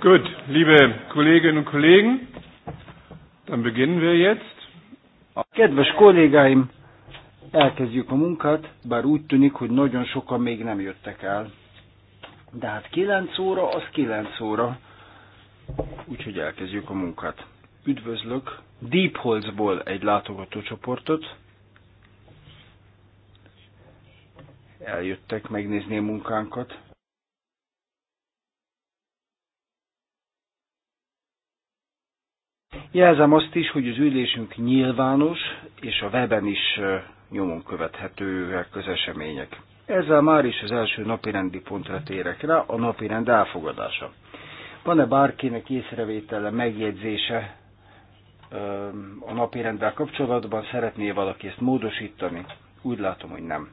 Gut, liebe Kolleginnen und Kollegen, dann beginnen wir jetzt. Kedves kollégáim, elkezdjük a munkát, bár úgy tűnik, hogy nagyon sokan még nem jöttek el. De hát 9 óra, az 9 óra, úgyhogy elkezdjük a munkát. Üdvözlök Deep Holzból egy látogatócsoportot. Eljöttek megnézni a munkánkat, Jelzem azt is, hogy az ülésünk nyilvános, és a weben is nyomon követhetőek az események. Ezzel már is az első napirendi pontra térek rá, a napirend elfogadása. Van-e bárkinek észrevétele, megjegyzése a napirenddel kapcsolatban? Szeretné valaki ezt módosítani? Úgy látom, hogy nem.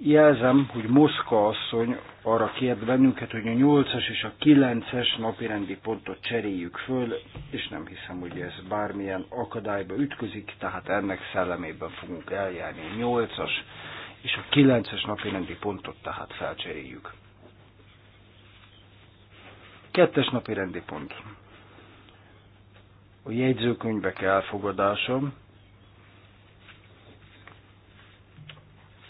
Jelzem, hogy Moszka asszony arra kért bennünket, hogy a 8-as és a 9-es napirendi pontot cseréljük föl, és nem hiszem, hogy ez bármilyen akadályba ütközik, tehát ennek szellemében fogunk eljárni a 8-as és a 9-es napirendi pontot tehát felcseréljük. Kettes napi rendi pont. A jegyzőkönyvek elfogadása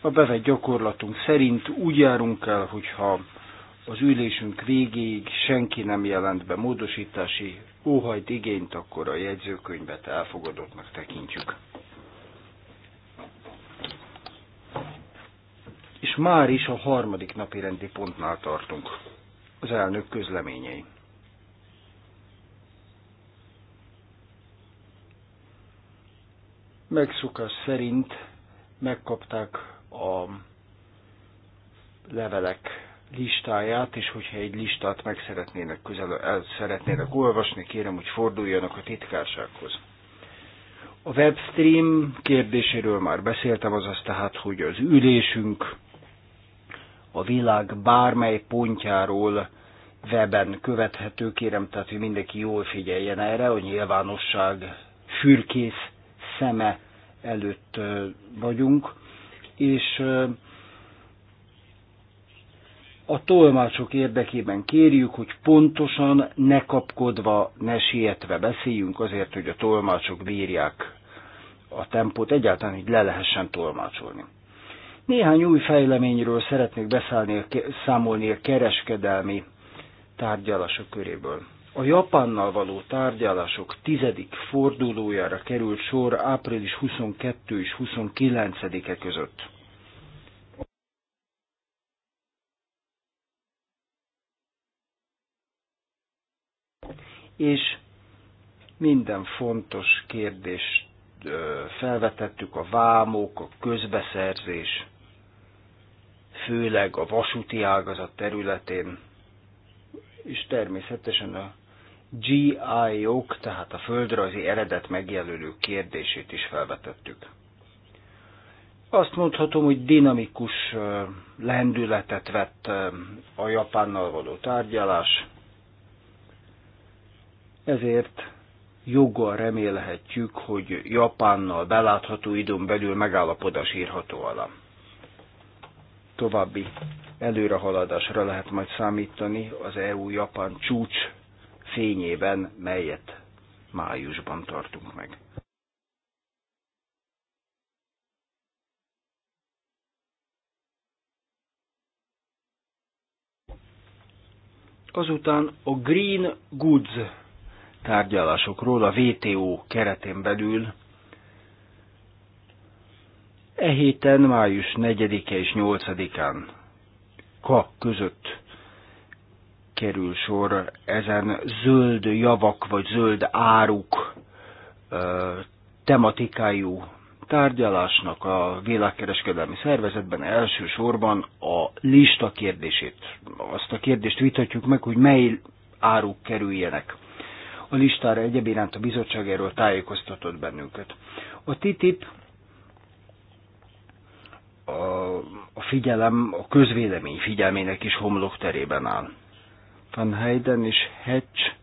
A bevett gyakorlatunk szerint úgy járunk el, hogyha az ülésünk végéig senki nem jelent be módosítási óhajt igényt, akkor a jegyzőkönyvet elfogadottnak tekintjük. És már is a harmadik napi rendi pontnál tartunk, az elnök közleményei. Megszokás szerint megkapták a levelek listáját, és hogyha egy listát meg szeretnének, közel, el szeretnének olvasni, kérem, hogy forduljanak a titkársághoz. A webstream kérdéséről már beszéltem, azaz tehát, hogy az ülésünk a világ bármely pontjáról weben követhető, kérem, tehát, hogy mindenki jól figyeljen erre, hogy nyilvánosság fürkész szeme előtt vagyunk és a tolmácsok érdekében kérjük, hogy pontosan, ne kapkodva, ne sietve beszéljünk azért, hogy a tolmácsok bírják a tempót, egyáltalán így le lehessen tolmácsolni. Néhány új fejleményről szeretnék beszállni, számolni a kereskedelmi tárgyalások köréből. A Japánnal való tárgyalások tizedik fordulójára került sor április 22 és 29-e között. És minden fontos kérdést felvetettük, a vámok, a közbeszerzés, főleg a vasúti ágazat területén, és természetesen a GI-ok, -ok, tehát a földrajzi eredet megjelölő kérdését is felvetettük. Azt mondhatom, hogy dinamikus lendületet vett a Japánnal való tárgyalás, ezért joggal remélhetjük, hogy Japánnal belátható időn belül megállapodás írható alá. További előrehaladásra lehet majd számítani az EU-Japán csúcs fényében, melyet májusban tartunk meg. Azután a Green Goods tárgyalásokról a WTO keretén belül e héten, május 4-e és 8-án ka között kerül sor ezen zöld javak vagy zöld áruk tematikájú tárgyalásnak a világkereskedelmi szervezetben elsősorban a lista kérdését, azt a kérdést vitatjuk meg, hogy mely áruk kerüljenek. A listára egyébként a bizottság erről tájékoztatott bennünket. A TTIP a, a figyelem, a közvélemény figyelmének is homlok terében áll. Van Heiden és Hedge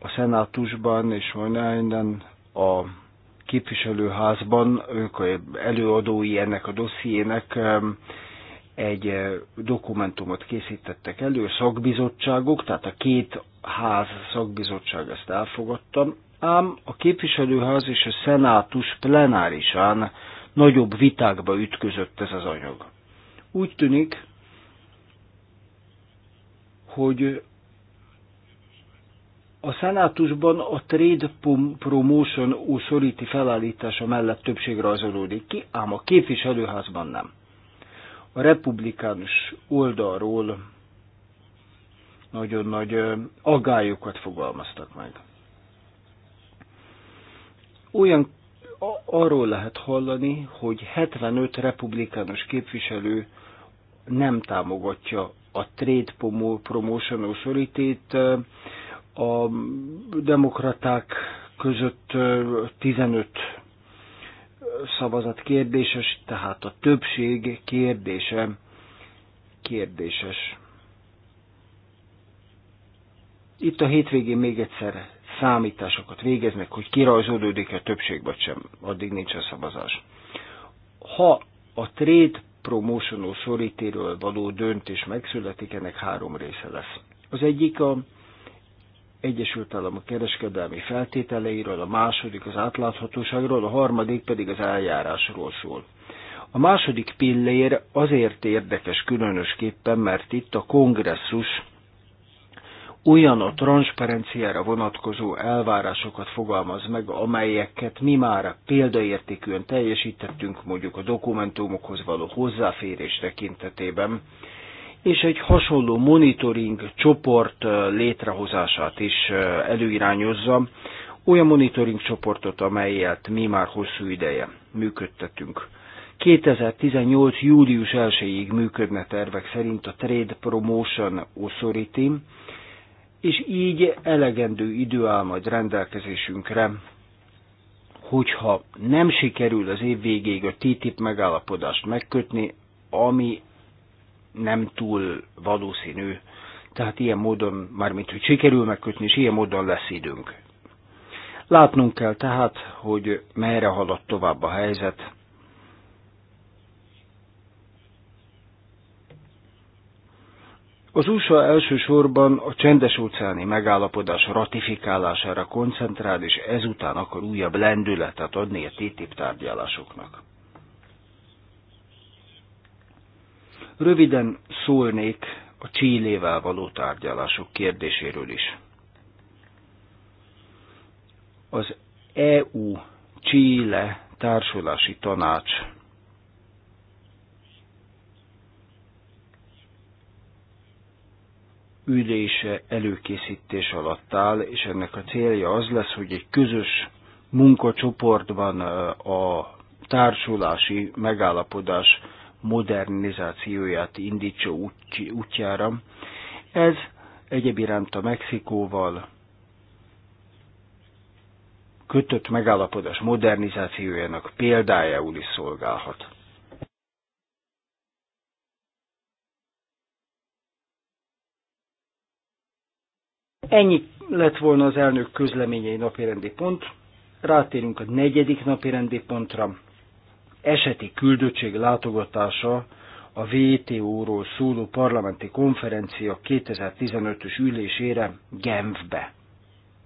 a szenátusban, és Van a képviselőházban, ők előadói ennek a dossziének, egy dokumentumot készítettek elő, szakbizottságok, tehát a két ház szakbizottság ezt elfogadta, ám a képviselőház és a szenátus plenárisán nagyobb vitákba ütközött ez az anyag. Úgy tűnik, hogy a szenátusban a Trade Promotion Authority felállítása mellett többség rajzolódik ki, ám a képviselőházban nem. A republikánus oldalról nagyon nagy agályokat fogalmaztak meg. Olyan arról lehet hallani, hogy 75 republikánus képviselő nem támogatja a Trade Promotion authority a demokraták között 15 szavazat kérdéses, tehát a többség kérdése kérdéses. Itt a hétvégén még egyszer számításokat végeznek, hogy kirajzolódik a többség vagy sem, addig nincs a szavazás. Ha a trade promotional solitéről való döntés megszületik, ennek három része lesz. Az egyik a Egyesült Államok kereskedelmi feltételeiről, a második az átláthatóságról, a harmadik pedig az eljárásról szól. A második pillér azért érdekes különösképpen, mert itt a kongresszus olyan a transzparenciára vonatkozó elvárásokat fogalmaz meg, amelyeket mi már példaértékűen teljesítettünk mondjuk a dokumentumokhoz való hozzáférés tekintetében, és egy hasonló monitoring csoport létrehozását is előirányozza, olyan monitoring csoportot, amelyet mi már hosszú ideje működtetünk. 2018. július 1-ig működne tervek szerint a Trade Promotion Authority, és így elegendő idő áll majd rendelkezésünkre, hogyha nem sikerül az év végéig a TTIP megállapodást megkötni, ami nem túl valószínű, tehát ilyen módon, mármint hogy sikerül megkötni, és ilyen módon lesz időnk. Látnunk kell tehát, hogy merre halad tovább a helyzet, Az USA elsősorban a csendes-óceáni megállapodás ratifikálására koncentrál, és ezután akar újabb lendületet adni a TTIP tárgyalásoknak. Röviden szólnék a Csillével való tárgyalások kérdéséről is. Az eu csille társulási tanács ülése előkészítés alatt áll, és ennek a célja az lesz, hogy egy közös munkacsoportban a társulási megállapodás modernizációját indítsa útjára. Ez egyéb iránt a Mexikóval kötött megállapodás modernizációjának példájául is szolgálhat. Ennyi lett volna az elnök közleményei napirendi pont. Rátérünk a negyedik napirendi pontra. Eseti küldöttség látogatása a VTO-ról szóló parlamenti konferencia 2015-ös ülésére Genfbe.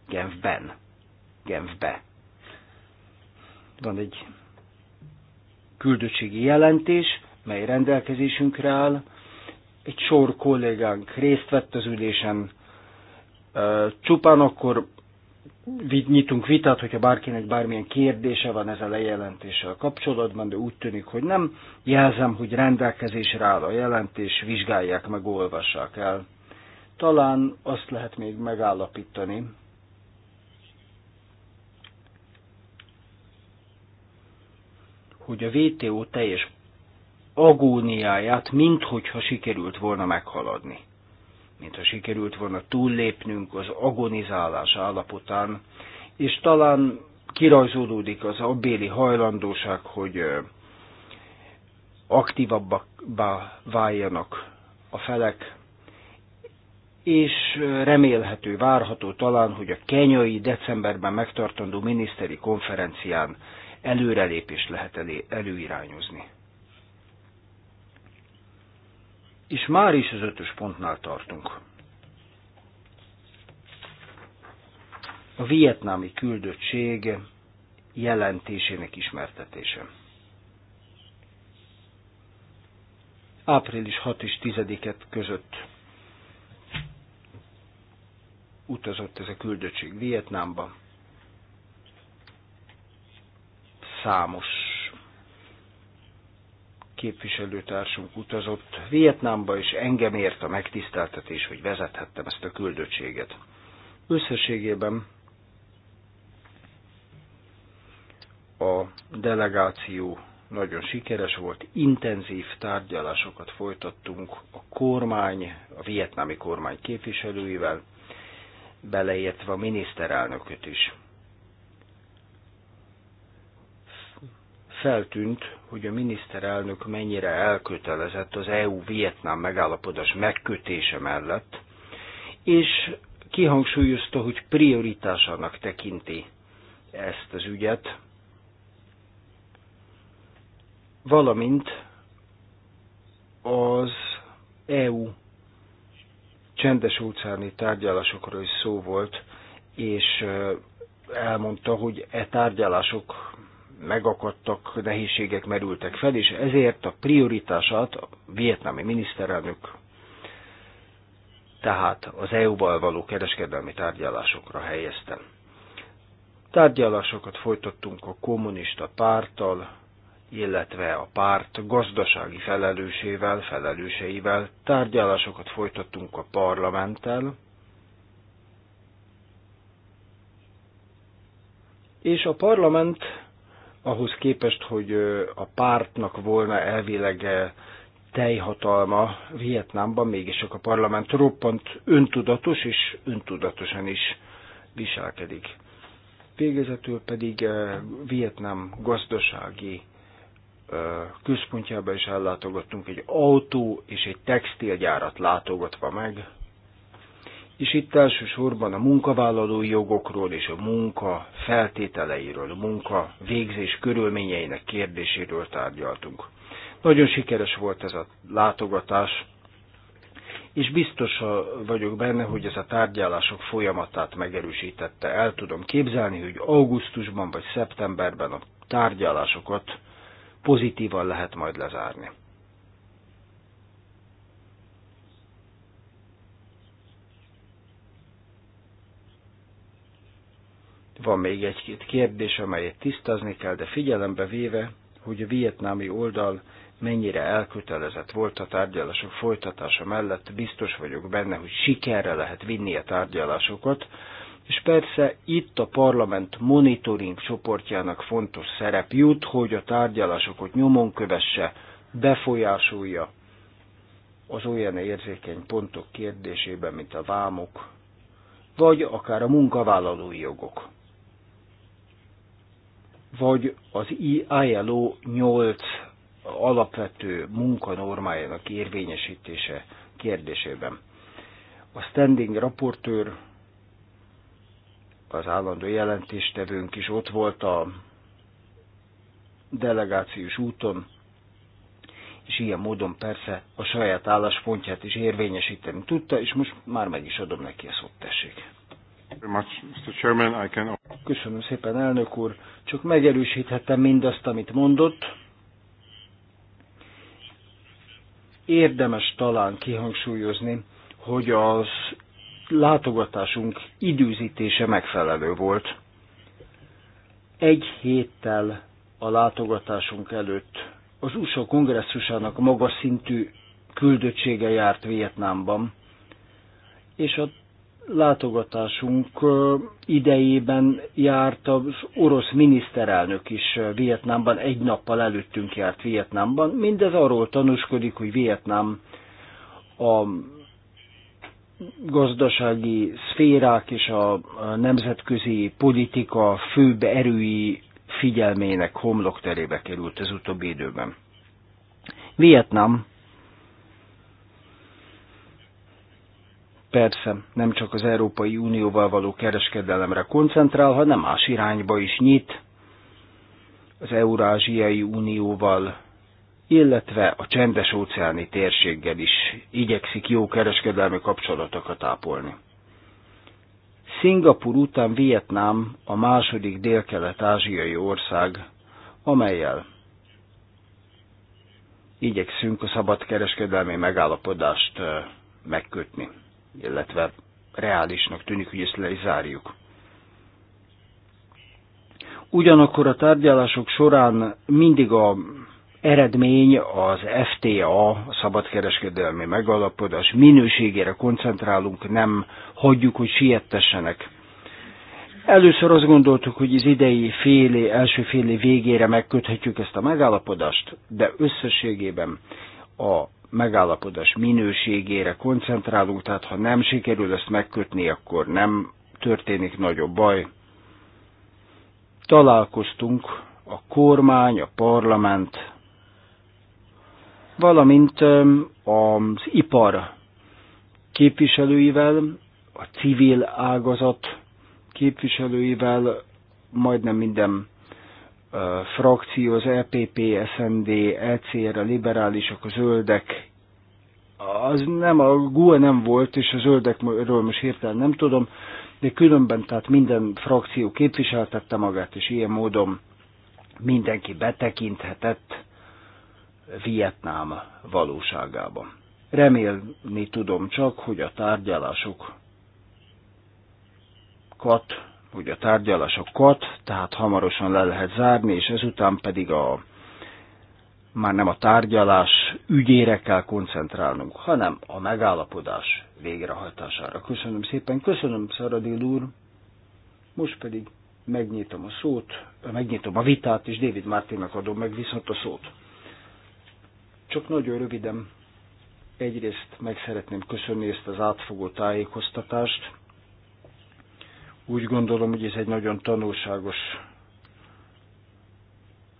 Genfben. Genfbe. Van egy küldöttségi jelentés, mely rendelkezésünkre áll. Egy sor kollégánk részt vett az ülésen, Csupán akkor nyitunk vitát, hogyha bárkinek bármilyen kérdése van ez a lejelentéssel kapcsolatban, de úgy tűnik, hogy nem. Jelzem, hogy rendelkezésre áll a jelentés, vizsgálják meg, olvassák el. Talán azt lehet még megállapítani, hogy a VTO teljes agóniáját, minthogyha sikerült volna meghaladni mintha sikerült volna túllépnünk az agonizálás állapotán, és talán kirajzolódik az abbéli hajlandóság, hogy aktívabbá váljanak a felek, és remélhető, várható talán, hogy a kenyai decemberben megtartandó miniszteri konferencián előrelépést lehet elő, előirányozni. és már is az ötös pontnál tartunk. A vietnámi küldöttség jelentésének ismertetése. Április 6 és 10 között utazott ez a küldöttség Vietnámba. Számos képviselőtársunk utazott Vietnámba, és engem ért a megtiszteltetés, hogy vezethettem ezt a küldöttséget. Összességében a delegáció nagyon sikeres volt, intenzív tárgyalásokat folytattunk a kormány, a vietnámi kormány képviselőivel, beleértve a miniszterelnököt is. feltűnt, hogy a miniszterelnök mennyire elkötelezett az EU-Vietnám megállapodás megkötése mellett, és kihangsúlyozta, hogy prioritásának tekinti ezt az ügyet, valamint az EU csendes óceáni tárgyalásokról is szó volt, és elmondta, hogy e tárgyalások megakadtak, nehézségek merültek fel, és ezért a prioritását a vietnámi miniszterelnök tehát az EU-val való kereskedelmi tárgyalásokra helyezte. Tárgyalásokat folytattunk a kommunista párttal, illetve a párt gazdasági felelősével, felelőseivel, tárgyalásokat folytattunk a parlamenttel, és a parlament ahhoz képest, hogy a pártnak volna elvileg teljhatalma Vietnámban, mégis csak a parlament roppant öntudatos és öntudatosan is viselkedik. Végezetül pedig Vietnám gazdasági központjába is ellátogattunk, egy autó és egy textilgyárat látogatva meg, és itt elsősorban a munkavállalói jogokról és a munka feltételeiről, a munka végzés körülményeinek kérdéséről tárgyaltunk. Nagyon sikeres volt ez a látogatás, és biztos vagyok benne, hogy ez a tárgyalások folyamatát megerősítette. El tudom képzelni, hogy augusztusban vagy szeptemberben a tárgyalásokat pozitívan lehet majd lezárni. Van még egy-két kérdés, amelyet tisztázni kell, de figyelembe véve, hogy a vietnámi oldal mennyire elkötelezett volt a tárgyalások folytatása mellett, biztos vagyok benne, hogy sikerre lehet vinni a tárgyalásokat, és persze itt a parlament monitoring csoportjának fontos szerep jut, hogy a tárgyalásokat nyomon kövesse, befolyásolja az olyan érzékeny pontok kérdésében, mint a vámok, vagy akár a munkavállalói jogok vagy az ILO 8 alapvető munkanormájának érvényesítése kérdésében. A standing raportőr, az állandó jelentéstevőnk is ott volt a delegációs úton, és ilyen módon persze a saját álláspontját is érvényesíteni tudta, és most már meg is adom neki a szót, tessék. Köszönöm szépen, elnök úr. Csak megerősíthetem mindazt, amit mondott. Érdemes talán kihangsúlyozni, hogy az látogatásunk időzítése megfelelő volt. Egy héttel a látogatásunk előtt az USA kongresszusának magas szintű küldöttsége járt Vietnámban, és a látogatásunk idejében járt az orosz miniszterelnök is Vietnámban, egy nappal előttünk járt Vietnámban. Mindez arról tanúskodik, hogy Vietnám a gazdasági szférák és a nemzetközi politika főbb erői figyelmének homlokterébe került az utóbbi időben. Vietnám persze nem csak az Európai Unióval való kereskedelemre koncentrál, hanem más irányba is nyit az Eurázsiai Unióval, illetve a csendes óceáni térséggel is igyekszik jó kereskedelmi kapcsolatokat ápolni. Szingapur után Vietnám a második délkelet-ázsiai ország, amelyel igyekszünk a szabad kereskedelmi megállapodást megkötni illetve reálisnak tűnik, hogy ezt le is zárjuk. Ugyanakkor a tárgyalások során mindig a eredmény az FTA, a szabadkereskedelmi megalapodás minőségére koncentrálunk, nem hagyjuk, hogy siettessenek. Először azt gondoltuk, hogy az idei féli, első féli végére megköthetjük ezt a megállapodást, de összességében a megállapodás minőségére koncentrálunk, tehát ha nem sikerül ezt megkötni, akkor nem történik nagyobb baj. Találkoztunk a kormány, a parlament, valamint az ipar képviselőivel, a civil ágazat képviselőivel, majdnem minden frakció, az EPP, SND, ECR, a liberálisok, a zöldek, az nem, a GUE nem volt, és a zöldekről most hirtelen nem tudom, de különben tehát minden frakció képviseltette magát, és ilyen módon mindenki betekinthetett Vietnám valóságában. Remélni tudom csak, hogy a tárgyalásokat hogy a tárgyalásokat, tehát hamarosan le lehet zárni, és ezután pedig a már nem a tárgyalás ügyére kell koncentrálnunk, hanem a megállapodás végrehajtására. Köszönöm szépen, köszönöm Szaradil úr, most pedig megnyitom a szót, megnyitom a vitát, és David Mártinak adom meg viszont a szót. Csak nagyon röviden, egyrészt meg szeretném köszönni ezt az átfogó tájékoztatást, úgy gondolom, hogy ez egy nagyon tanulságos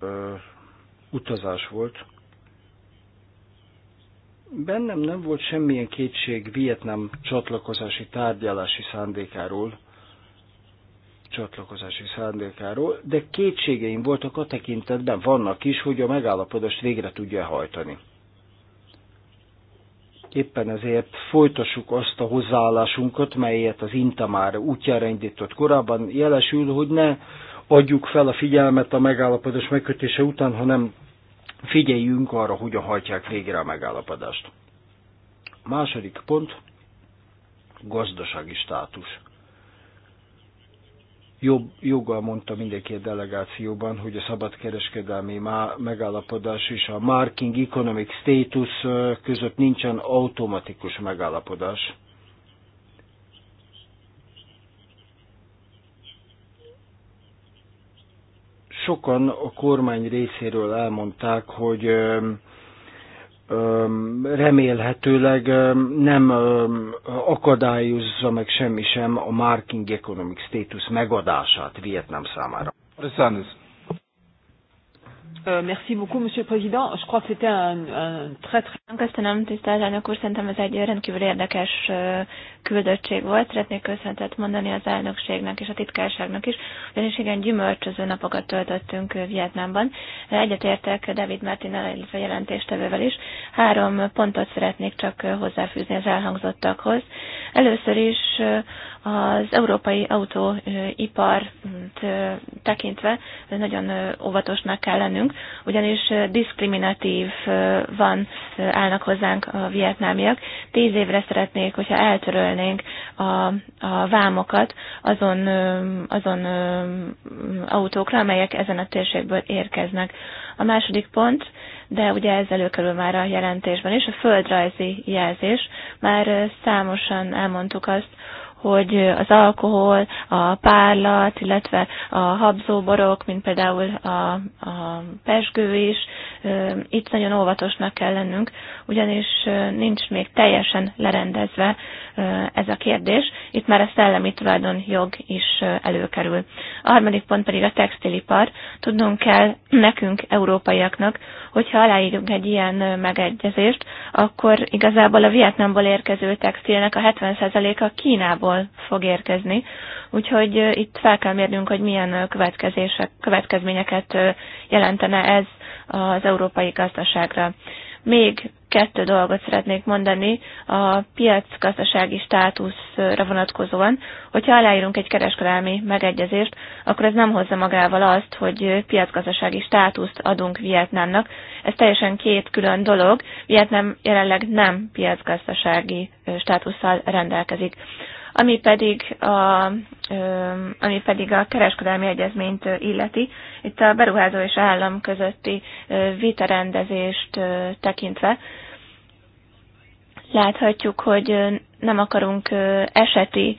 ö, utazás volt. Bennem nem volt semmilyen kétség Vietnám csatlakozási tárgyalási szándékáról, csatlakozási szándékáról, de kétségeim voltak a tekintetben, vannak is, hogy a megállapodást végre tudja hajtani. Éppen ezért folytassuk azt a hozzáállásunkat, melyet az Inta már útjára indított korábban, jelesül, hogy ne adjuk fel a figyelmet a megállapodás megkötése után, hanem figyeljünk arra, hogyan hajtják végre a megállapodást. második pont, gazdasági státus jobb, joggal mondta mindenki a delegációban, hogy a szabadkereskedelmi megállapodás és a marking economic status között nincsen automatikus megállapodás. Sokan a kormány részéről elmondták, hogy remélhetőleg nem akadályozza meg semmi sem a marking economic status megadását Vietnám számára. Köszönöm. Euh, merci beaucoup, Monsieur le Président. Je crois que c'était un, un très, très... Köszönöm, tisztelt elnök úr. Szerintem ez egy rendkívül érdekes küldöttség volt. Szeretnék köszönetet mondani az elnökségnek és a titkárságnak is, ugyanis igen, gyümölcsöző napokat töltöttünk Vietnámban. Egyetértek David Martinnal, illetve jelentéstevővel is. Három pontot szeretnék csak hozzáfűzni az elhangzottakhoz. Először is az európai autóipar tekintve nagyon óvatosnak kell lennünk, ugyanis diszkriminatív van, állnak hozzánk a vietnámiak. Tíz évre szeretnék, hogyha eltörölnénk a, a vámokat azon, azon autókra, amelyek ezen a térségből érkeznek. A második pont, de ugye ez előkerül már a jelentésben is, a földrajzi jelzés. Már számosan elmondtuk azt, hogy az alkohol, a párlat, illetve a habzóborok, mint például a, a pesgő is, itt nagyon óvatosnak kell lennünk, ugyanis nincs még teljesen lerendezve ez a kérdés. Itt már a szellemi jog is előkerül. A harmadik pont pedig a textilipar. Tudnunk kell nekünk, európaiaknak, hogyha aláírunk egy ilyen megegyezést, akkor igazából a vietnamból érkező textilnek a 70%-a Kínából távol fog érkezni, úgyhogy itt fel kell mérnünk, hogy milyen következések, következményeket jelentene ez az európai gazdaságra. Még kettő dolgot szeretnék mondani a piacgazdasági státuszra vonatkozóan. Hogyha aláírunk egy kereskedelmi megegyezést, akkor ez nem hozza magával azt, hogy piacgazdasági státuszt adunk Vietnámnak. Ez teljesen két külön dolog. Vietnám jelenleg nem piacgazdasági státusszal rendelkezik. Ami pedig a, ami pedig a kereskedelmi egyezményt illeti, itt a beruházó és állam közötti vitarendezést tekintve, láthatjuk, hogy nem akarunk eseti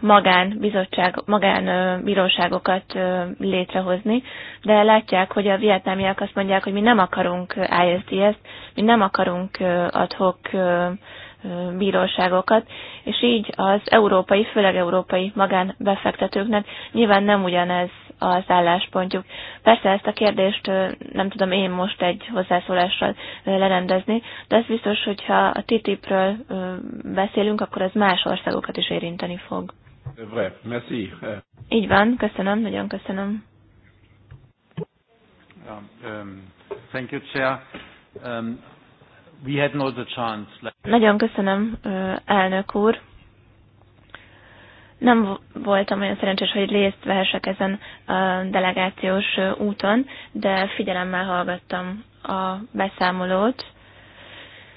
magánbizottság, magánbíróságokat létrehozni, de látják, hogy a vietnámiak azt mondják, hogy mi nem akarunk ISDS-t, mi nem akarunk adhok bíróságokat, és így az európai, főleg európai magánbefektetőknek nyilván nem ugyanez az álláspontjuk. Persze ezt a kérdést nem tudom én most egy hozzászólással lerendezni, de ez biztos, hogyha a TTIP-ről beszélünk, akkor ez más országokat is érinteni fog. merci. Így van, köszönöm, nagyon köszönöm. Um, thank you, Chair. Um, We had not the chance. Nagyon köszönöm, elnök úr. Nem voltam olyan szerencsés, hogy részt vehessek ezen a delegációs úton, de figyelemmel hallgattam a beszámolót.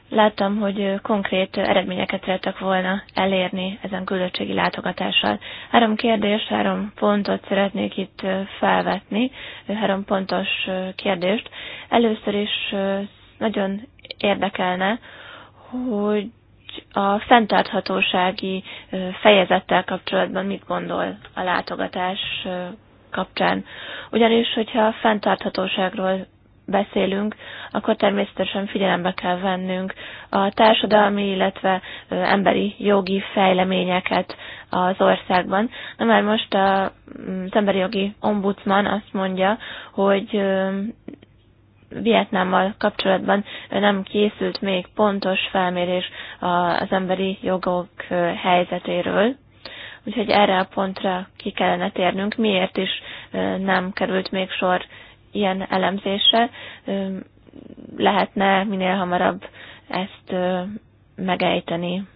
Láttam, hogy konkrét eredményeket szerettek volna elérni ezen küldöttségi látogatással. Három kérdés, három pontot szeretnék itt felvetni, három pontos kérdést. Először is nagyon érdekelne, hogy a fenntarthatósági fejezettel kapcsolatban mit gondol a látogatás kapcsán. Ugyanis, hogyha a fenntarthatóságról beszélünk, akkor természetesen figyelembe kell vennünk a társadalmi, illetve emberi jogi fejleményeket az országban. Na már most mm, az emberi jogi ombudsman azt mondja, hogy Vietnámmal kapcsolatban nem készült még pontos felmérés az emberi jogok helyzetéről, úgyhogy erre a pontra ki kellene térnünk, miért is nem került még sor ilyen elemzésre. Lehetne minél hamarabb ezt megejteni.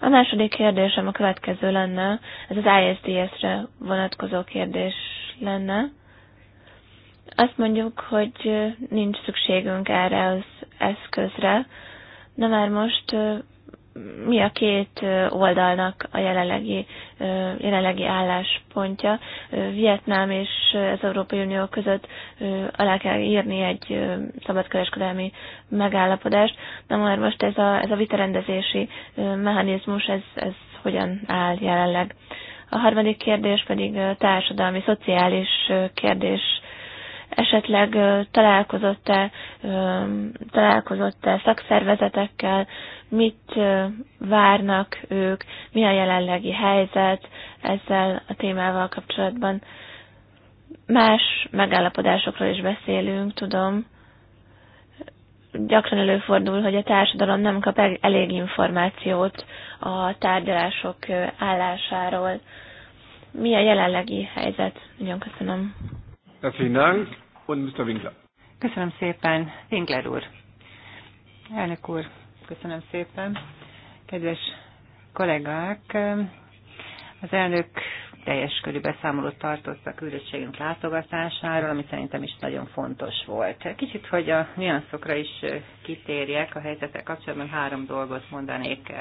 A második kérdésem a következő lenne, ez az ISDS-re vonatkozó kérdés lenne. Azt mondjuk, hogy nincs szükségünk erre az eszközre. Na már most mi a két oldalnak a jelenlegi, jelenlegi álláspontja. Vietnám és az Európai Unió között alá kell írni egy szabadkereskedelmi megállapodást. Na már most ez a, ez a vitarendezési mechanizmus, ez, ez hogyan áll jelenleg? A harmadik kérdés pedig társadalmi, szociális kérdés esetleg találkozott-e, találkozott-e szakszervezetekkel, mit várnak ők, mi a jelenlegi helyzet ezzel a témával kapcsolatban. Más megállapodásokról is beszélünk, tudom. Gyakran előfordul, hogy a társadalom nem kap elég információt a tárgyalások állásáról. Mi a jelenlegi helyzet? Nagyon köszönöm. Vielen Dank und Mr. Winkler. Köszönöm szépen, Winkler úr. Elnök úr, köszönöm szépen. Kedves kollégák, az elnök teljes körű beszámolót tartott a küldöttségünk látogatásáról, ami szerintem is nagyon fontos volt. Kicsit, hogy a nyanszokra is kitérjek a helyzetek kapcsolatban, három dolgot mondanék.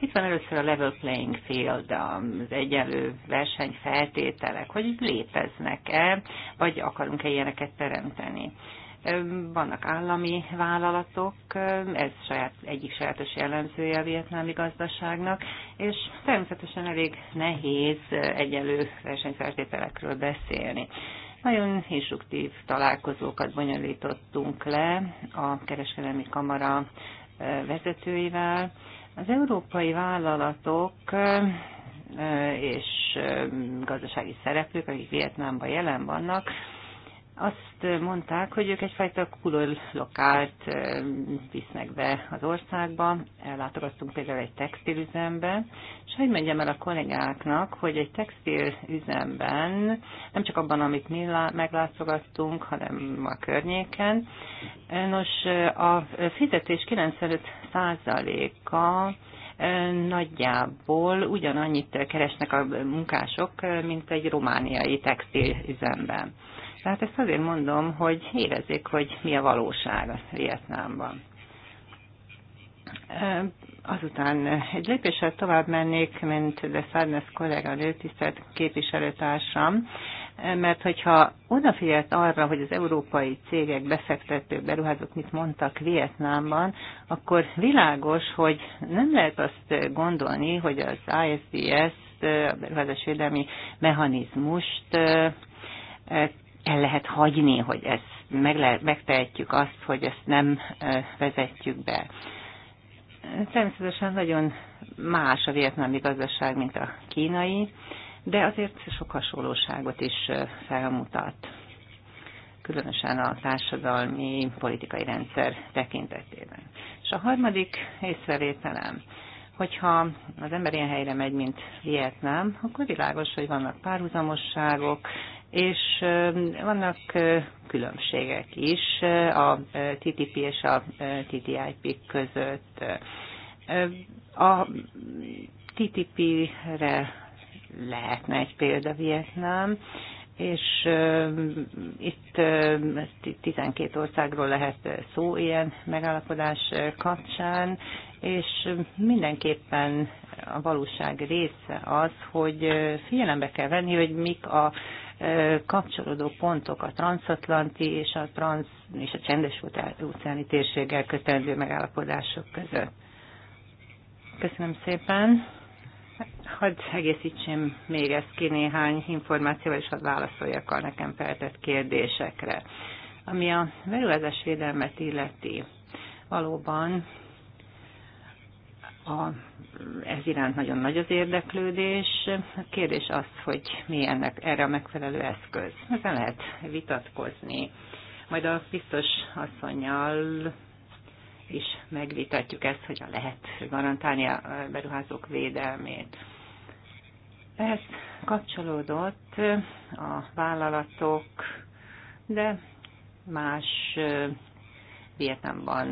Itt van először a level playing field, az egyenlő feltételek, hogy léteznek-e, vagy akarunk-e ilyeneket teremteni. Vannak állami vállalatok, ez saját, egyik sajátos jellemzője a vietnámi gazdaságnak, és természetesen elég nehéz egyenlő versenyfeltételekről beszélni. Nagyon instruktív találkozókat bonyolítottunk le a kereskedelmi kamara vezetőivel, az európai vállalatok és gazdasági szereplők, akik Vietnámban jelen vannak, azt mondták, hogy ők egyfajta lokált visznek be az országba. Ellátogattunk például egy textilüzembe, és hogy mondjam el a kollégáknak, hogy egy textilüzemben, nem csak abban, amit mi meglátogattunk, hanem a környéken, nos, a fizetés 95%-a nagyjából ugyanannyit keresnek a munkások, mint egy romániai textilüzemben. Tehát ezt azért mondom, hogy érezzék, hogy mi a valóság Vietnámban. Azután egy lépéssel tovább mennék, mint de Szárnesz kollega, lőtisztelt képviselőtársam, mert hogyha odafigyelt arra, hogy az európai cégek, befektetők, beruházók mit mondtak Vietnámban, akkor világos, hogy nem lehet azt gondolni, hogy az ISDS, a beruházásvédelmi mechanizmust el lehet hagyni, hogy ezt meg lehet, megtehetjük azt, hogy ezt nem vezetjük be. Természetesen nagyon más a vietnámi gazdaság, mint a kínai, de azért sok hasonlóságot is felmutat, különösen a társadalmi politikai rendszer tekintetében. És a harmadik észrevételem, hogyha az ember ilyen helyre megy, mint Vietnám, akkor világos, hogy vannak párhuzamosságok, és vannak különbségek is a TTP és a TTIP között. A TTP-re lehetne egy példa Vietnám, és itt 12 országról lehet szó ilyen megállapodás kapcsán, és mindenképpen a valóság része az, hogy figyelembe kell venni, hogy mik a kapcsolódó pontok a transatlanti és a, trans, és a csendes óceáni térséggel kötendő megállapodások között. Köszönöm szépen. Hadd egészítsem még ezt ki néhány információval, és hadd válaszoljak a nekem feltett kérdésekre. Ami a beruházás védelmet illeti, valóban a, ez iránt nagyon nagy az érdeklődés. A kérdés az, hogy mi ennek erre a megfelelő eszköz. Ezen lehet vitatkozni. Majd a biztos asszonyjal is megvitatjuk ezt, hogy a lehet garantálni a beruházók védelmét. Ehhez kapcsolódott a vállalatok, de más Vietnámban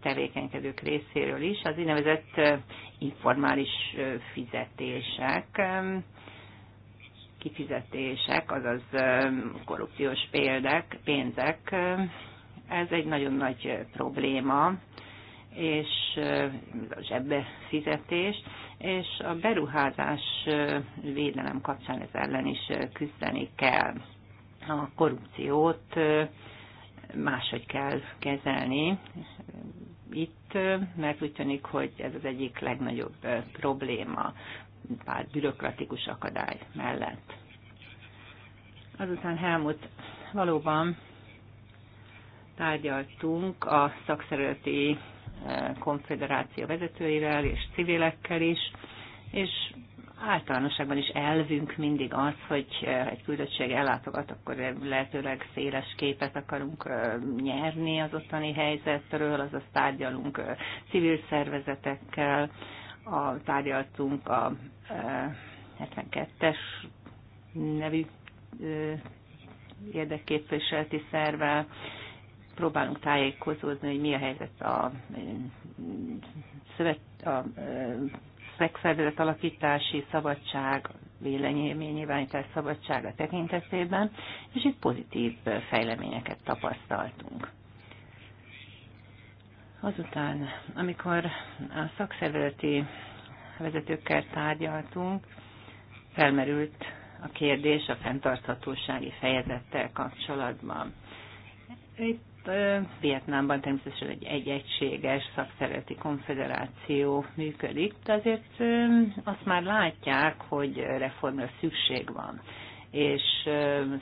tevékenykedők részéről is, az úgynevezett informális fizetések, kifizetések, azaz korrupciós példek, pénzek, ez egy nagyon nagy probléma, és zsebbe fizetés, és a beruházás védelem kapcsán ez ellen is küzdeni kell. A korrupciót máshogy kell kezelni, itt, mert úgy tűnik, hogy ez az egyik legnagyobb probléma pár bürokratikus akadály mellett. Azután Helmut valóban tárgyaltunk a szakszerületi konfederáció vezetőivel és civilekkel is, és általánosságban is elvünk mindig az, hogy eh, egy küldöttség ellátogat, akkor lehetőleg széles képet akarunk eh, nyerni az ottani helyzetről, azaz tárgyalunk eh, civil szervezetekkel, a, tárgyaltunk a 72-es nevű érdekképviseleti szervvel, próbálunk tájékozódni, hogy mi a helyzet a, szövet, a szexuális alakítási szabadság, véleményéványítás szabadsága tekintetében, és itt pozitív fejleményeket tapasztaltunk. Azután, amikor a szakszervezeti vezetőkkel tárgyaltunk, felmerült a kérdés a fenntarthatósági fejezettel kapcsolatban. Itt Vietnámban természetesen egy, egy egységes szakszereti konfederáció működik, de azért azt már látják, hogy reformra szükség van és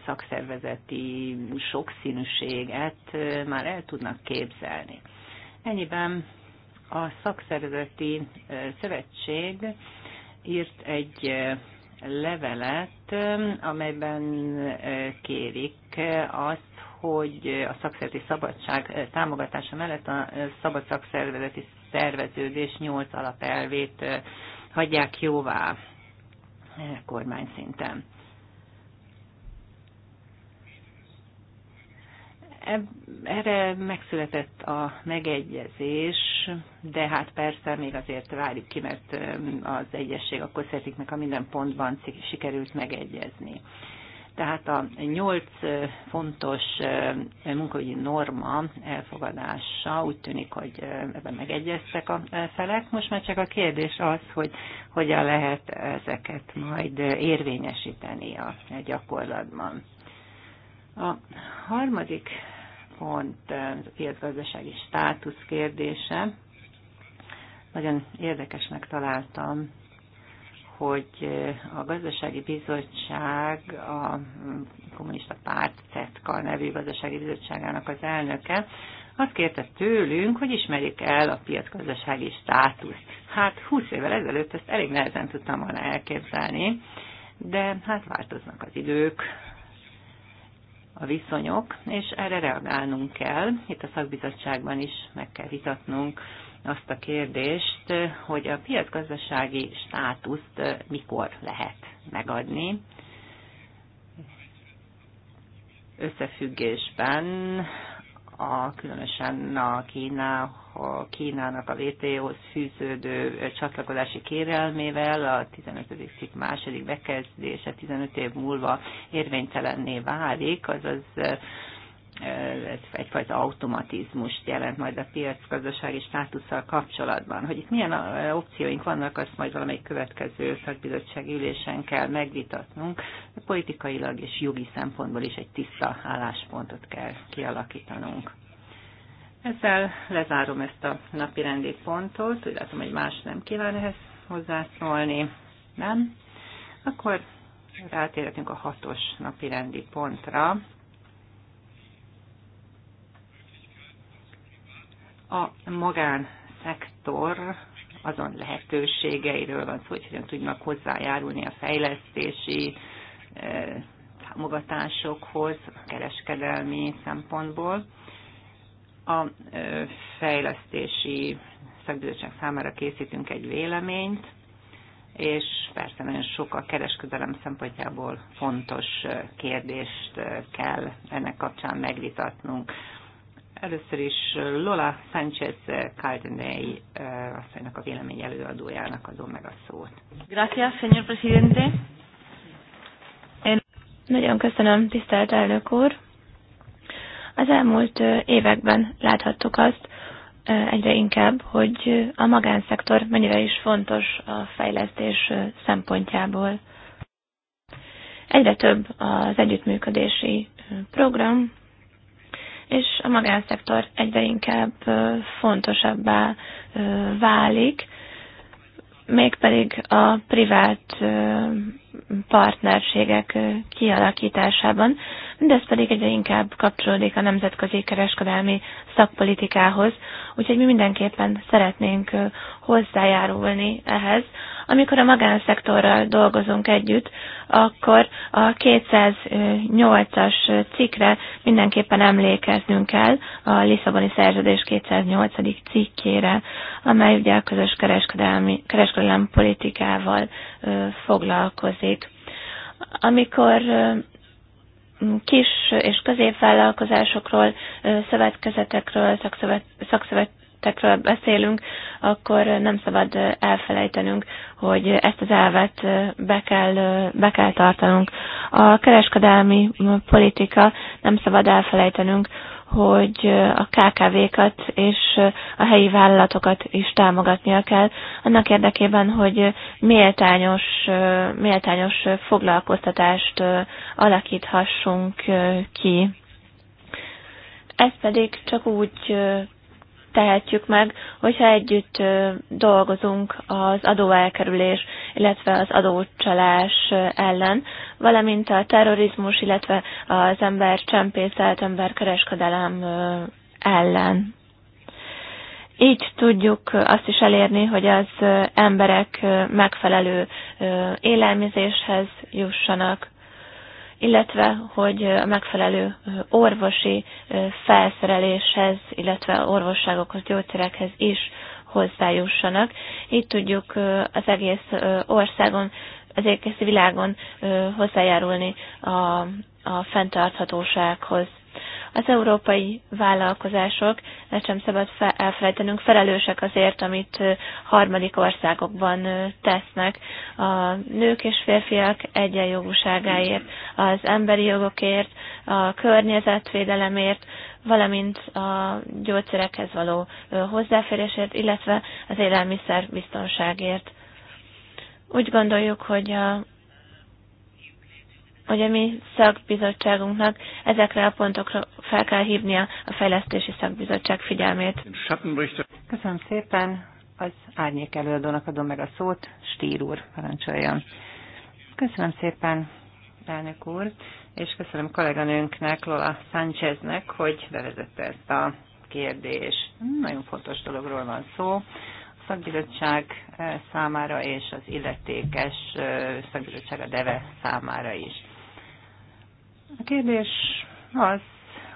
szakszervezeti sokszínűséget már el tudnak képzelni. Ennyiben a szakszervezeti szövetség írt egy levelet, amelyben kérik azt, hogy a szakszervezeti szabadság támogatása mellett a szabad szakszervezeti szerveződés nyolc alapelvét hagyják jóvá kormány szinten. Erre megszületett a megegyezés, de hát persze még azért várjuk ki, mert az egyesség akkor szeretik meg, ha minden pontban sikerült megegyezni. Tehát a nyolc fontos munkaügyi norma elfogadása úgy tűnik, hogy ebben megegyeztek a felek. Most már csak a kérdés az, hogy hogyan lehet ezeket majd érvényesíteni a gyakorlatban. A harmadik pont a piacgazdasági státusz kérdése. Nagyon érdekesnek találtam hogy a gazdasági bizottság, a kommunista párt CETKA nevű gazdasági bizottságának az elnöke, azt kérte tőlünk, hogy ismerjük el a piacgazdasági státuszt. Hát 20 évvel ezelőtt ezt elég nehezen tudtam volna elképzelni, de hát változnak az idők, a viszonyok, és erre reagálnunk kell. Itt a szakbizottságban is meg kell vitatnunk, azt a kérdést, hogy a piacgazdasági státuszt mikor lehet megadni, összefüggésben a különösen a, Kína, a Kínának a WTO-hoz fűződő csatlakozási kérelmével a 15. cikk második bekezdése 15 év múlva érvénytelenné válik, azaz ez egyfajta automatizmust jelent majd a piac gazdasági státusszal kapcsolatban. Hogy itt milyen eh, opcióink vannak, azt majd valamelyik következő szakbizottsági ülésen kell megvitatnunk. Politikailag és jogi szempontból is egy tiszta álláspontot kell kialakítanunk. Ezzel lezárom ezt a napi rendi pontot. Úgy látom, hogy más nem kíván ehhez hozzászólni. Nem? Akkor rátérhetünk a hatos napi rendi pontra A szektor azon lehetőségeiről van szó, hogy hogyan tudnak hozzájárulni a fejlesztési eh, támogatásokhoz a kereskedelmi szempontból. A eh, fejlesztési szakbizottság számára készítünk egy véleményt, és persze nagyon sok a kereskedelem szempontjából fontos eh, kérdést kell ennek kapcsán megvitatnunk. Először is Lola Sánchez Caldenei eh, asszonynak a vélemény előadójának adom meg a szót. Gracias, señor presidente. Én... Nagyon köszönöm, tisztelt elnök úr. Az elmúlt eh, években láthattuk azt, eh, egyre inkább, hogy a magánszektor mennyire is fontos a fejlesztés szempontjából. Egyre több az együttműködési program, és a magánszektor egyre inkább fontosabbá válik, mégpedig a privát partnerségek kialakításában, mindez pedig egyre inkább kapcsolódik a nemzetközi kereskedelmi szakpolitikához, úgyhogy mi mindenképpen szeretnénk hozzájárulni ehhez. Amikor a magánszektorral dolgozunk együtt, akkor a 208-as cikkre mindenképpen emlékeznünk kell, a Lisszaboni Szerződés 208. cikkére, amely ugye a közös kereskedelmi, kereskedelmi politikával foglalkozik. Amikor kis és középvállalkozásokról, szövetkezetekről, szakszövet, szakszövetekről beszélünk, akkor nem szabad elfelejtenünk, hogy ezt az elvet be kell, be kell tartanunk. A kereskedelmi politika nem szabad elfelejtenünk, hogy a KKV-kat és a helyi vállalatokat is támogatnia kell, annak érdekében, hogy méltányos, méltányos foglalkoztatást alakíthassunk ki. Ez pedig csak úgy tehetjük meg, hogyha együtt dolgozunk az adóelkerülés, illetve az adócsalás ellen, valamint a terrorizmus, illetve az ember csempészelt emberkereskedelem ellen. Így tudjuk azt is elérni, hogy az emberek megfelelő élelmezéshez jussanak illetve hogy a megfelelő orvosi felszereléshez, illetve orvosságokhoz, gyógyszerekhez is hozzájussanak. Így tudjuk az egész országon, az egész világon hozzájárulni a, a fenntarthatósághoz. Az európai vállalkozások, ezt sem szabad elfelejtenünk, felelősek azért, amit harmadik országokban tesznek. A nők és férfiak egyenjogúságáért, az emberi jogokért, a környezetvédelemért, valamint a gyógyszerekhez való hozzáférésért, illetve az élelmiszer biztonságért. Úgy gondoljuk, hogy a hogy a mi szakbizottságunknak ezekre a pontokra fel kell hívnia a fejlesztési szakbizottság figyelmét. Köszönöm szépen. Az árnyék előadónak adom meg a szót. Stír úr, parancsoljon. Köszönöm szépen, elnök úr, és köszönöm kolléganőnknek, Lola Sáncheznek, hogy bevezette ezt a kérdést. Nagyon fontos dologról van szó szakbizottság eh, számára és az illetékes eh, szakbizottság a DEVE számára is. A kérdés az,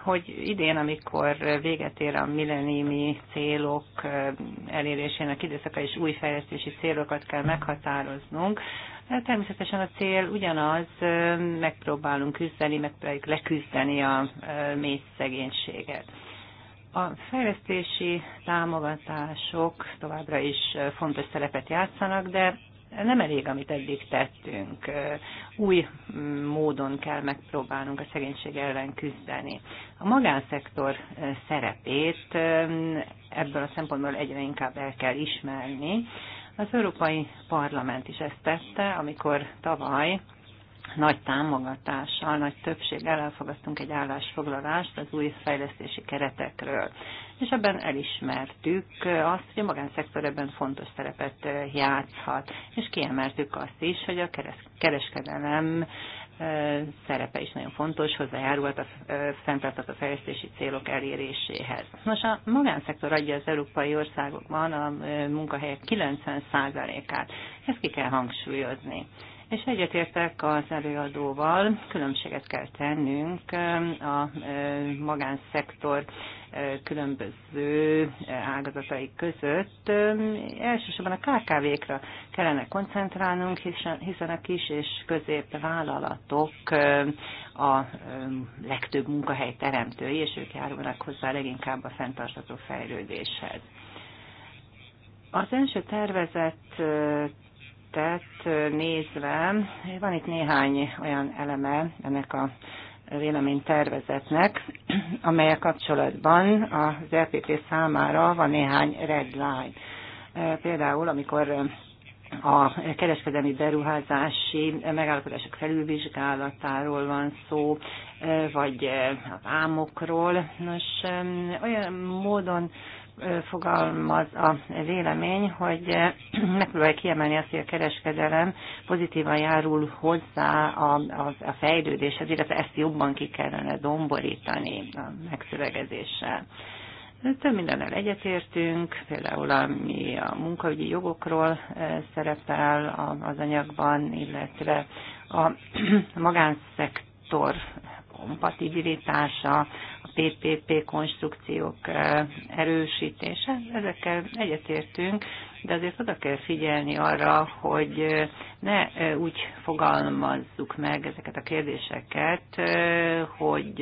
hogy idén, amikor véget ér a milleniumi célok elérésének időszaka, és új fejlesztési célokat kell meghatároznunk, Természetesen a cél ugyanaz, megpróbálunk küzdeni, megpróbáljuk leküzdeni a mély szegénységet. A fejlesztési támogatások továbbra is fontos szerepet játszanak, de nem elég, amit eddig tettünk. Új módon kell megpróbálnunk a szegénység ellen küzdeni. A magánszektor szerepét ebből a szempontból egyre inkább el kell ismerni. Az Európai Parlament is ezt tette, amikor tavaly nagy támogatással, nagy többséggel elfogadtunk egy állásfoglalást az új fejlesztési keretekről. És ebben elismertük azt, hogy a magánszektor ebben fontos szerepet játszhat, és kiemeltük azt is, hogy a kereskedelem szerepe is nagyon fontos, hozzájárult a a fejlesztési célok eléréséhez. Nos, a magánszektor adja az európai országokban a munkahelyek 90%-át. Ezt ki kell hangsúlyozni és egyetértek az előadóval, különbséget kell tennünk um, a um, magánszektor um, különböző ágazatai között. Elsősorban a KKV-kra kellene koncentrálnunk, hiszen a kis és középvállalatok a legtöbb munkahely teremtői, és ők járulnak hozzá leginkább a fenntartható fejlődéshez. Az első tervezett tervezetet nézve, van itt néhány olyan eleme ennek a véleménytervezetnek, amelyek kapcsolatban az LPP e számára van néhány red line. Például, amikor a kereskedelmi beruházási megállapodások felülvizsgálatáról van szó, vagy a vámokról. Nos, olyan módon fogalmaz a vélemény, hogy megpróbálja kiemelni azt, hogy a kereskedelem pozitívan járul hozzá a, a, a fejlődéshez, illetve ezt jobban ki kellene domborítani a megszövegezéssel. Több mindennel egyetértünk, például ami a munkaügyi jogokról szerepel az anyagban, illetve a magánszektor kompatibilitása, a PPP konstrukciók erősítése, ezekkel egyetértünk, de azért oda kell figyelni arra, hogy ne úgy fogalmazzuk meg ezeket a kérdéseket, hogy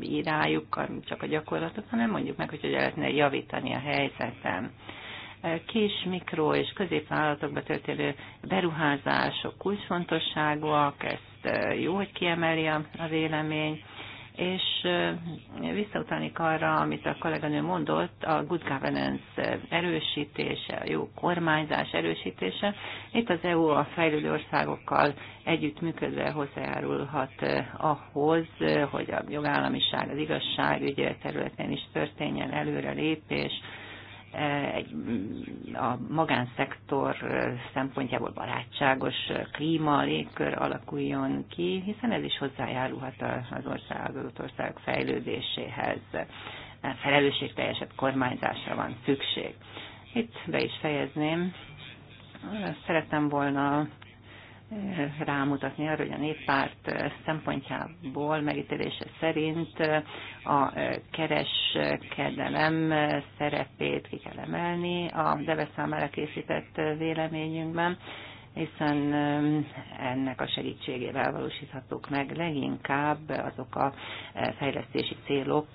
írjuk, csak a gyakorlatot, hanem mondjuk meg, hogy hogy lehetne javítani a helyzeten kis, mikro és középvállalatokba történő beruházások kulcsfontosságúak, ezt jó, hogy kiemeli a vélemény, és visszautalnék arra, amit a kolléganő mondott, a good governance erősítése, a jó kormányzás erősítése. Itt az EU a fejlődő országokkal együttműködve hozzájárulhat ahhoz, hogy a jogállamiság, az igazságügy területén is történjen előrelépés, lépés, egy, a magánszektor szempontjából barátságos klíma, légkör alakuljon ki, hiszen ez is hozzájárulhat az ország, az országok ország fejlődéséhez. Felelősségteljesebb kormányzásra van szükség. Itt be is fejezném. Szeretem volna rámutatni arra, hogy a néppárt szempontjából megítélése szerint a kereskedelem szerepét ki kell emelni a Deve számára készített véleményünkben, hiszen ennek a segítségével valósíthatók meg leginkább azok a fejlesztési célok,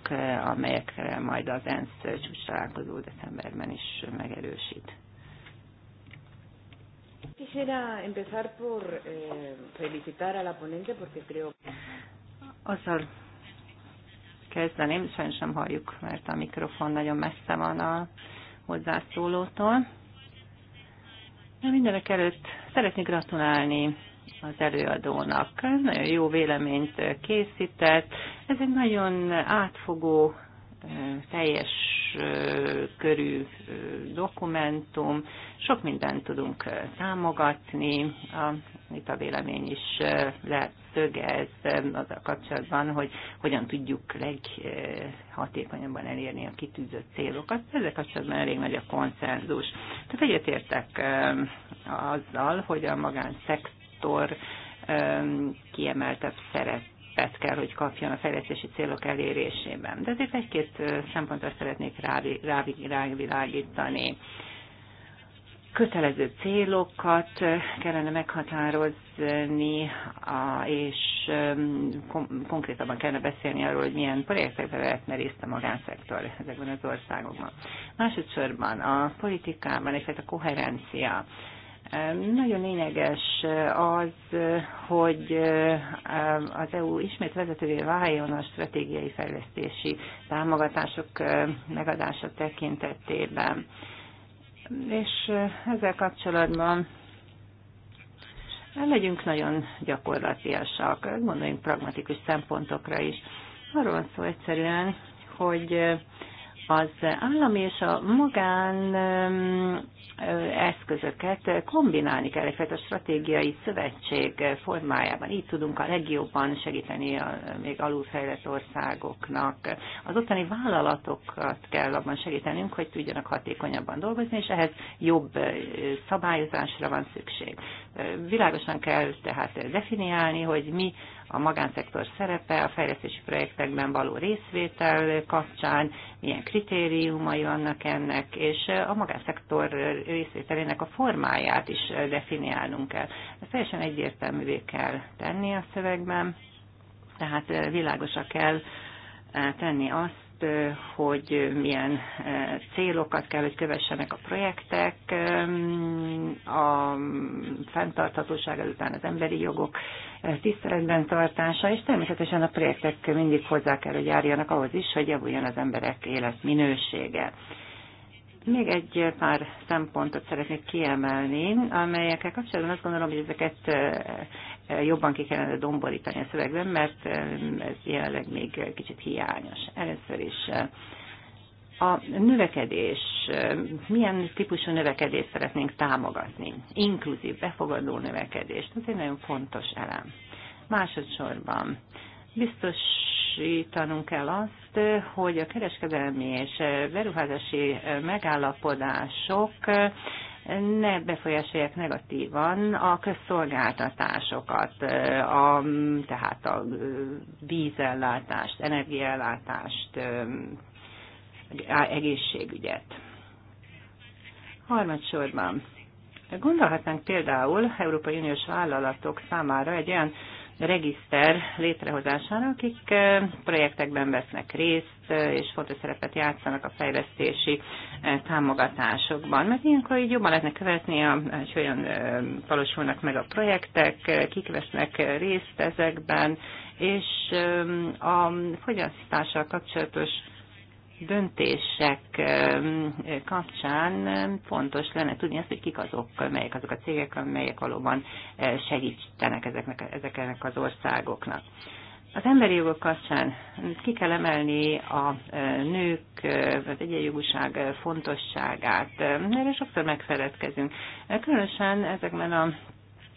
amelyekre majd az ENSZ csúcs találkozó decemberben is megerősít quisiera empezar por eh, felicitar a la ponente porque creo... Azzal kezdeném, sajnos nem halljuk, mert a mikrofon nagyon messze van a hozzászólótól. De mindenek előtt szeretnék gratulálni az előadónak. Nagyon jó véleményt készített. Ez egy nagyon átfogó teljes körű dokumentum, sok mindent tudunk támogatni, a, itt a vélemény is leszögez a kapcsolatban, hogy hogyan tudjuk leghatékonyabban elérni a kitűzött célokat. Ezzel kapcsolatban elég nagy a konszenzus. Tehát egyetértek azzal, hogy a magánszektor kiemeltebb szerep szerepet kell, hogy kapjon a fejlesztési célok elérésében. De azért egy-két szempontot szeretnék rávilágítani. Kötelező célokat kellene meghatározni, és konkrétabban kellene beszélni arról, hogy milyen projektekbe lehetne részt a magánszektor ezekben az országokban. Másodszorban a politikában egyfajta koherencia nagyon lényeges az, hogy eh, az EU ismét vezetővé váljon a stratégiai fejlesztési támogatások eh, megadása tekintetében. És eh, ezzel kapcsolatban legyünk nagyon gyakorlatiasak, gondoljunk pragmatikus szempontokra is. Arról van szó egyszerűen, hogy az állami és a magán eszközöket kombinálni kell egyfajta stratégiai szövetség formájában. Így tudunk a legjobban segíteni a még alulfejlett országoknak. Az ottani vállalatokat kell abban segítenünk, hogy tudjanak hatékonyabban dolgozni, és ehhez jobb szabályozásra van szükség. Világosan kell tehát definiálni, hogy mi a magánszektor szerepe a fejlesztési projektekben való részvétel kapcsán, milyen kritériumai vannak ennek, és a magánszektor részvételének a formáját is definiálnunk kell. Ezt teljesen egyértelművé kell tenni a szövegben, tehát világosak kell tenni azt, azt, hogy milyen eh, célokat kell, hogy kövessenek a projektek, eh, a fenntarthatóság ezután az emberi jogok eh, tiszteletben tartása, és természetesen a projektek mindig hozzá kell, hogy járjanak ahhoz is, hogy javuljon az emberek életminősége. minősége. Még egy pár szempontot szeretnék kiemelni, amelyekkel kapcsolatban azt gondolom, hogy ezeket jobban ki kellene domborítani a szövegben, mert ez jelenleg még kicsit hiányos. Először is a növekedés, milyen típusú növekedést szeretnénk támogatni? Inkluzív, befogadó növekedést, ez egy nagyon fontos elem. Másodszorban biztosítanunk kell azt, azt, hogy a kereskedelmi és beruházási megállapodások ne befolyásolják negatívan a közszolgáltatásokat, a, tehát a vízellátást, energiaellátást, egészségügyet. Harmadsorban Gondolhatnánk például Európai Uniós vállalatok számára egy olyan regiszter létrehozására, akik projektekben vesznek részt, és fontos szerepet játszanak a fejlesztési támogatásokban. Mert ilyenkor így jobban lehetne követni, hogy hogyan valósulnak meg a projektek, kik vesznek részt ezekben, és a fogyasztással kapcsolatos döntések kapcsán fontos lenne tudni azt, hogy kik azok, melyek azok a cégek, amelyek valóban e, segítenek ezeknek, ezeknek az országoknak. Az emberi jogok kapcsán ki kell emelni a e, nők, e, az egyenjogúság fontosságát. Erre sokszor megfeledkezünk. Különösen ezekben a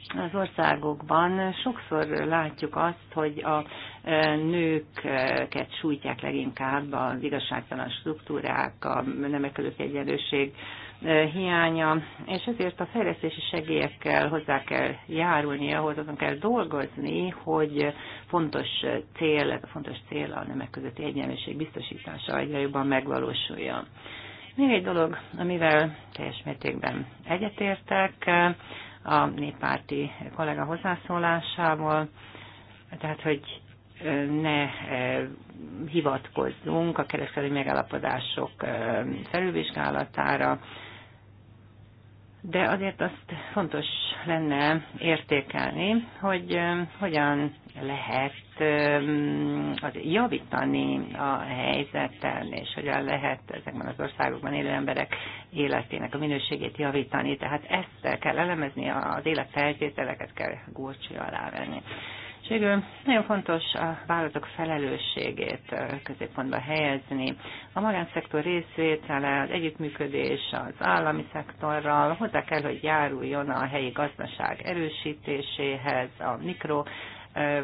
az országokban sokszor látjuk azt, hogy a e, nőket sújtják leginkább az igazságtalan struktúrák, a nemek közötti egyenlőség e, hiánya, és ezért a fejlesztési segélyekkel hozzá kell járulni, ahhoz azon kell dolgozni, hogy fontos cél, ez a fontos cél a nemek közötti egyenlőség biztosítása egyre jobban megvalósuljon. Még egy dolog, amivel teljes mértékben egyetértek, a néppárti kollega hozzászólásával, tehát hogy ne hivatkozzunk a kereskedelmi megállapodások felülvizsgálatára, de azért azt fontos lenne értékelni, hogy hogyan lehet javítani a helyzeten, és hogyan lehet ezekben az országokban élő emberek életének a minőségét javítani. Tehát ezt kell elemezni, az életfeltételeket kell górcső alá venni. Végül nagyon fontos a vállalatok felelősségét középpontba helyezni. A magánszektor részvétele, az együttműködés az állami szektorral hozzá kell, hogy járuljon a helyi gazdaság erősítéséhez, a mikro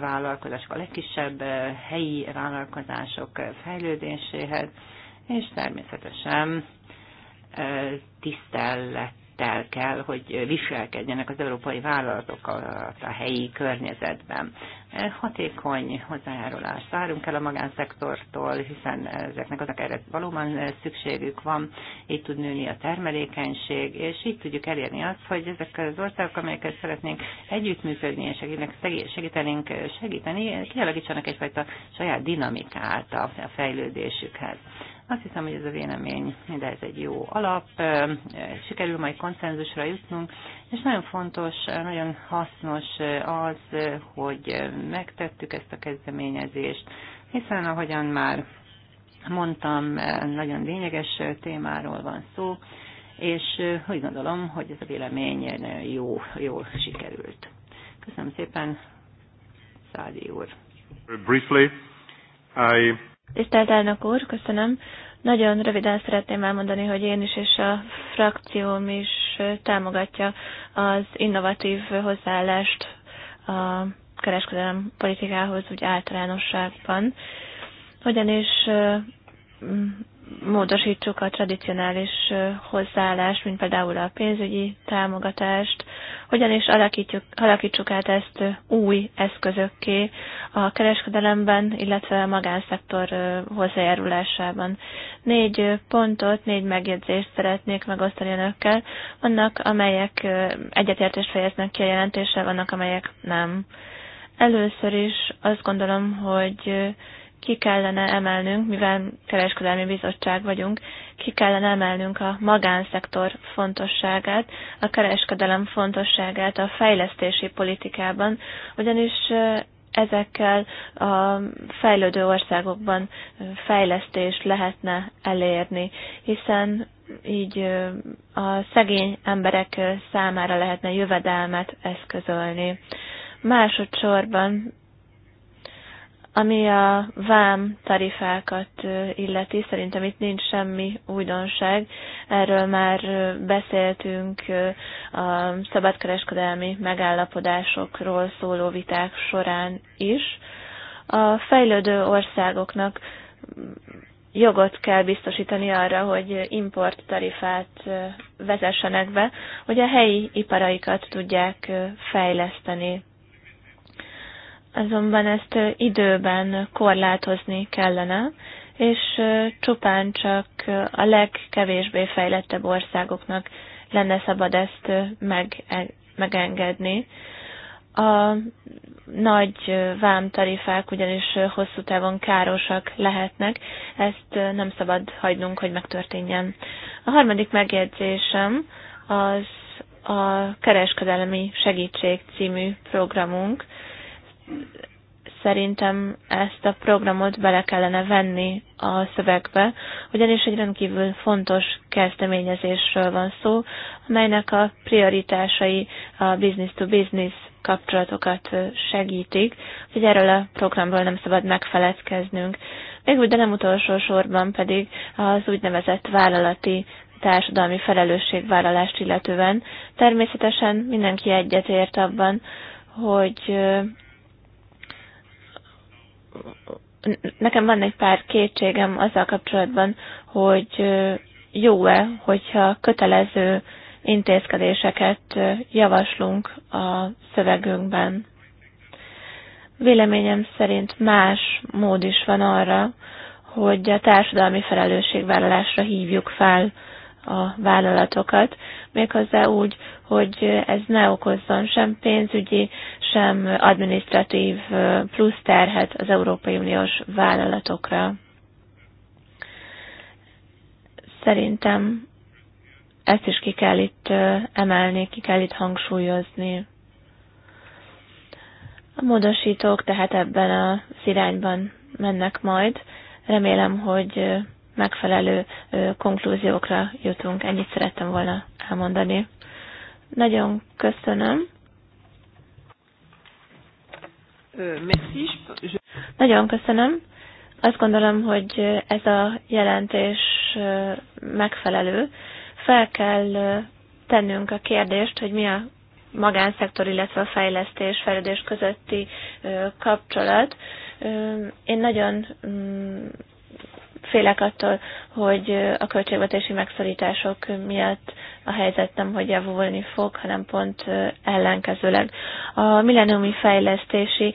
vállalkozások, a legkisebb helyi vállalkozások fejlődéséhez, és természetesen tisztelettel kell, hogy viselkedjenek az európai vállalatok a helyi környezetben hatékony hozzájárulást várunk el a magánszektortól, hiszen ezeknek azok erre valóban szükségük van, így tud nőni a termelékenység, és így tudjuk elérni azt, hogy ezek az országok, amelyeket szeretnénk együttműködni és akiknek segítenénk segíteni, kialakítsanak egyfajta saját dinamikát a fejlődésükhez. Azt hiszem, hogy ez a vélemény, de ez egy jó alap, sikerül majd konszenzusra jutnunk, és nagyon fontos, nagyon hasznos az, hogy megtettük ezt a kezdeményezést, hiszen ahogyan már mondtam, nagyon lényeges témáról van szó, és úgy gondolom, hogy ez a vélemény jó, jól sikerült. Köszönöm szépen, Szádi úr. Briefly, I Tisztelt elnök úr, köszönöm. Nagyon röviden szeretném elmondani, hogy én is és a frakcióm is támogatja az innovatív hozzáállást a kereskedelem politikához úgy általánosságban. Hogyan is módosítsuk a tradicionális hozzáállást, mint például a pénzügyi támogatást, hogyan is alakítjuk, alakítsuk át ezt új eszközökké a kereskedelemben, illetve a magánszektor hozzájárulásában. Négy pontot, négy megjegyzést szeretnék megosztani önökkel. Vannak, amelyek egyetértést fejeznek ki a jelentéssel, vannak, amelyek nem. Először is azt gondolom, hogy ki kellene emelnünk, mivel kereskedelmi bizottság vagyunk, ki kellene emelnünk a magánszektor fontosságát, a kereskedelem fontosságát a fejlesztési politikában, ugyanis ezekkel a fejlődő országokban fejlesztést lehetne elérni, hiszen így a szegény emberek számára lehetne jövedelmet eszközölni. Másodszorban ami a vám tarifákat illeti, szerintem itt nincs semmi újdonság. Erről már beszéltünk a szabadkereskedelmi megállapodásokról szóló viták során is. A fejlődő országoknak jogot kell biztosítani arra, hogy import tarifát vezessenek be, hogy a helyi iparaikat tudják fejleszteni azonban ezt időben korlátozni kellene, és csupán csak a legkevésbé fejlettebb országoknak lenne szabad ezt meg, e-, megengedni. A nagy vámtarifák ugyanis hosszú távon károsak lehetnek, ezt nem szabad hagynunk, hogy megtörténjen. A harmadik megjegyzésem az a kereskedelmi segítség című programunk, szerintem ezt a programot bele kellene venni a szövegbe, ugyanis egy rendkívül fontos kezdeményezésről van szó, amelynek a prioritásai a business-to-business business kapcsolatokat segítik, hogy erről a programról nem szabad megfeledkeznünk. úgy, de nem utolsó sorban pedig az úgynevezett vállalati társadalmi felelősségvállalást illetően. Természetesen mindenki egyetért abban, hogy nekem van egy pár kétségem azzal kapcsolatban, hogy jó-e, hogyha kötelező intézkedéseket javaslunk a szövegünkben. Véleményem szerint más mód is van arra, hogy a társadalmi felelősségvállalásra hívjuk fel a vállalatokat, méghozzá úgy, hogy ez ne okozzon sem pénzügyi, sem administratív plusz terhet az Európai Uniós vállalatokra. Szerintem ezt is ki kell itt emelni, ki kell itt hangsúlyozni. A módosítók tehát ebben az irányban mennek majd. Remélem, hogy megfelelő konklúziókra jutunk. Ennyit szerettem volna elmondani. Nagyon köszönöm. Nagyon köszönöm. Azt gondolom, hogy ez a jelentés megfelelő. Fel kell tennünk a kérdést, hogy mi a magánszektor, illetve a fejlesztés, fejlődés közötti kapcsolat. Én nagyon mm, félek attól, hogy a költségvetési megszorítások miatt a helyzet nem hogy javulni fog, hanem pont ellenkezőleg. A milleniumi fejlesztési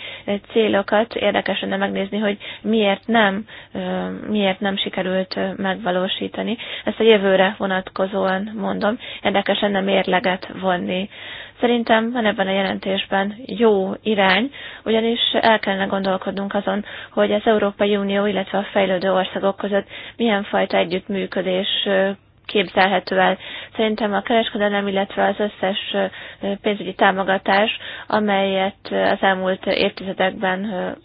célokat érdekes lenne megnézni, hogy miért nem, miért nem sikerült megvalósítani. Ezt a jövőre vonatkozóan mondom, érdekes lenne mérleget vonni. Szerintem van ebben a jelentésben jó irány, ugyanis el kellene gondolkodnunk azon, hogy az Európai Unió, illetve a fejlődő országok között milyen fajta együttműködés képzelhető el. Szerintem a kereskedelem, illetve az összes pénzügyi támogatás, amelyet az elmúlt évtizedekben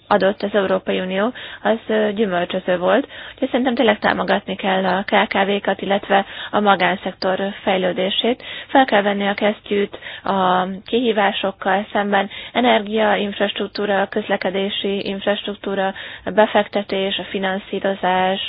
adott az Európai Unió, az gyümölcsöző volt. Úgyhogy szerintem tényleg támogatni kell a KKV-kat, illetve a magánszektor fejlődését. Fel kell venni a kesztyűt a kihívásokkal szemben, energia, infrastruktúra, közlekedési infrastruktúra, befektetés, a finanszírozás,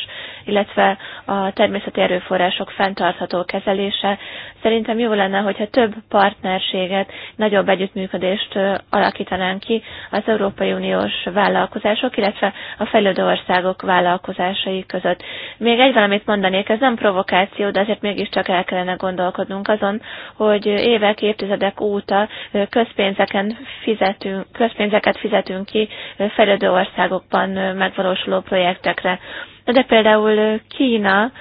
illetve a természeti erőforrások fel fenntartható kezelése. Szerintem jó lenne, hogyha több partnerséget, nagyobb együttműködést alakítanánk ki az Európai Uniós vállalkozások, illetve a fejlődő országok vállalkozásai között. Még egy valamit mondanék, ez nem provokáció, de azért mégiscsak el kellene gondolkodnunk azon, hogy évek, évtizedek óta közpénzeken fizetünk, közpénzeket fizetünk ki fejlődő országokban megvalósuló projektekre. Na de például Kína,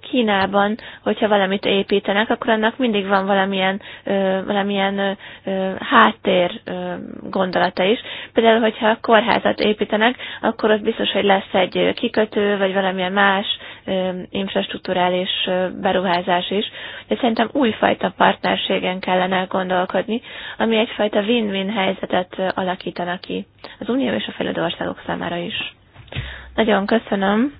Kínában, hogyha valamit építenek, akkor annak mindig van valamilyen, valamilyen háttér gondolata is. Például, hogyha kórházat építenek, akkor ott biztos, hogy lesz egy kikötő, vagy valamilyen más infrastruktúrális beruházás is. De szerintem újfajta partnerségen kellene gondolkodni, ami egyfajta win-win helyzetet alakítanak ki az Unió és a fejlődő országok számára is. Nagyon köszönöm.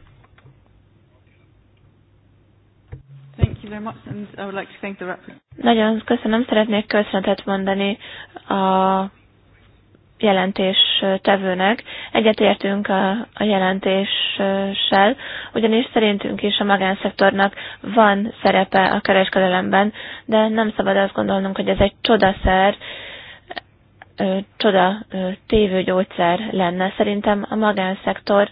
Nagyon köszönöm, szeretnék köszönetet mondani a jelentés tevőnek. Egyetértünk a, a jelentéssel, ugyanis szerintünk is a magánszektornak van szerepe a kereskedelemben, de nem szabad azt gondolnunk, hogy ez egy csodaszer, csoda tévőgyógyszer lenne. Szerintem a magánszektor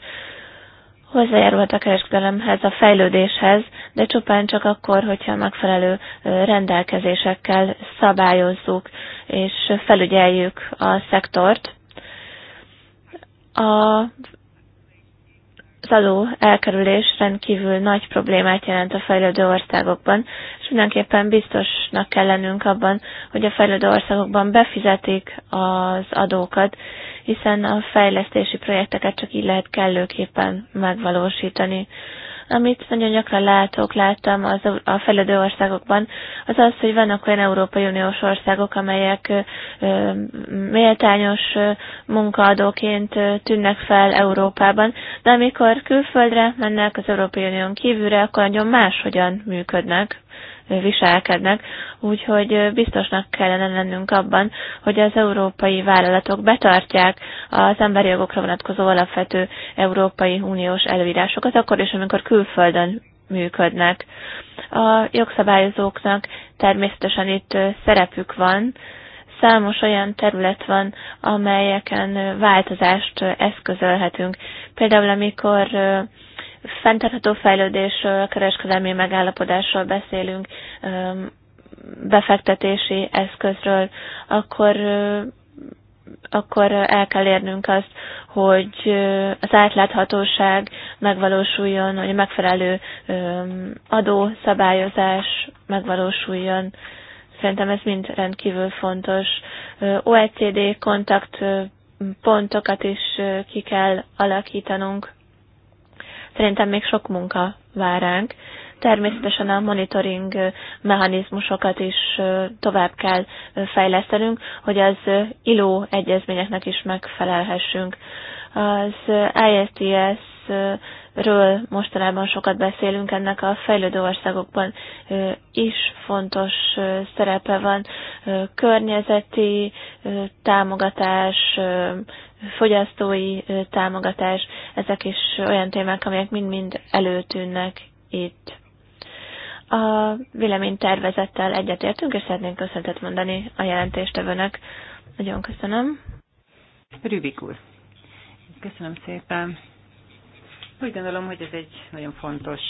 hozzájárulhat a kereskedelemhez, a fejlődéshez, de csupán csak akkor, hogyha megfelelő rendelkezésekkel szabályozzuk és felügyeljük a szektort. A az adó elkerülés rendkívül nagy problémát jelent a fejlődő országokban, és mindenképpen biztosnak kell lennünk abban, hogy a fejlődő országokban befizetik az adókat, hiszen a fejlesztési projekteket csak így lehet kellőképpen megvalósítani. Amit nagyon gyakran látok, láttam az a fejlődő országokban, az az, hogy vannak olyan Európai Uniós országok, amelyek ö, méltányos munkaadóként tűnnek fel Európában, de amikor külföldre mennek az Európai Unión kívülre, akkor nagyon máshogyan működnek viselkednek, úgyhogy biztosnak kellene lennünk abban, hogy az európai vállalatok betartják az emberi jogokra vonatkozó alapvető Európai Uniós előírásokat, akkor is, amikor külföldön működnek. A jogszabályozóknak természetesen itt szerepük van, számos olyan terület van, amelyeken változást eszközölhetünk. Például amikor fenntartható fejlődésről, kereskedelmi megállapodásról beszélünk, befektetési eszközről, akkor akkor el kell érnünk azt, hogy az átláthatóság megvalósuljon, hogy a megfelelő adószabályozás megvalósuljon. Szerintem ez mind rendkívül fontos. OECD kontakt pontokat is ki kell alakítanunk. Szerintem még sok munka vár ránk. Természetesen a monitoring mechanizmusokat is tovább kell fejlesztenünk, hogy az ILO egyezményeknek is megfelelhessünk. Az ISTS ről mostanában sokat beszélünk, ennek a fejlődő országokban is fontos szerepe van. Környezeti támogatás, fogyasztói támogatás, ezek is olyan témák, amelyek mind-mind előtűnnek itt. A véleménytervezettel egyetértünk, és szeretnénk köszöntet mondani a jelentéstevőnek. Nagyon köszönöm. Rübik úr. Köszönöm szépen. Úgy gondolom, hogy ez egy nagyon fontos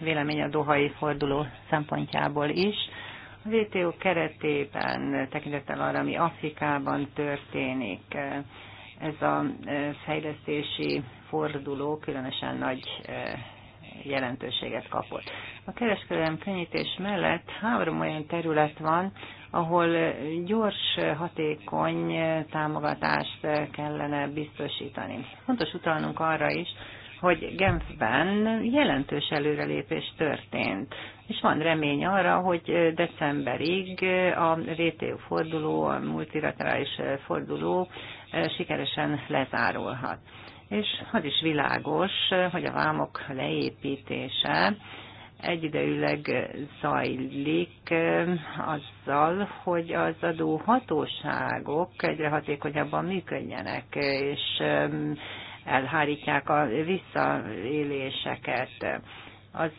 vélemény a dohai forduló szempontjából is. A WTO keretében tekintettel arra, ami Afrikában történik, ez a fejlesztési forduló különösen nagy jelentőséget kapott. A kereskedelem könnyítés mellett három olyan terület van, ahol gyors, hatékony támogatást kellene biztosítani. Fontos utalnunk arra is, hogy Genfben jelentős előrelépés történt, és van remény arra, hogy decemberig a WTO forduló, a multilaterális forduló eh, sikeresen lezárulhat. És az is világos, eh, hogy a vámok leépítése egyidejűleg zajlik eh, azzal, hogy az adóhatóságok egyre hatékonyabban működjenek, és elhárítják a visszaéléseket. Az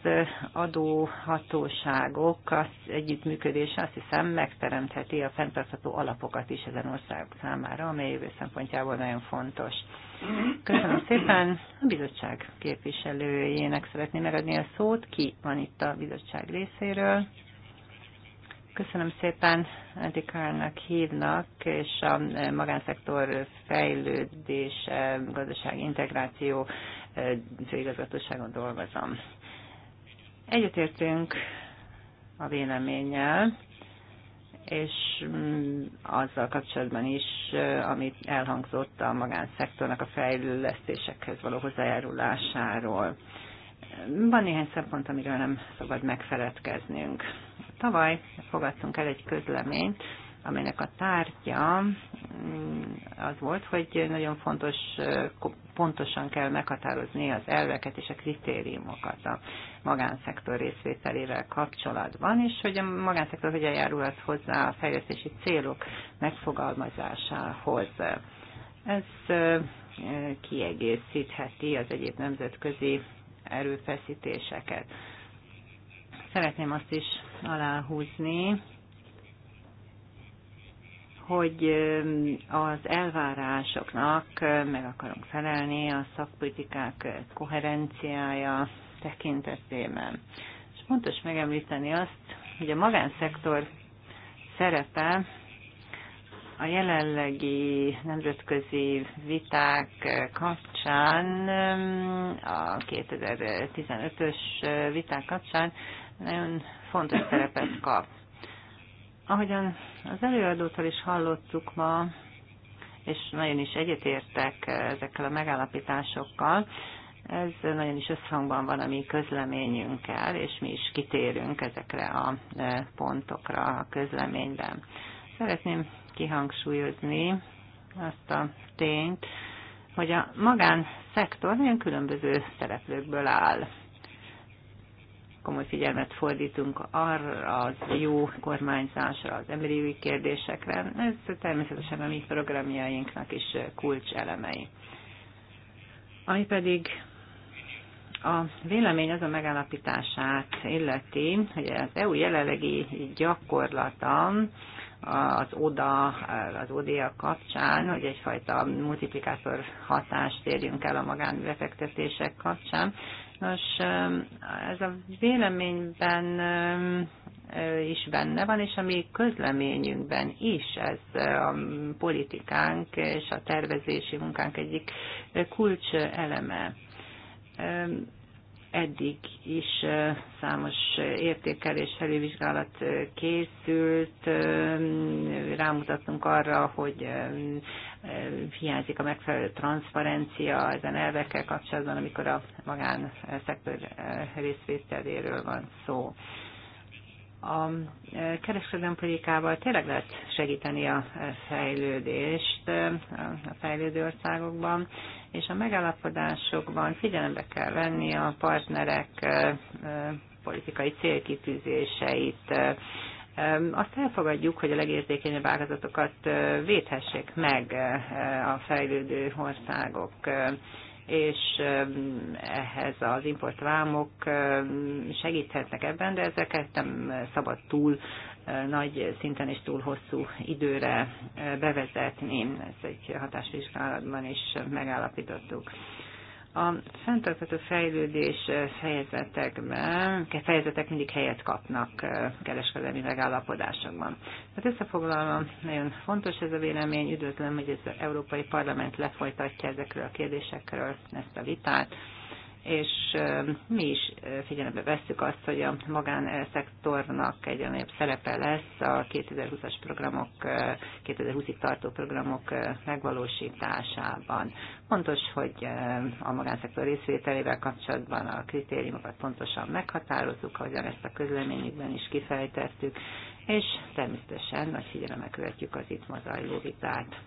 adóhatóságok az együttműködés azt hiszem megteremtheti a fenntartható alapokat is ezen ország számára, amely jövő szempontjából nagyon fontos. Köszönöm szépen. A bizottság képviselőjének szeretném megadni a szót. Ki van itt a bizottság részéről? Köszönöm szépen, Antikárnak hívnak, és a magánszektor fejlődése, gazdasági integráció eh, főigazgatóságon dolgozom. Egyetértünk a véleménnyel, és mm, azzal kapcsolatban is, eh, amit elhangzott a magánszektornak a fejlesztésekhez való hozzájárulásáról. Van néhány szempont, amiről nem szabad megfeledkeznünk. Tavaly fogadtunk el egy közleményt, aminek a tárgya mm, az volt, hogy nagyon fontos, pontosan kell meghatározni az elveket és a kritériumokat a magánszektor részvételével kapcsolatban, és hogy a magánszektor hogyan járulhat hozzá a fejlesztési célok megfogalmazásához. Ez kiegészítheti az egyéb nemzetközi erőfeszítéseket. Szeretném azt is aláhúzni, hogy az elvárásoknak meg akarunk felelni a szakpolitikák koherenciája tekintetében. És fontos megemlíteni azt, hogy a magánszektor szerepe a jelenlegi nemzetközi viták kapcsán, a 2015-ös viták kapcsán nagyon fontos szerepet kap. Ahogyan az előadótól is hallottuk ma, és nagyon is egyetértek ezekkel a megállapításokkal, ez nagyon is összhangban van a mi közleményünkkel, és mi is kitérünk ezekre a e, pontokra a közleményben. Szeretném kihangsúlyozni azt a tényt, hogy a magánszektor nagyon különböző szereplőkből áll. Komoly figyelmet fordítunk arra az jó kormányzásra, az emberi kérdésekre. Ez természetesen a mi programjainknak is kulcs elemei. Ami pedig a vélemény az a megállapítását illeti, hogy az EU jelenlegi gyakorlata az ODA, az ODA kapcsán, hogy egyfajta multiplikátor hatást érjünk el a magánbefektetések kapcsán. Nos, ez a véleményben is benne van, és a mi közleményünkben is ez a politikánk és a tervezési munkánk egyik kulcs eleme eddig is számos értékelés felülvizsgálat készült, rámutattunk arra, hogy hiányzik a megfelelő transzparencia ezen elvekkel kapcsolatban, amikor a magánszektor részvételéről van szó a kereskedelmi politikával tényleg lehet segíteni a fejlődést a fejlődő országokban, és a megállapodásokban figyelembe kell venni a partnerek politikai célkitűzéseit. Azt elfogadjuk, hogy a legérzékenyebb ágazatokat védhessék meg a fejlődő országok és ehhez az importvámok segíthetnek ebben, de ezeket nem szabad túl nagy szinten és túl hosszú időre bevezetni. Ezt egy hatásvizsgálatban is megállapítottuk. A fenntartható fejlődés fejezetekben, fejezetek mindig helyet kapnak kereskedelmi megállapodásokban. Hát összefoglalva, nagyon fontos ez a vélemény, üdvözlöm, hogy ez az Európai Parlament lefolytatja ezekről a kérdésekről ezt a vitát és mi is figyelembe vesszük azt, hogy a magánszektornak egyre nagyobb szerepe lesz a 2020-as programok, 2020-ig tartó programok megvalósításában. Fontos, hogy a magánszektor részvételével kapcsolatban a kritériumokat pontosan meghatározzuk, ahogyan ezt a közleményükben is kifejtettük, és természetesen nagy figyelemmel követjük az itt ma zajló vitát.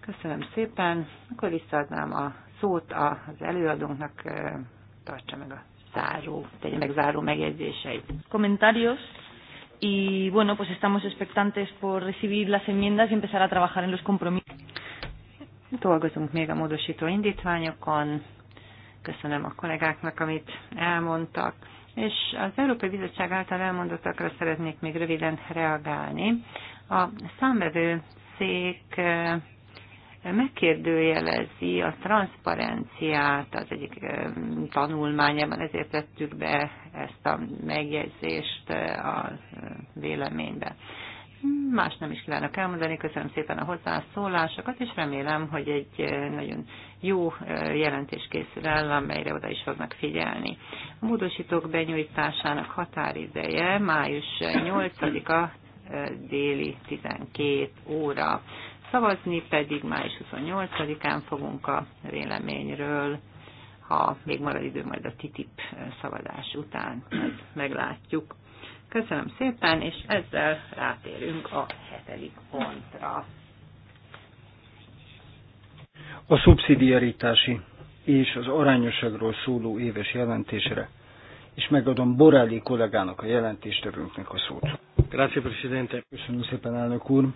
Köszönöm szépen, akkor visszaadnám a szót az előadónknak, tartsa meg a záró, tegye meg záró megjegyzéseit. Kommentarios. Y bueno, pues estamos expectantes por recibir las enmiendas y empezar a trabajar en los compromisos. Dolgozunk még a módosító indítványokon. Köszönöm a kollégáknak, amit elmondtak. És az Európai Bizottság által elmondottakra szeretnék még röviden reagálni. A számvevő szék megkérdőjelezi a transzparenciát az egyik tanulmányában, ezért tettük be ezt a megjegyzést a véleménybe. Más nem is kívánok elmondani, köszönöm szépen a hozzászólásokat, és remélem, hogy egy nagyon jó jelentés készül el, amelyre oda is fognak figyelni. A módosítók benyújtásának határideje május 8-a déli 12 óra. Szavazni pedig május 28-án fogunk a véleményről, ha még marad idő majd a TTIP szavazás után, ezt meglátjuk. Köszönöm szépen, és ezzel rátérünk a hetedik pontra. A szubszidiaritási és az arányosságról szóló éves jelentésre, és megadom Borelli kollégának a jelentéstevőnknek a szót. Grazie, Presidente. Köszönöm szépen, elnök úr.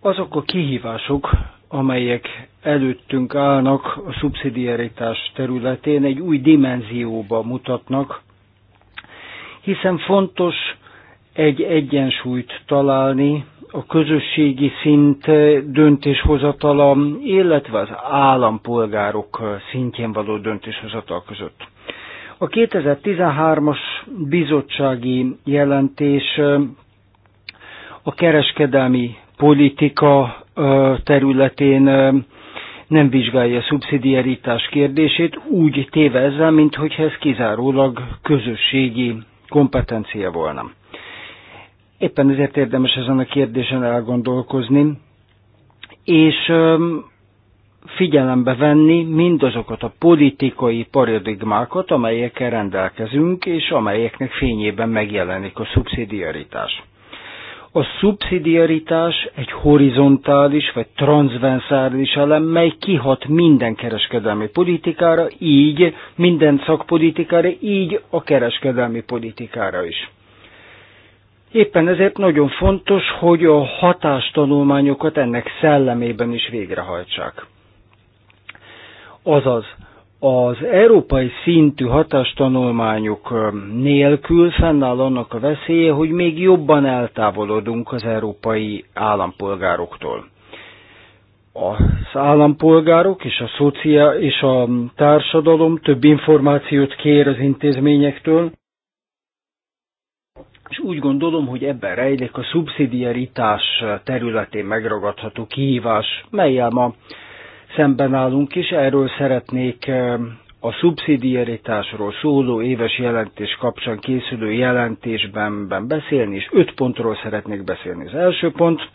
Azok a kihívások, amelyek előttünk állnak a szubszidiaritás területén, egy új dimenzióba mutatnak, hiszen fontos egy egyensúlyt találni a közösségi szint döntéshozatala, illetve az állampolgárok szintjén való döntéshozatal között. A 2013-as bizottsági jelentés a kereskedelmi politika területén nem vizsgálja a szubszidiaritás kérdését, úgy téve ezzel, minthogyha ez kizárólag közösségi kompetencia volna. Éppen ezért érdemes ezen a kérdésen elgondolkozni, és figyelembe venni mindazokat a politikai paradigmákat, amelyekkel rendelkezünk, és amelyeknek fényében megjelenik a szubszidiaritás. A szubszidiaritás egy horizontális vagy transzvenszális elem, mely kihat minden kereskedelmi politikára, így minden szakpolitikára, így a kereskedelmi politikára is. Éppen ezért nagyon fontos, hogy a hatástanulmányokat ennek szellemében is végrehajtsák. Azaz, az európai szintű hatástanulmányok um, nélkül fennáll annak a veszélye, hogy még jobban eltávolodunk az európai állampolgároktól. Az állampolgárok és a, szocia és a társadalom több információt kér az intézményektől, és úgy gondolom, hogy ebben rejlik a szubszidiaritás területén megragadható kihívás, melyel ma szemben állunk, és erről szeretnék eh, a szubszidiaritásról szóló éves jelentés kapcsán készülő jelentésben beszélni, és öt pontról szeretnék beszélni. Az első pont,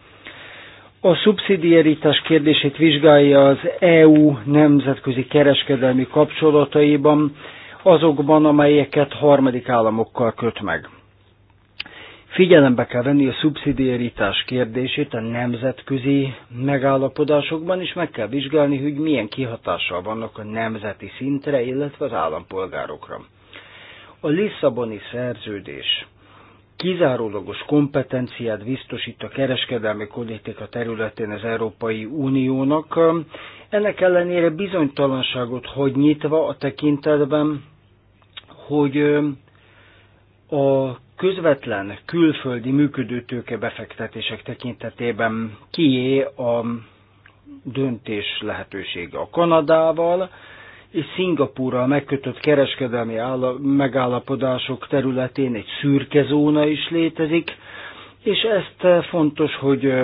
a szubszidiaritás kérdését vizsgálja az EU nemzetközi kereskedelmi kapcsolataiban, azokban, amelyeket harmadik államokkal köt meg. Figyelembe kell venni a szubszidiaritás kérdését a nemzetközi megállapodásokban, és meg kell vizsgálni, hogy milyen kihatással vannak a nemzeti szintre, illetve az állampolgárokra. A Lisszaboni szerződés kizárólagos kompetenciát biztosít a kereskedelmi politika területén az Európai Uniónak, ennek ellenére bizonytalanságot hagy nyitva a tekintetben, hogy a közvetlen külföldi működőtőke befektetések tekintetében kié a döntés lehetősége a Kanadával és Szingapúrral megkötött kereskedelmi megállapodások területén egy szürke zóna is létezik, és ezt eh, fontos, hogy eh,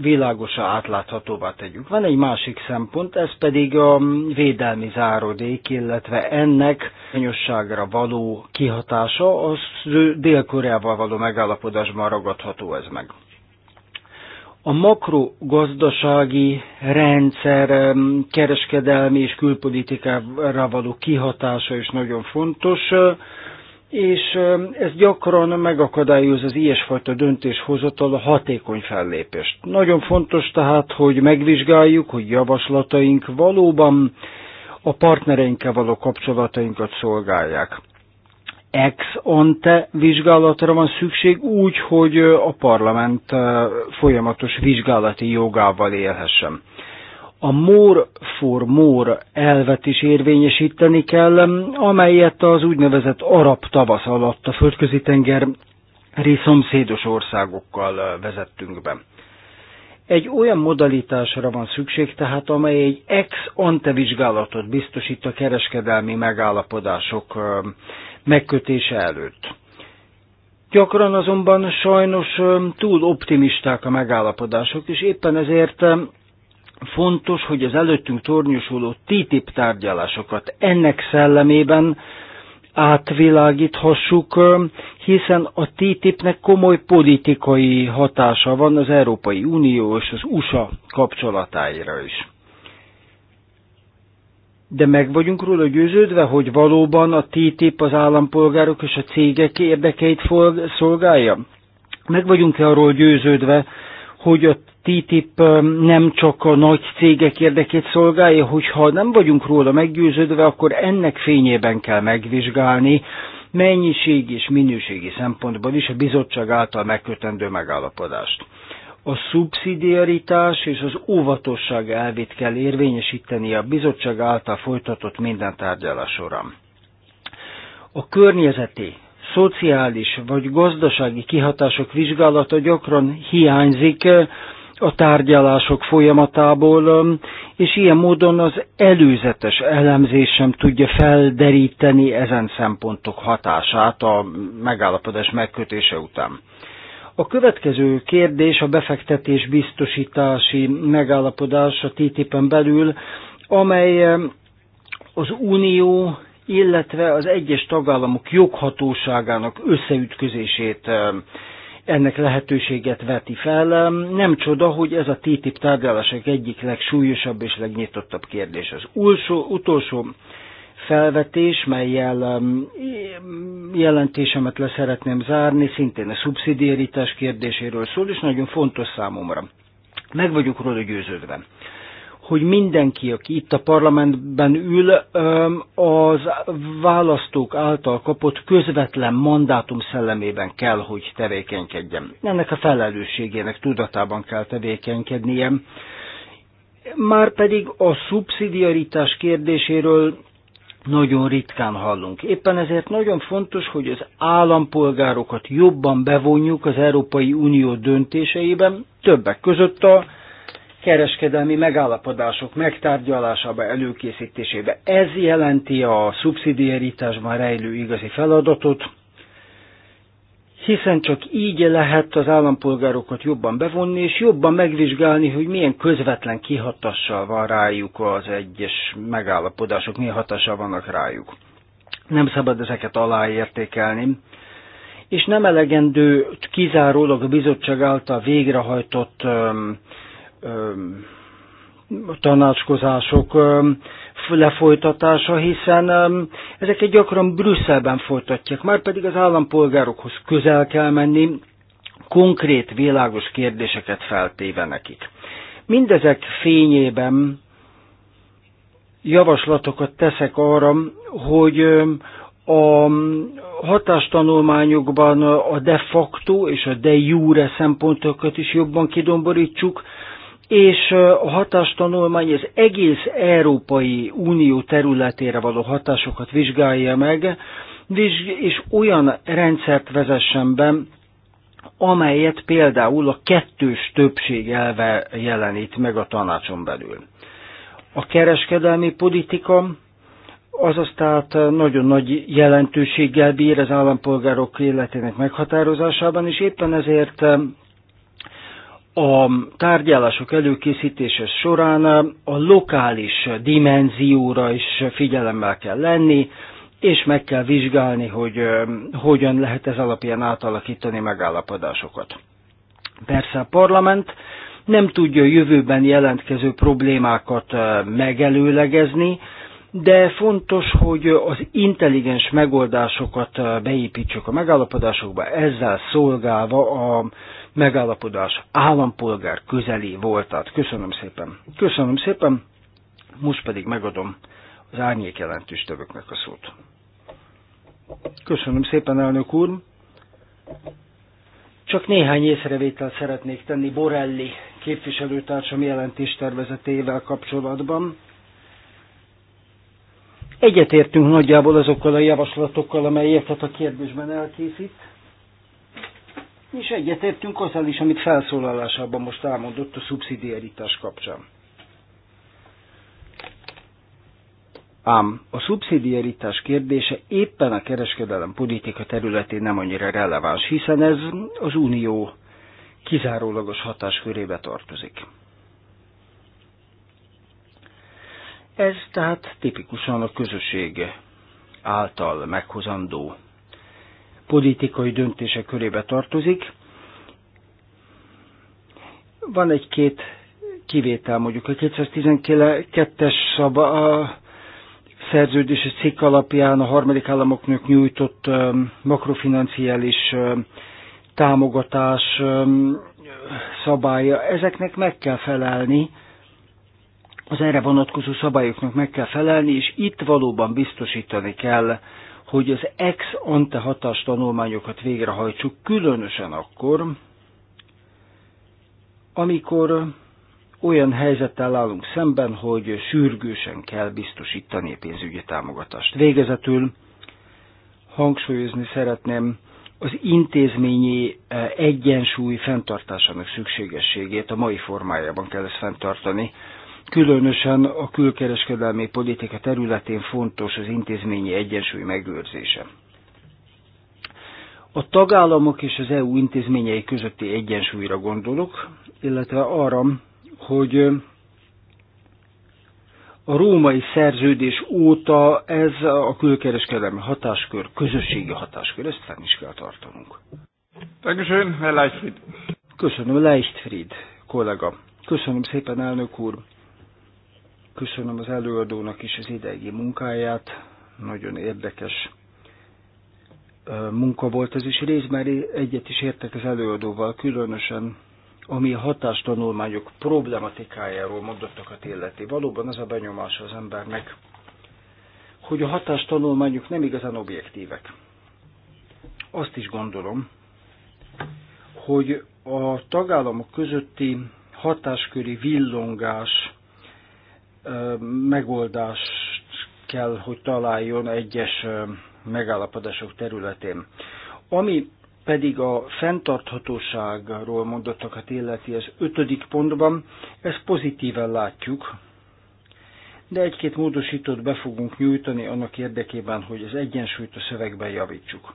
világosan átláthatóvá tegyük. Van egy másik szempont, ez pedig a mm, védelmi zárodék, illetve ennek anyosságra való kihatása, az eh, Dél-Koreával való megállapodásban ragadható ez meg. A makrogazdasági rendszer mm, kereskedelmi és külpolitikára való kihatása is nagyon fontos és ez gyakran megakadályoz az ilyesfajta döntéshozatal a hatékony fellépést. Nagyon fontos tehát, hogy megvizsgáljuk, hogy javaslataink valóban a partnereinkkel való kapcsolatainkat szolgálják. Ex ante vizsgálatra van szükség úgy, hogy a parlament folyamatos vizsgálati jogával élhessen a more for more elvet is érvényesíteni kell, amelyet az úgynevezett arab tavasz alatt a földközi tenger részomszédos országokkal vezettünk be. Egy olyan modalitásra van szükség, tehát amely egy ex ante vizsgálatot biztosít a kereskedelmi megállapodások megkötése előtt. Gyakran azonban sajnos túl optimisták a megállapodások, és éppen ezért Fontos, hogy az előttünk tornyosuló TTIP tárgyalásokat ennek szellemében átvilágíthassuk, hiszen a TTIP-nek komoly politikai hatása van az Európai Unió és az USA kapcsolatáira is. De meg vagyunk róla győződve, hogy valóban a TTIP az állampolgárok és a cégek érdekeit szolgálja? Meg vagyunk -e arról győződve, hogy a TTIP nem csak a nagy cégek érdekét szolgálja, hogyha nem vagyunk róla meggyőződve, akkor ennek fényében kell megvizsgálni mennyiség és minőségi szempontból is a bizottság által megkötendő megállapodást. A szubszidiaritás és az óvatosság elvét kell érvényesíteni a bizottság által folytatott minden tárgyalás során. A környezeti, szociális vagy gazdasági kihatások vizsgálata gyakran hiányzik, a tárgyalások folyamatából, um, és ilyen módon az előzetes elemzés sem tudja felderíteni ezen szempontok hatását a megállapodás megkötése után. A következő kérdés a befektetés biztosítási megállapodás a TTIP-en belül, amely um, az Unió, illetve az egyes tagállamok joghatóságának összeütközését um, ennek lehetőséget veti fel. Nem csoda, hogy ez a TTIP tárgyalások egyik legsúlyosabb és legnyitottabb kérdés. Az ulsó, utolsó felvetés, melyel jelentésemet le szeretném zárni, szintén a szubszidiaritás kérdéséről szól, és nagyon fontos számomra. Meg vagyok róla győződve, hogy mindenki, aki itt a parlamentben ül, az választók által kapott közvetlen mandátum szellemében kell, hogy tevékenykedjen. Ennek a felelősségének tudatában kell tevékenykednie. Márpedig a szubszidiaritás kérdéséről nagyon ritkán hallunk. Éppen ezért nagyon fontos, hogy az állampolgárokat jobban bevonjuk az Európai Unió döntéseiben, többek között a kereskedelmi megállapodások megtárgyalásába, előkészítésébe. Ez jelenti a szubszidiaritásban rejlő igazi feladatot, hiszen csak így lehet az állampolgárokat jobban bevonni, és jobban megvizsgálni, hogy milyen közvetlen kihatással van rájuk az egyes megállapodások, milyen hatással vannak rájuk. Nem szabad ezeket aláértékelni, és nem elegendő kizárólag a bizottság által végrehajtott tanácskozások lefolytatása, hiszen ezeket gyakran Brüsszelben folytatják, már pedig az állampolgárokhoz közel kell menni, konkrét, világos kérdéseket feltéve nekik. Mindezek fényében javaslatokat teszek arra, hogy a hatástanulmányokban a de facto és a de jure szempontokat is jobban kidomborítsuk, és a hatástanulmány az egész Európai Unió területére való hatásokat vizsgálja meg, és olyan rendszert vezessen be, amelyet például a kettős többség elve jelenít meg a tanácson belül. A kereskedelmi politika az tehát nagyon nagy jelentőséggel bír az állampolgárok életének meghatározásában, és éppen ezért a tárgyalások előkészítése során a lokális dimenzióra is figyelemmel kell lenni, és meg kell vizsgálni, hogy hogyan lehet ez alapján átalakítani megállapodásokat. Persze a parlament nem tudja jövőben jelentkező problémákat megelőlegezni, de fontos, hogy az intelligens megoldásokat beépítsük a megállapodásokba, ezzel szolgálva a megállapodás állampolgár közeli voltát. Köszönöm szépen. Köszönöm szépen, most pedig megadom az árnyék jelentős tövöknek a szót. Köszönöm szépen, elnök úr. Csak néhány észrevételt szeretnék tenni Borelli képviselőtársam jelentés tervezetével kapcsolatban. Egyetértünk nagyjából azokkal a javaslatokkal, amelyeket a kérdésben elkészít és egyetértünk azzal is, amit felszólalásában most elmondott a szubszidiaritás kapcsán. Ám a szubszidiaritás kérdése éppen a kereskedelem politika területén nem annyira releváns, hiszen ez az unió kizárólagos hatáskörébe tartozik. Ez tehát tipikusan a közösség által meghozandó politikai döntése körébe tartozik. Van egy-két kivétel, mondjuk a 212-es szaba, a szerződési cikk alapján a harmadik államoknak nyújtott makrofinanciális támogatás szabálya, ezeknek meg kell felelni, az erre vonatkozó szabályoknak meg kell felelni, és itt valóban biztosítani kell hogy az ex ante hatás tanulmányokat végrehajtsuk, különösen akkor, amikor olyan helyzettel állunk szemben, hogy sürgősen kell biztosítani a pénzügyi támogatást. Végezetül hangsúlyozni szeretném az intézményi e, egyensúly fenntartásának szükségességét, a mai formájában kell ezt fenntartani, Különösen a külkereskedelmi politika területén fontos az intézményi egyensúly megőrzése. A tagállamok és az EU intézményei közötti egyensúlyra gondolok, illetve arra, hogy a római szerződés óta ez a külkereskedelmi hatáskör, közösségi hatáskör, ezt fenn is kell tartanunk. Köszönöm, Leichtfried. Köszönöm, Leichtfried kollega. Köszönöm szépen, elnök úr. Köszönöm az előadónak is az idegi munkáját, nagyon érdekes munka volt ez, is részben egyet is értek az előadóval, különösen ami a hatástanulmányok problematikájáról mondottakat illeti. Valóban az a benyomás az embernek, hogy a hatástanulmányok nem igazán objektívek. Azt is gondolom, hogy a tagállamok közötti hatásköri villongás megoldást kell, hogy találjon egyes megállapodások területén. Ami pedig a fenntarthatóságról mondottakat illeti az ötödik pontban, ezt pozitíven látjuk, de egy-két módosítót be fogunk nyújtani annak érdekében, hogy az egyensúlyt a szövegben javítsuk.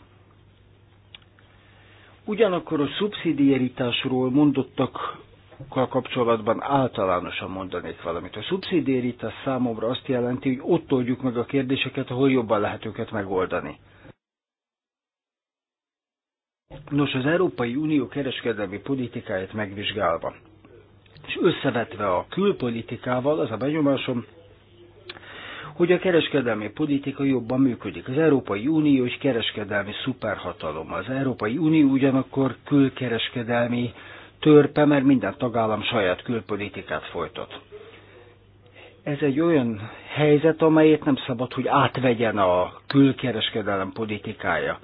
Ugyanakkor a szubszidiaritásról mondottak kapcsolatban általánosan mondanék valamit. A szubszidiaritás számomra azt jelenti, hogy ott oldjuk meg a kérdéseket, ahol jobban lehet őket megoldani. Nos, az Európai Unió kereskedelmi politikáját megvizsgálva, és összevetve a külpolitikával, az a benyomásom, hogy a kereskedelmi politika jobban működik. Az Európai Unió is kereskedelmi szuperhatalom. Az Európai Unió ugyanakkor külkereskedelmi uh, törpe, mert minden tagállam saját külpolitikát folytott. Ez egy olyan helyzet, amelyet nem szabad, hogy átvegyen a külkereskedelem politikája.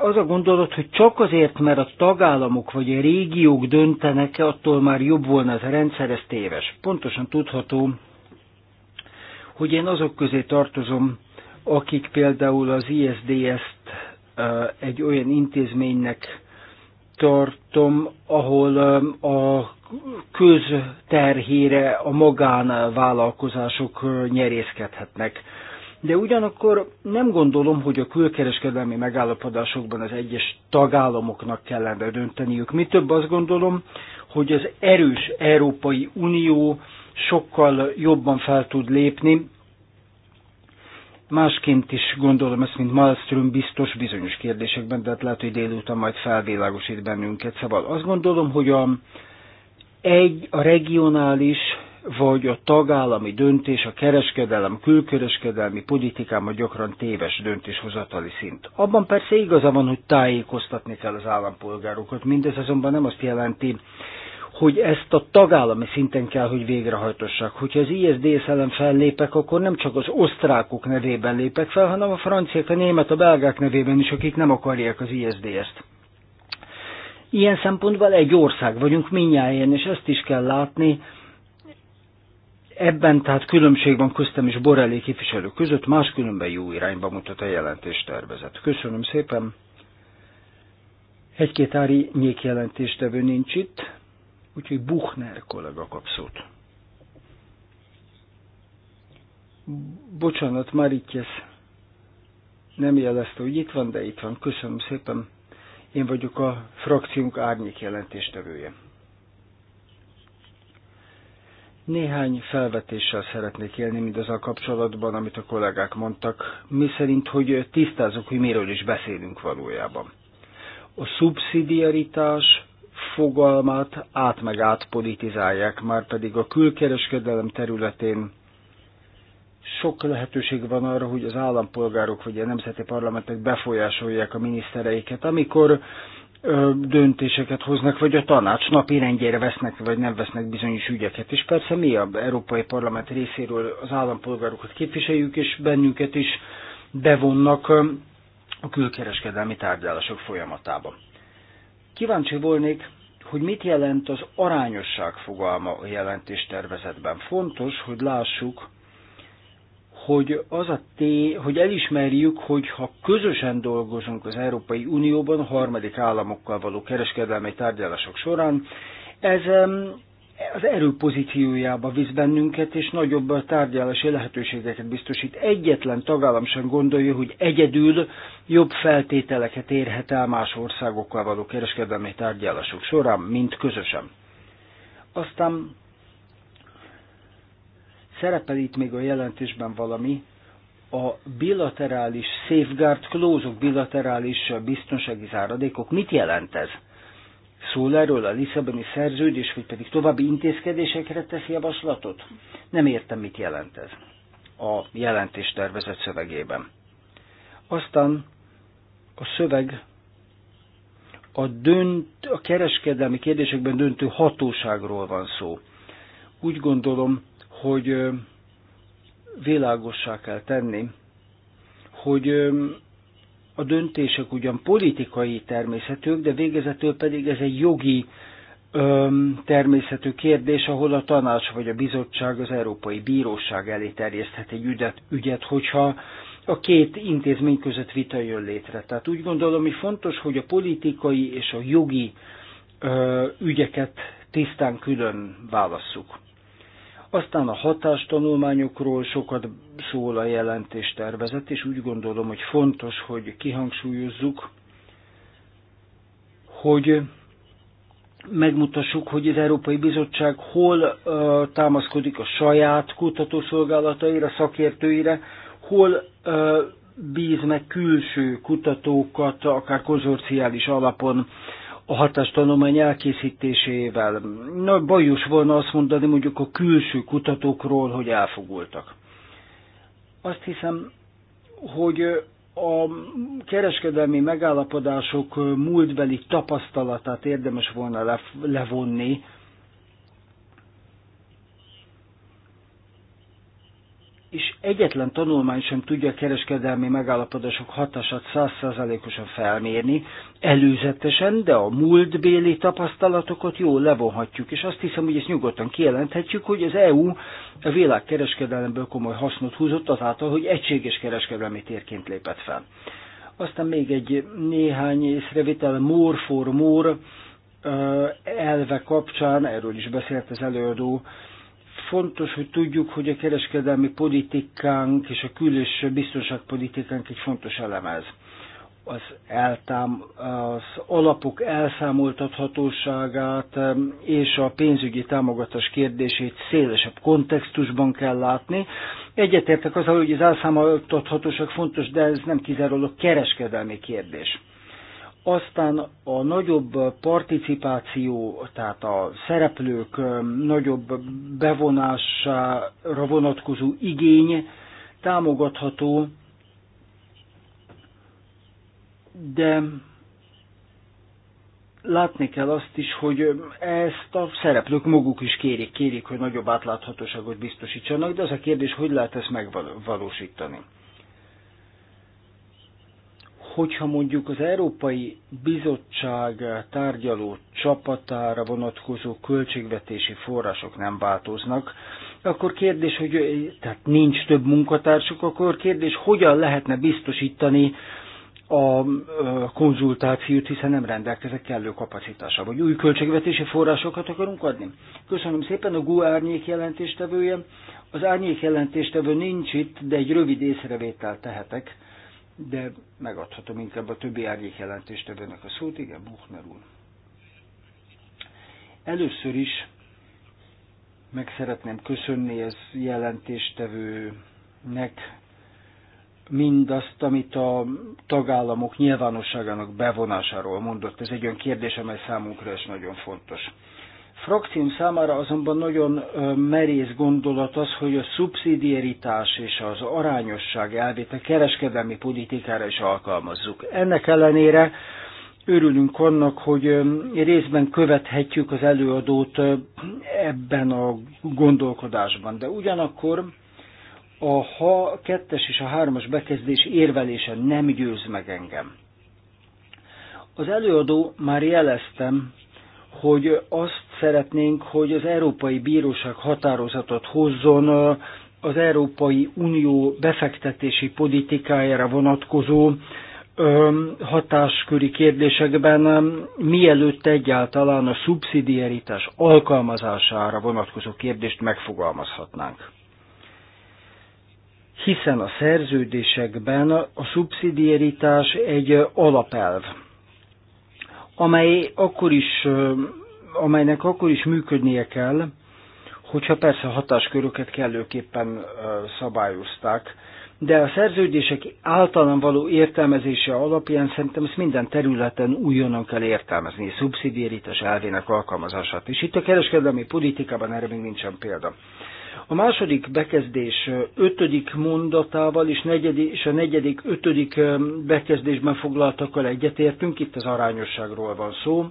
Az a gondolat, hogy csak azért, mert a tagállamok vagy a régiók döntenek -e, attól már jobb volna ez a rendszer, ez téves. Pontosan tudható, hogy én azok közé tartozom, akik például az ISDS-t egy olyan intézménynek tartom, ahol um, a közterhére a magánvállalkozások uh, nyerészkedhetnek. De ugyanakkor nem gondolom, hogy a külkereskedelmi megállapodásokban az egyes tagállamoknak kellene dönteniük. Mi több azt gondolom, hogy az erős Európai Unió sokkal jobban fel tud lépni, Másként is gondolom ezt, mint Malmström biztos bizonyos kérdésekben, de hát lehet, hogy délután majd felvilágosít bennünket. Szóval azt gondolom, hogy a, egy, a regionális vagy a tagállami döntés, a kereskedelem, külkereskedelmi politikában gyakran téves döntéshozatali szint. Abban persze igaza van, hogy tájékoztatni kell az állampolgárokat, mindez azonban nem azt jelenti, hogy ezt a tagállami szinten kell, hogy végrehajtossák. Hogyha az ISDS ellen fellépek, akkor nem csak az osztrákok nevében lépek fel, hanem a franciák, a német, a belgák nevében is, akik nem akarják az ISDS-t. Ilyen szempontból egy ország vagyunk minnyáján, és ezt is kell látni. Ebben tehát különbség van köztem és Borelli képviselő között, máskülönben jó irányba mutat a tervezet. Köszönöm szépen! Egy-két ári nyékjelentéstevő nincs itt, Úgyhogy Buchner kollega kap szót. Bocsánat, Maritjes nem jelezte, hogy itt van, de itt van. Köszönöm szépen. Én vagyok a frakciónk árnyék jelentéstevője. Néhány felvetéssel szeretnék élni mindazzal kapcsolatban, amit a kollégák mondtak, mi szerint, hogy tisztázunk, hogy miről is beszélünk valójában. A szubszidiaritás fogalmát át meg át politizálják, már pedig a külkereskedelem területén sok lehetőség van arra, hogy az állampolgárok vagy a nemzeti parlamentek befolyásolják a minisztereiket, amikor ö, döntéseket hoznak, vagy a tanács napi rendjére vesznek, vagy nem vesznek bizonyos ügyeket. És persze mi a Európai Parlament részéről az állampolgárokat képviseljük, és bennünket is bevonnak a külkereskedelmi tárgyalások folyamatában. Kíváncsi volnék, hogy mit jelent az arányosság fogalma a jelentéstervezetben. Fontos, hogy lássuk, hogy, az a té, hogy elismerjük, hogy ha közösen dolgozunk az Európai Unióban, harmadik államokkal való kereskedelmi tárgyalások során, ez az erő pozíciójába visz bennünket, és nagyobb a tárgyalási lehetőségeket biztosít. Egyetlen tagállam sem gondolja, hogy egyedül jobb feltételeket érhet el más országokkal való kereskedelmi tárgyalások során, mint közösen. Aztán szerepel itt még a jelentésben valami, a bilaterális safeguard klózok, bilaterális biztonsági záradékok. Mit jelent ez? szól erről a Lisszaboni szerződés, vagy pedig további intézkedésekre tesz javaslatot? Nem értem, mit jelent ez a jelentés tervezett szövegében. Aztán a szöveg a, dönt, a kereskedelmi kérdésekben döntő hatóságról van szó. Úgy gondolom, hogy világossá kell tenni, hogy a döntések ugyan politikai természetűek, de végezetül pedig ez egy jogi öm, természetű kérdés, ahol a tanács vagy a bizottság az Európai Bíróság elé terjeszthet egy ügyet, ügyet hogyha a két intézmény között vita jön létre. Tehát úgy gondolom, hogy fontos, hogy a politikai és a jogi ö, ügyeket tisztán külön válasszuk. Aztán a hatástanulmányokról sokat szól a jelentés tervezet, és úgy gondolom, hogy fontos, hogy kihangsúlyozzuk, hogy megmutassuk, hogy az Európai Bizottság hol uh, támaszkodik a saját kutatószolgálataira, szakértőire, hol uh, bíz meg külső kutatókat, akár konzorciális alapon a hatástanulmány elkészítésével. Na, bajos volna azt mondani mondjuk a külső kutatókról, hogy elfogultak. Azt hiszem, hogy a kereskedelmi megállapodások múltbeli tapasztalatát érdemes volna levonni, és egyetlen tanulmány sem tudja a kereskedelmi megállapodások hatását százszerzalékosan felmérni, előzetesen, de a múltbéli tapasztalatokat jól levonhatjuk, és azt hiszem, hogy ezt nyugodtan kijelenthetjük, hogy az EU a világ kereskedelemből komoly hasznot húzott azáltal, hogy egységes kereskedelmi térként lépett fel. Aztán még egy néhány észrevétel, more for more elve kapcsán, erről is beszélt az előadó, Fontos, hogy tudjuk, hogy a kereskedelmi politikánk és a kül- és biztonságpolitikánk egy fontos eleme Az, eltám, az alapok elszámoltathatóságát és a pénzügyi támogatás kérdését szélesebb kontextusban kell látni. Egyetértek azzal, hogy az elszámoltathatóság fontos, de ez nem kizárólag kereskedelmi kérdés aztán a nagyobb participáció, tehát a szereplők nagyobb bevonására vonatkozó igény támogatható, de látni kell azt is, hogy ezt a szereplők maguk is kérik, kérik, hogy nagyobb átláthatóságot biztosítsanak, de az a kérdés, hogy lehet ezt megvalósítani hogyha mondjuk az Európai Bizottság tárgyaló csapatára vonatkozó költségvetési források nem változnak, akkor kérdés, hogy tehát nincs több munkatársuk, akkor kérdés, hogyan lehetne biztosítani a konzultációt, hiszen nem rendelkezek kellő kapacitással, vagy új költségvetési forrásokat akarunk adni. Köszönöm szépen, a GU árnyék jelentéstevője. Az árnyék jelentéstevő nincs itt, de egy rövid észrevételt tehetek de megadhatom inkább a többi árnyék jelentéstevőnek a szót. Igen, Buchner úr. Először is meg szeretném köszönni ez jelentéstevőnek mindazt, amit a tagállamok nyilvánosságának bevonásáról mondott. Ez egy olyan kérdés, amely számunkra is nagyon fontos. Frakcióm számára azonban nagyon merész gondolat az, hogy a szubszidiaritás és az arányosság elvét a kereskedelmi politikára is alkalmazzuk. Ennek ellenére örülünk annak, hogy részben követhetjük az előadót ebben a gondolkodásban, de ugyanakkor a ha kettes és a hármas bekezdés érvelése nem győz meg engem. Az előadó már jeleztem, hogy azt szeretnénk, hogy az Európai Bíróság határozatot hozzon az Európai Unió befektetési politikájára vonatkozó hatásköri kérdésekben, mielőtt egyáltalán a szubszidiaritás alkalmazására vonatkozó kérdést megfogalmazhatnánk. Hiszen a szerződésekben a szubszidiaritás egy alapelv, amely akkor is, amelynek akkor is működnie kell, hogyha persze hatásköröket kellőképpen szabályozták. De a szerződések általán való értelmezése alapján szerintem ezt minden területen újonnan kell értelmezni, szubszidiaritás elvének alkalmazását. És itt a kereskedelmi politikában erre még nincsen példa. A második bekezdés ötödik mondatával és, negyedik, és a negyedik, ötödik bekezdésben foglaltakkal egyetértünk, itt az arányosságról van szó,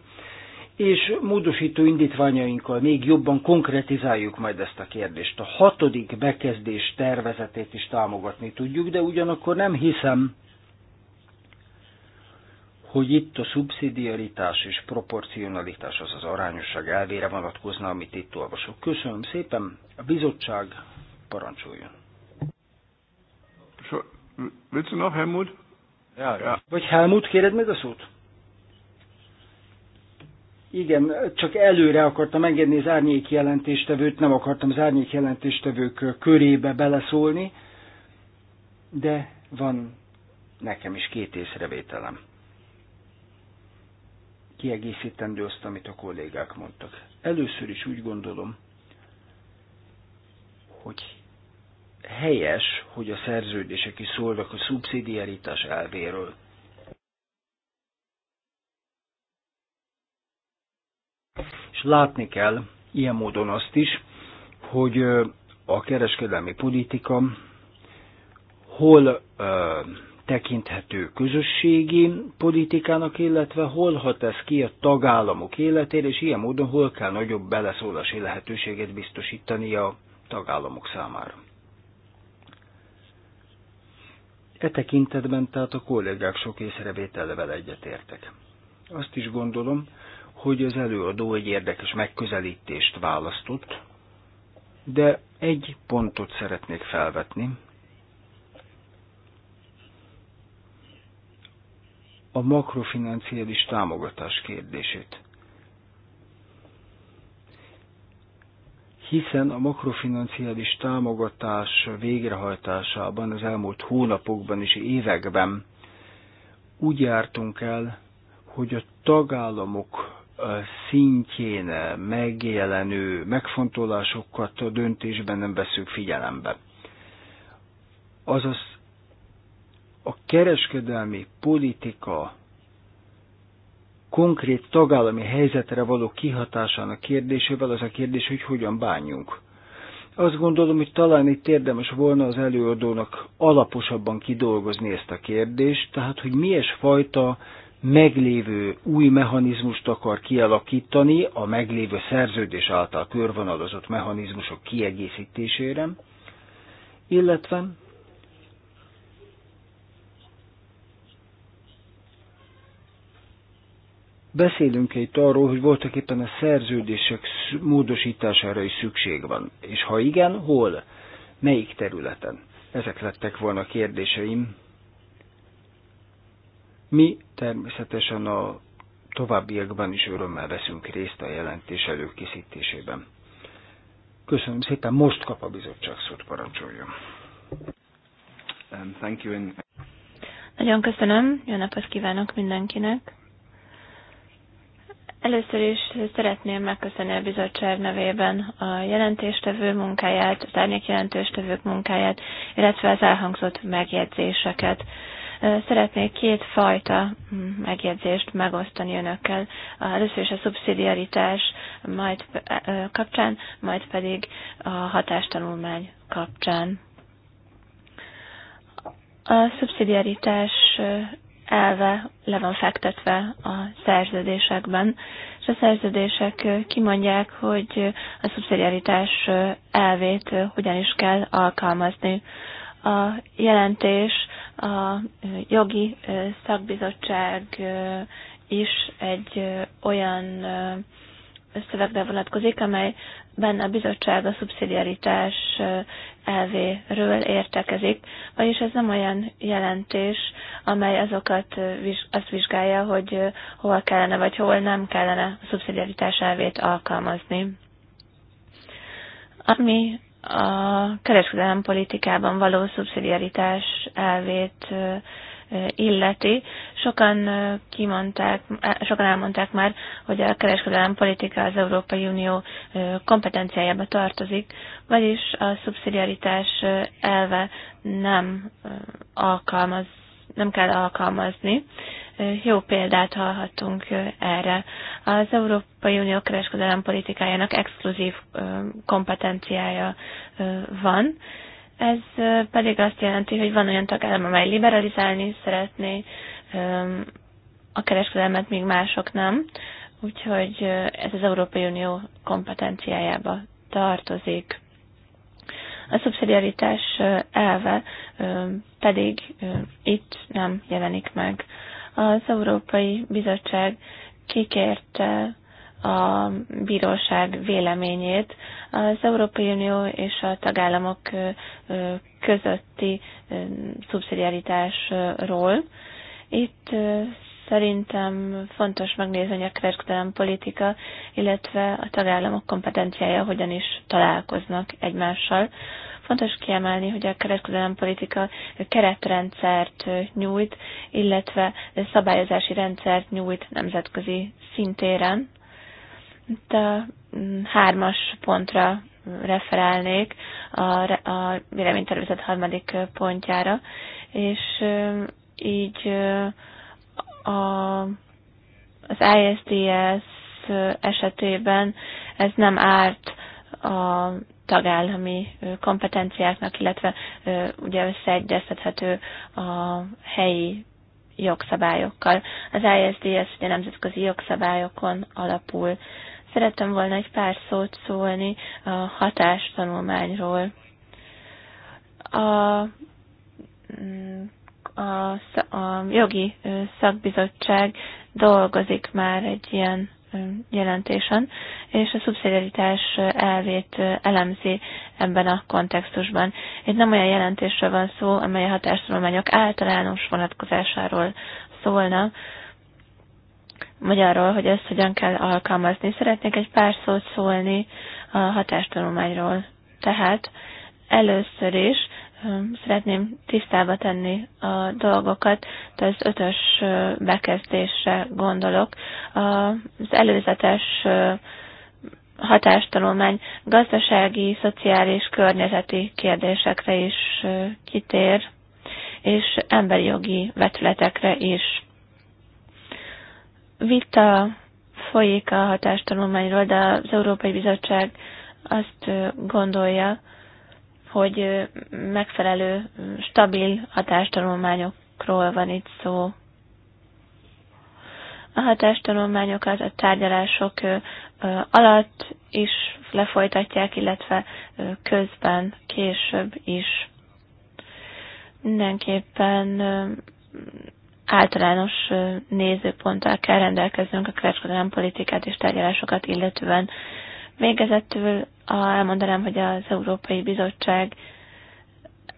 és módosító indítványainkkal még jobban konkretizáljuk majd ezt a kérdést. A hatodik bekezdés tervezetét is támogatni tudjuk, de ugyanakkor nem hiszem, hogy itt a szubszidiaritás és proporcionalitás, az az arányosság elvére vonatkozna, amit itt olvasok. Köszönöm szépen, a bizottság parancsoljon. Willst du noch, Helmut? Ja, ja. Vagy Helmut, kéred meg a szót? Igen, csak előre akartam engedni az árnyék jelentéstevőt, nem akartam az árnyék jelentéstevők körébe beleszólni, de van nekem is két észrevételem kiegészítendő azt, amit a kollégák mondtak. Először is úgy gondolom, hogy helyes, hogy a szerződések is szólnak a szubszidiaritás elvéről. És látni kell ilyen módon azt is, hogy a kereskedelmi politika hol tekinthető közösségi politikának, illetve hol hat ez ki a tagállamok életére, és ilyen módon hol kell nagyobb beleszólási lehetőséget biztosítani a tagállamok számára. E tekintetben tehát a kollégák sok észrevételevel egyetértek. Azt is gondolom, hogy az előadó egy érdekes megközelítést választott, de egy pontot szeretnék felvetni, a makrofinanciális támogatás kérdését. hiszen a makrofinanciális támogatás végrehajtásában az elmúlt hónapokban és években úgy jártunk el, hogy a tagállamok szintjén megjelenő megfontolásokat a döntésben nem veszük figyelembe. Azaz a kereskedelmi politika konkrét tagállami helyzetre való kihatásának kérdésével az a kérdés, hogy hogyan bánjunk. Azt gondolom, hogy talán itt érdemes volna az előadónak alaposabban kidolgozni ezt a kérdést, tehát hogy milyes fajta meglévő új mechanizmust akar kialakítani a meglévő szerződés által körvonalazott mechanizmusok kiegészítésére, illetve Beszélünk itt arról, hogy voltak éppen a szerződések módosítására is szükség van. És ha igen, hol? Melyik területen? Ezek lettek volna kérdéseim. Mi természetesen a továbbiakban is örömmel veszünk részt a jelentés előkészítésében. Köszönöm szépen, most kap a bizottság szót, parancsoljon. Thank you. Nagyon köszönöm, jó napot kívánok mindenkinek. Először is szeretném megköszönni a bizottság nevében a jelentéstevő munkáját, az árnyék jelentéstevők munkáját, illetve az elhangzott megjegyzéseket. Szeretnék két fajta mm, megjegyzést megosztani önökkel. Először is a szubszidiaritás majd kapcsán, majd pedig a hatástanulmány kapcsán. A szubszidiaritás elve le van fektetve a szerződésekben, és a szerződések kimondják, hogy a szubszidiaritás elvét hogyan is kell alkalmazni. A jelentés a jogi szakbizottság is egy olyan szövegbe vonatkozik, amely benne a bizottság a szubszidiaritás elvéről értekezik, vagyis ez nem olyan jelentés, amely azokat azt vizsgálja, hogy hol kellene vagy hol nem kellene a szubszidiaritás elvét alkalmazni. Ami a kereskedelem politikában való szubszidiaritás elvét Eh, illeti. Sokan eh, kimondták, eh, sokan elmondták már, hogy a kereskedelem politika az Európai Unió kompetenciájába tartozik, vagyis a szubszidiaritás elve nem alkalmaz, nem kell alkalmazni. Jó példát hallhatunk erre. Az Európai Unió kereskedelem politikájának exkluzív kompetenciája van, ez pedig azt jelenti, hogy van olyan tagállam, amely liberalizálni szeretné a kereskedelmet, míg mások nem. Úgyhogy ez az Európai Unió kompetenciájába tartozik. A szubszidiaritás elve pedig itt nem jelenik meg. Az Európai Bizottság kikérte a bíróság véleményét az Európai Unió és a tagállamok közötti szubszidiaritásról. Itt szerintem fontos megnézni, a kereskedelem politika, illetve a tagállamok kompetenciája hogyan is találkoznak egymással. Fontos kiemelni, hogy a kereskedelem politika keretrendszert nyújt, illetve szabályozási rendszert nyújt nemzetközi szintéren, itt a mm, hármas pontra referálnék, a, a véleménytervezet harmadik pontjára, és így a, az ISDS esetében ez nem árt a tagállami kompetenciáknak, illetve ugye összeegyeztethető a helyi jogszabályokkal. Az ISDS ugye nemzetközi jogszabályokon alapul. Szerettem volna egy pár szót szólni a hatástanulmányról. A a, a jogi szakbizottság dolgozik már egy ilyen jelentésen, és a szubszidiaritás elvét elemzi ebben a kontextusban. Itt nem olyan jelentésről van szó, amely a hatástanulmányok általános vonatkozásáról szólna, vagy arról, hogy ezt hogyan kell alkalmazni. Szeretnék egy pár szót szólni a hatástanulmányról. Tehát először is um, szeretném tisztába tenni a dolgokat, de az ötös bekezdésre gondolok. Az előzetes hatástanulmány gazdasági, szociális, környezeti kérdésekre is kitér, és emberi jogi vetületekre is vita folyik a hatástanulmányról, de az Európai Bizottság azt gondolja, hogy megfelelő, stabil hatástanulmányokról van itt szó. A hatástanulmányokat a tárgyalások alatt is lefolytatják, illetve közben, később is. Mindenképpen általános nézőponttal kell rendelkeznünk a kereskedelem politikát és tárgyalásokat illetően. Végezetül elmondanám, hogy az Európai Bizottság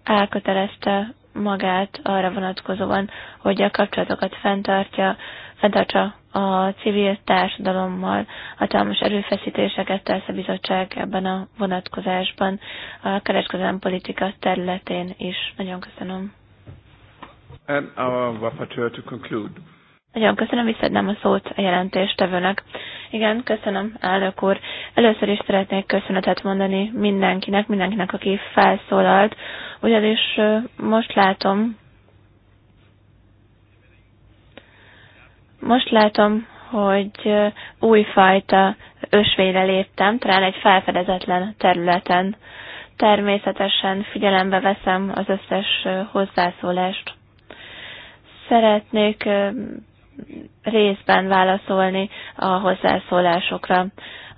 elkötelezte magát arra vonatkozóan, hogy a kapcsolatokat fenntartja, fenntartsa a civil társadalommal, hatalmas erőfeszítéseket tesz a bizottság ebben a vonatkozásban, a kereskedelmi politika területén is. Nagyon köszönöm. And our rapporteur to conclude. Nagyon köszönöm, visszadnám a szót a jelentéstevőnek. Igen, köszönöm, elnök úr. Először is szeretnék köszönetet mondani mindenkinek, mindenkinek, aki felszólalt, ugyanis most látom, most látom, hogy újfajta ösvényre léptem, talán egy felfedezetlen területen. Természetesen figyelembe veszem az összes hozzászólást. Szeretnék részben válaszolni a hozzászólásokra.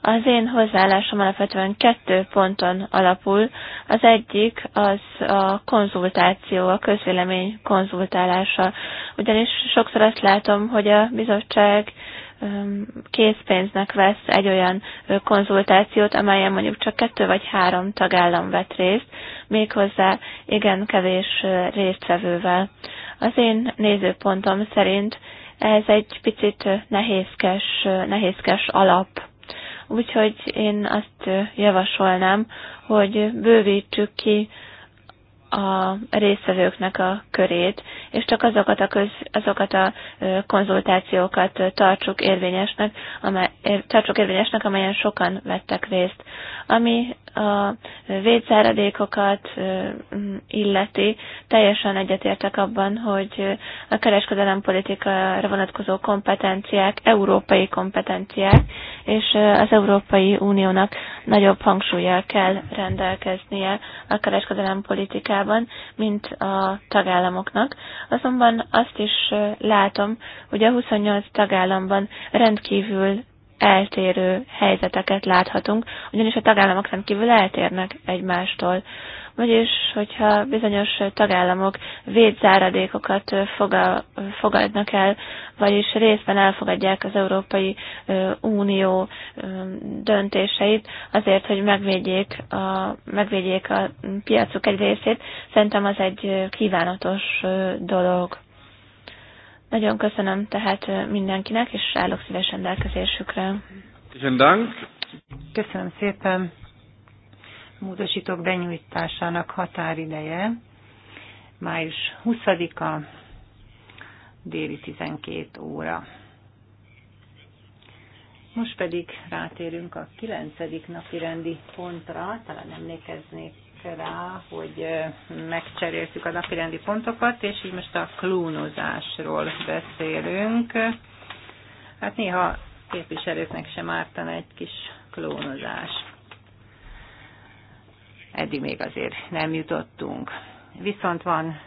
Az én hozzáállásom alapvetően kettő ponton alapul. Az egyik az a konzultáció, a közvélemény konzultálása. Ugyanis sokszor azt látom, hogy a bizottság készpénznek vesz egy olyan konzultációt, amelyen mondjuk csak kettő vagy három tagállam vett részt, méghozzá igen kevés résztvevővel. Az én nézőpontom szerint ez egy picit nehézkes, nehézkes alap. Úgyhogy én azt javasolnám, hogy bővítsük ki a résztvevőknek a körét, és csak azokat a, köz, azokat a konzultációkat tartsuk érvényesnek, amely, tartsuk érvényesnek, amelyen sokan vettek részt. Ami a védszáradékokat illeti, teljesen egyetértek abban, hogy a politikára vonatkozó kompetenciák, európai kompetenciák, és az Európai Uniónak nagyobb hangsúlyjal kell rendelkeznie a kereskedelempolitikában, Európában, mint a tagállamoknak. Azonban azt is látom, hogy a 28 tagállamban rendkívül eltérő helyzeteket láthatunk, ugyanis a tagállamok rendkívül eltérnek egymástól vagyis hogyha bizonyos tagállamok védzáradékokat fogadnak el, vagyis részben elfogadják az Európai Unió döntéseit azért, hogy megvédjék a, megvédjék a piacuk egy részét, szerintem az egy kívánatos dolog. Nagyon köszönöm tehát mindenkinek, és állok szívesen rendelkezésükre. Köszönöm szépen módosítók benyújtásának határideje május 20-a déli 12 óra. Most pedig rátérünk a 9. napi rendi pontra, talán emlékeznék rá, hogy megcseréltük a napirendi pontokat, és így most a klónozásról beszélünk. Hát néha képviselőknek sem ártana egy kis klónozás eddig még azért nem jutottunk. Viszont van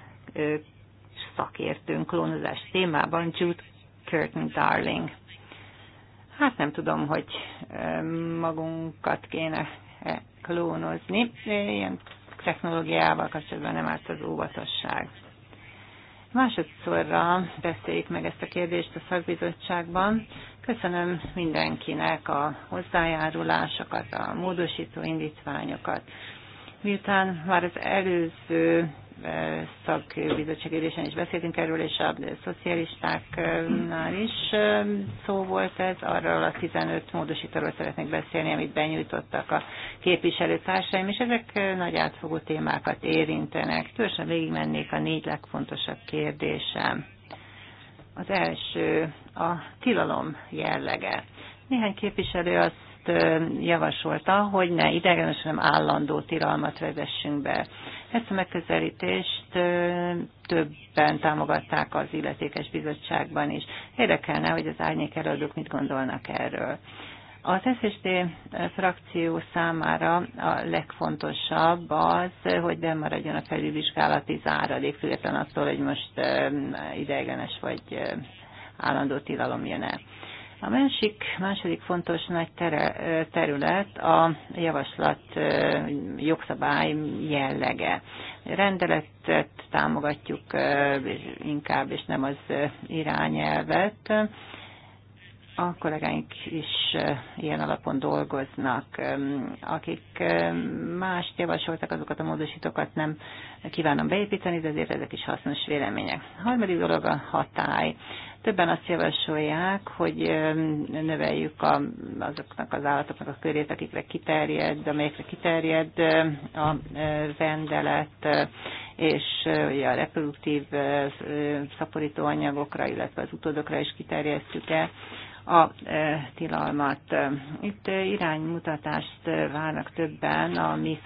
szakértőnk klónozás témában, Jude Curtin Darling. Hát nem tudom, hogy magunkat kéne -e klónozni. Ilyen technológiával kapcsolatban nem állt az óvatosság. Másodszorra beszéljük meg ezt a kérdést a szakbizottságban. Köszönöm mindenkinek a hozzájárulásokat, a módosító indítványokat. Miután már az előző eh, szakbizottságérésen is beszéltünk erről, és a szocialistáknál is eh, szó volt ez, arról a 15 módosítóról szeretnék beszélni, amit benyújtottak a képviselőtársaim, és ezek eh, nagy átfogó témákat érintenek. Tősen végigmennék a négy legfontosabb kérdésem. Az első a tilalom jellege. Néhány képviselő azt azt javasolta, hogy ne idegenes, hanem állandó tilalmat vezessünk be. Ezt a megközelítést többen támogatták az illetékes bizottságban is. Érdekelne, hogy az árnyék előadók mit gondolnak erről. Az SSD frakció számára a legfontosabb az, hogy maradjon a felülvizsgálati záradék, független attól, hogy most ideiglenes vagy állandó tilalom jön el. A másik, második fontos nagy terület a javaslat jogszabály jellege. Rendeletet támogatjuk inkább, és nem az irányelvet. A kollégáink is ilyen alapon dolgoznak. Akik mást javasoltak, azokat a módosítókat nem kívánom beépíteni, de azért ezek is hasznos vélemények. A harmadik dolog a hatály. Többen azt javasolják, hogy növeljük a, azoknak az állatoknak a körét, akikre kiterjed, amelyekre kiterjed a rendelet, és ugye a reproduktív szaporítóanyagokra, illetve az utódokra is kiterjesztjük el a tilalmat. Itt iránymutatást várnak többen a mi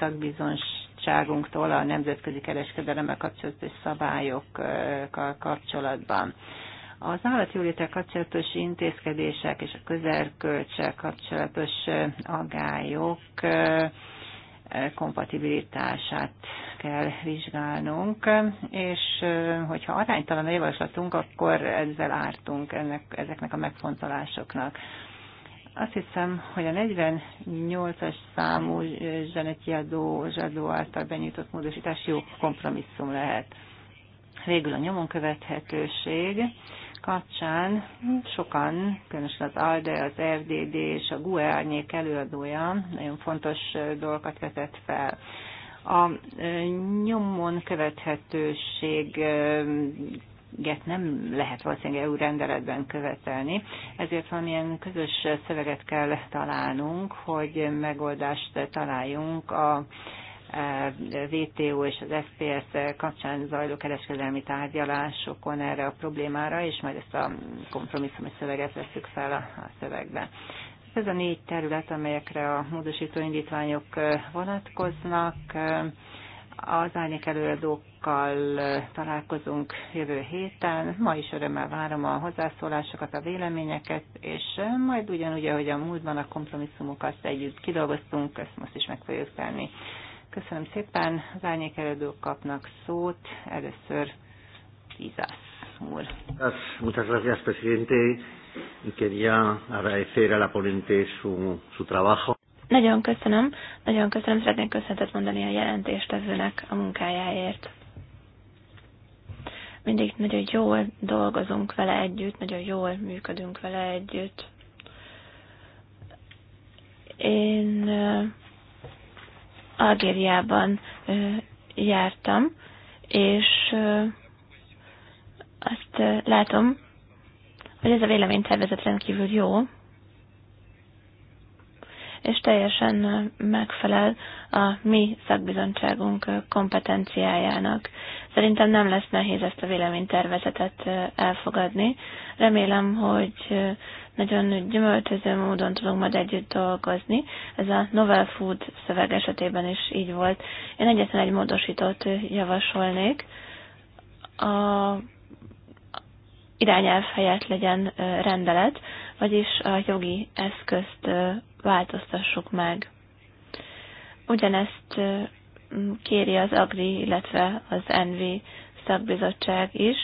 bizottságunktól a nemzetközi kereskedelemmel kapcsolatos szabályokkal kapcsolatban. Az állatjólétel kapcsolatos intézkedések és a közerkölcsel kapcsolatos agályok eh, kompatibilitását kell vizsgálnunk, és eh, hogyha aránytalan a javaslatunk, akkor ezzel ártunk ennek, ezeknek a megfontolásoknak. Azt hiszem, hogy a 48-as számú zsenetiadó zsadó által benyújtott módosítás jó kompromisszum lehet. Végül a nyomon követhetőség kapcsán sokan, különösen az ALDE, az FDD és a GUE árnyék előadója nagyon fontos dolgokat vetett fel. A nyomon követhetőség szöveget nem lehet valószínűleg EU rendeletben követelni, ezért valamilyen közös szöveget kell találnunk, hogy megoldást találjunk a e, WTO és az FPS kapcsán zajló kereskedelmi tárgyalásokon erre a problémára, és majd ezt a kompromisszumos szöveget veszük fel a szövegbe. Ez a négy terület, amelyekre a módosító indítványok e, vonatkoznak, e, az árnyék előadók kollégákkal találkozunk jövő héten. Ma is örömmel várom a hozzászólásokat, a véleményeket, és majd ugyanúgy, ahogy a múltban a kompromisszumokat együtt kidolgoztunk, ezt most is meg fogjuk tenni. Köszönöm szépen, az árnyékelődők kapnak szót. Először Izász úr. Muchas gracias, presidente. Y quería agradecer a la ponente su, su trabajo. Nagyon köszönöm, nagyon köszönöm, szeretnék köszönetet mondani a jelentéstevőnek a munkájáért mindig nagyon jól dolgozunk vele együtt, nagyon jól működünk vele együtt. Én Algériában jártam, és azt látom, hogy ez a véleménytervezet rendkívül jó, és teljesen megfelel a mi szakbizottságunk kompetenciájának. Szerintem nem lesz nehéz ezt a véleménytervezetet elfogadni. Remélem, hogy nagyon gyümölcsöző módon tudunk majd együtt dolgozni. Ez a Novel Food szöveg esetében is így volt. Én egyetlen egy módosítót javasolnék. A irányelv helyett legyen rendelet, vagyis a jogi eszközt változtassuk meg. Ugyanezt kéri az AGRI, illetve az ENVI szakbizottság is,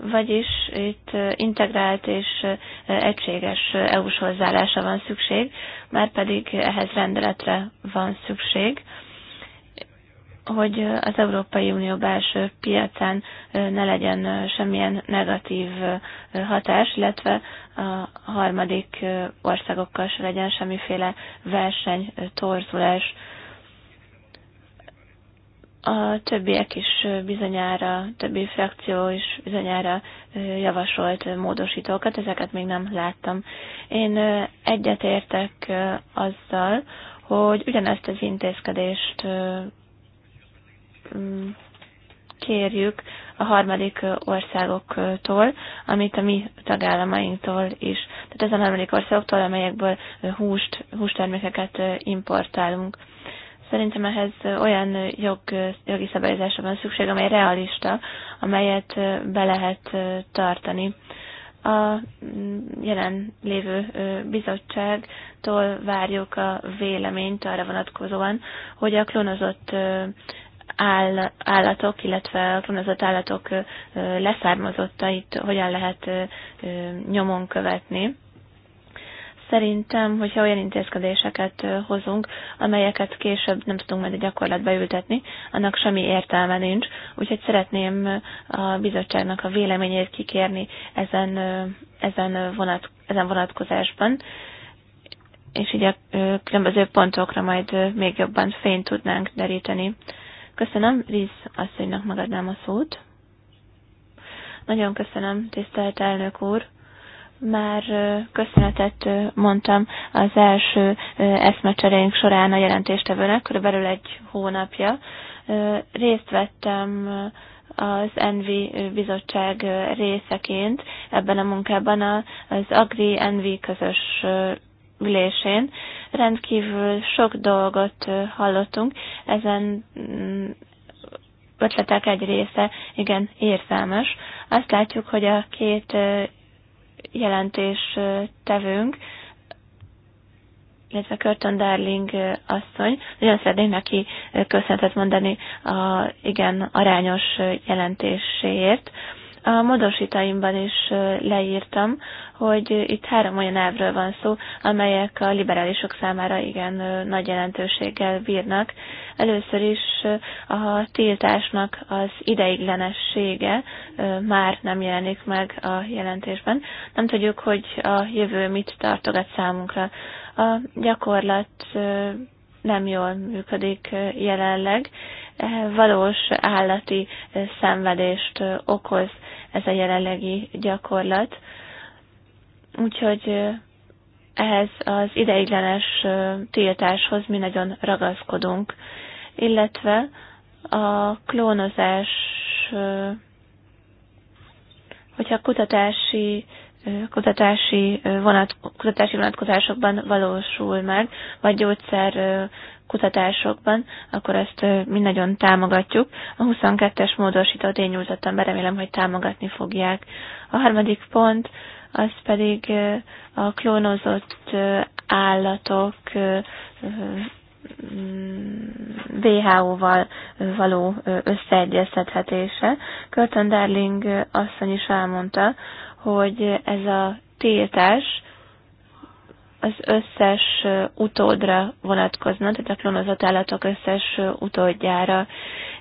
vagyis itt integrált és egységes EU-s hozzáállása van szükség, már pedig ehhez rendeletre van szükség, hogy az Európai Unió belső piacán ne legyen semmilyen negatív hatás, illetve a harmadik országokkal se legyen semmiféle versenytorzulás a többiek is bizonyára, többi frakció is bizonyára javasolt módosítókat, ezeket még nem láttam. Én egyetértek azzal, hogy ugyanezt az intézkedést mm, kérjük a harmadik országoktól, amit a mi tagállamainktól is. Tehát ez a harmadik országoktól, amelyekből húst, hústermékeket importálunk. Szerintem ehhez olyan jog, jogi szabályozásra van szükség, amely realista, amelyet be lehet tartani. A mm, jelen lévő bizottságtól várjuk a véleményt arra vonatkozóan, hogy a klónozott állatok, illetve a klónozott állatok leszármazottait hogyan lehet nyomon követni Szerintem, hogyha olyan intézkedéseket hozunk, amelyeket később nem tudunk majd a gyakorlatba ültetni, annak semmi értelme nincs. Úgyhogy szeretném a bizottságnak a véleményét kikérni ezen, ezen, vonat, ezen vonatkozásban és így a különböző pontokra majd még jobban fényt tudnánk deríteni. Köszönöm, Riz asszonynak megadnám a szót. Nagyon köszönöm, tisztelt elnök úr. Már köszönetet mondtam az első eszmecserénk során a jelentéstevőnek, körülbelül egy hónapja. Részt vettem az Envi bizottság részeként ebben a munkában az Agri-Envi közös ülésén. Rendkívül sok dolgot hallottunk, ezen mm, ötletek egy része igen érzelmes. Azt látjuk, hogy a két jelentés tevőnk, illetve Curtin Darling asszony. Nagyon szeretnék neki köszönetet mondani a igen arányos jelentéséért. A módosítaimban is leírtam, hogy itt három olyan elvről van szó, amelyek a liberálisok számára igen nagy jelentőséggel bírnak. Először is a tiltásnak az ideiglenessége már nem jelenik meg a jelentésben. Nem tudjuk, hogy a jövő mit tartogat számunkra. A gyakorlat nem jól működik jelenleg, valós állati szenvedést okoz ez a jelenlegi gyakorlat. Úgyhogy ehhez az ideiglenes tiltáshoz mi nagyon ragaszkodunk, illetve a klónozás, hogyha kutatási kutatási, vonat, kutatási vonatkozásokban valósul meg, vagy gyógyszer kutatásokban, akkor ezt mi nagyon támogatjuk. A 22-es módosítót én nyújtottam be, remélem, hogy támogatni fogják. A harmadik pont az pedig a klónozott állatok WHO-val való összeegyeztethetése. Curtin Darling asszony is elmondta, hogy ez a tiltás az összes utódra vonatkozna, tehát a klónozott állatok összes utódjára.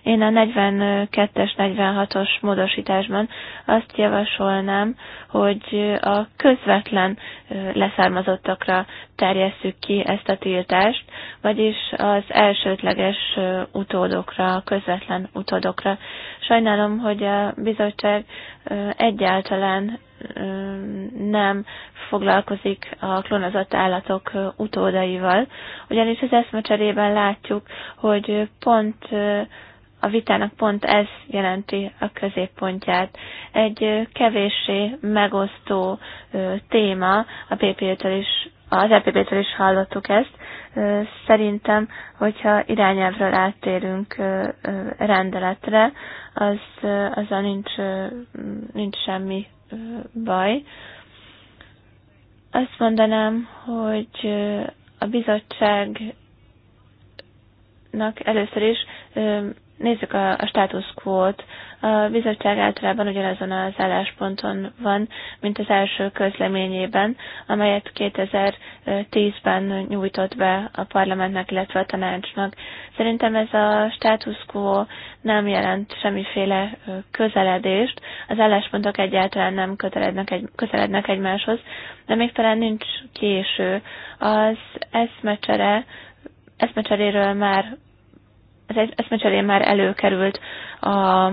Én a 42-es, 46-os módosításban azt javasolnám, hogy a közvetlen leszármazottakra terjesszük ki ezt a tiltást, vagyis az elsődleges utódokra, közvetlen utódokra. Sajnálom, hogy a bizottság egyáltalán nem foglalkozik a klónozott állatok utódaival, ugyanis az eszmecserében látjuk, hogy pont a vitának pont ez jelenti a középpontját. Egy kevéssé megosztó téma, a PP-től is, az EPP-től is hallottuk ezt. Szerintem, hogyha irányelvről áttérünk rendeletre, az, azzal nincs, nincs semmi baj. Azt mondanám, hogy a bizottságnak először is nézzük a, a status quo-t. A bizottság általában ugyanazon az állásponton van, mint az első közleményében, amelyet 2010-ben nyújtott be a parlamentnek, illetve a tanácsnak. Szerintem ez a status quo nem jelent semmiféle közeledést, az álláspontok egyáltalán nem közelednek, egy, közelednek egymáshoz, de még talán nincs késő. Az eszmecsere eszmecseréről már az eszmecserén már előkerült a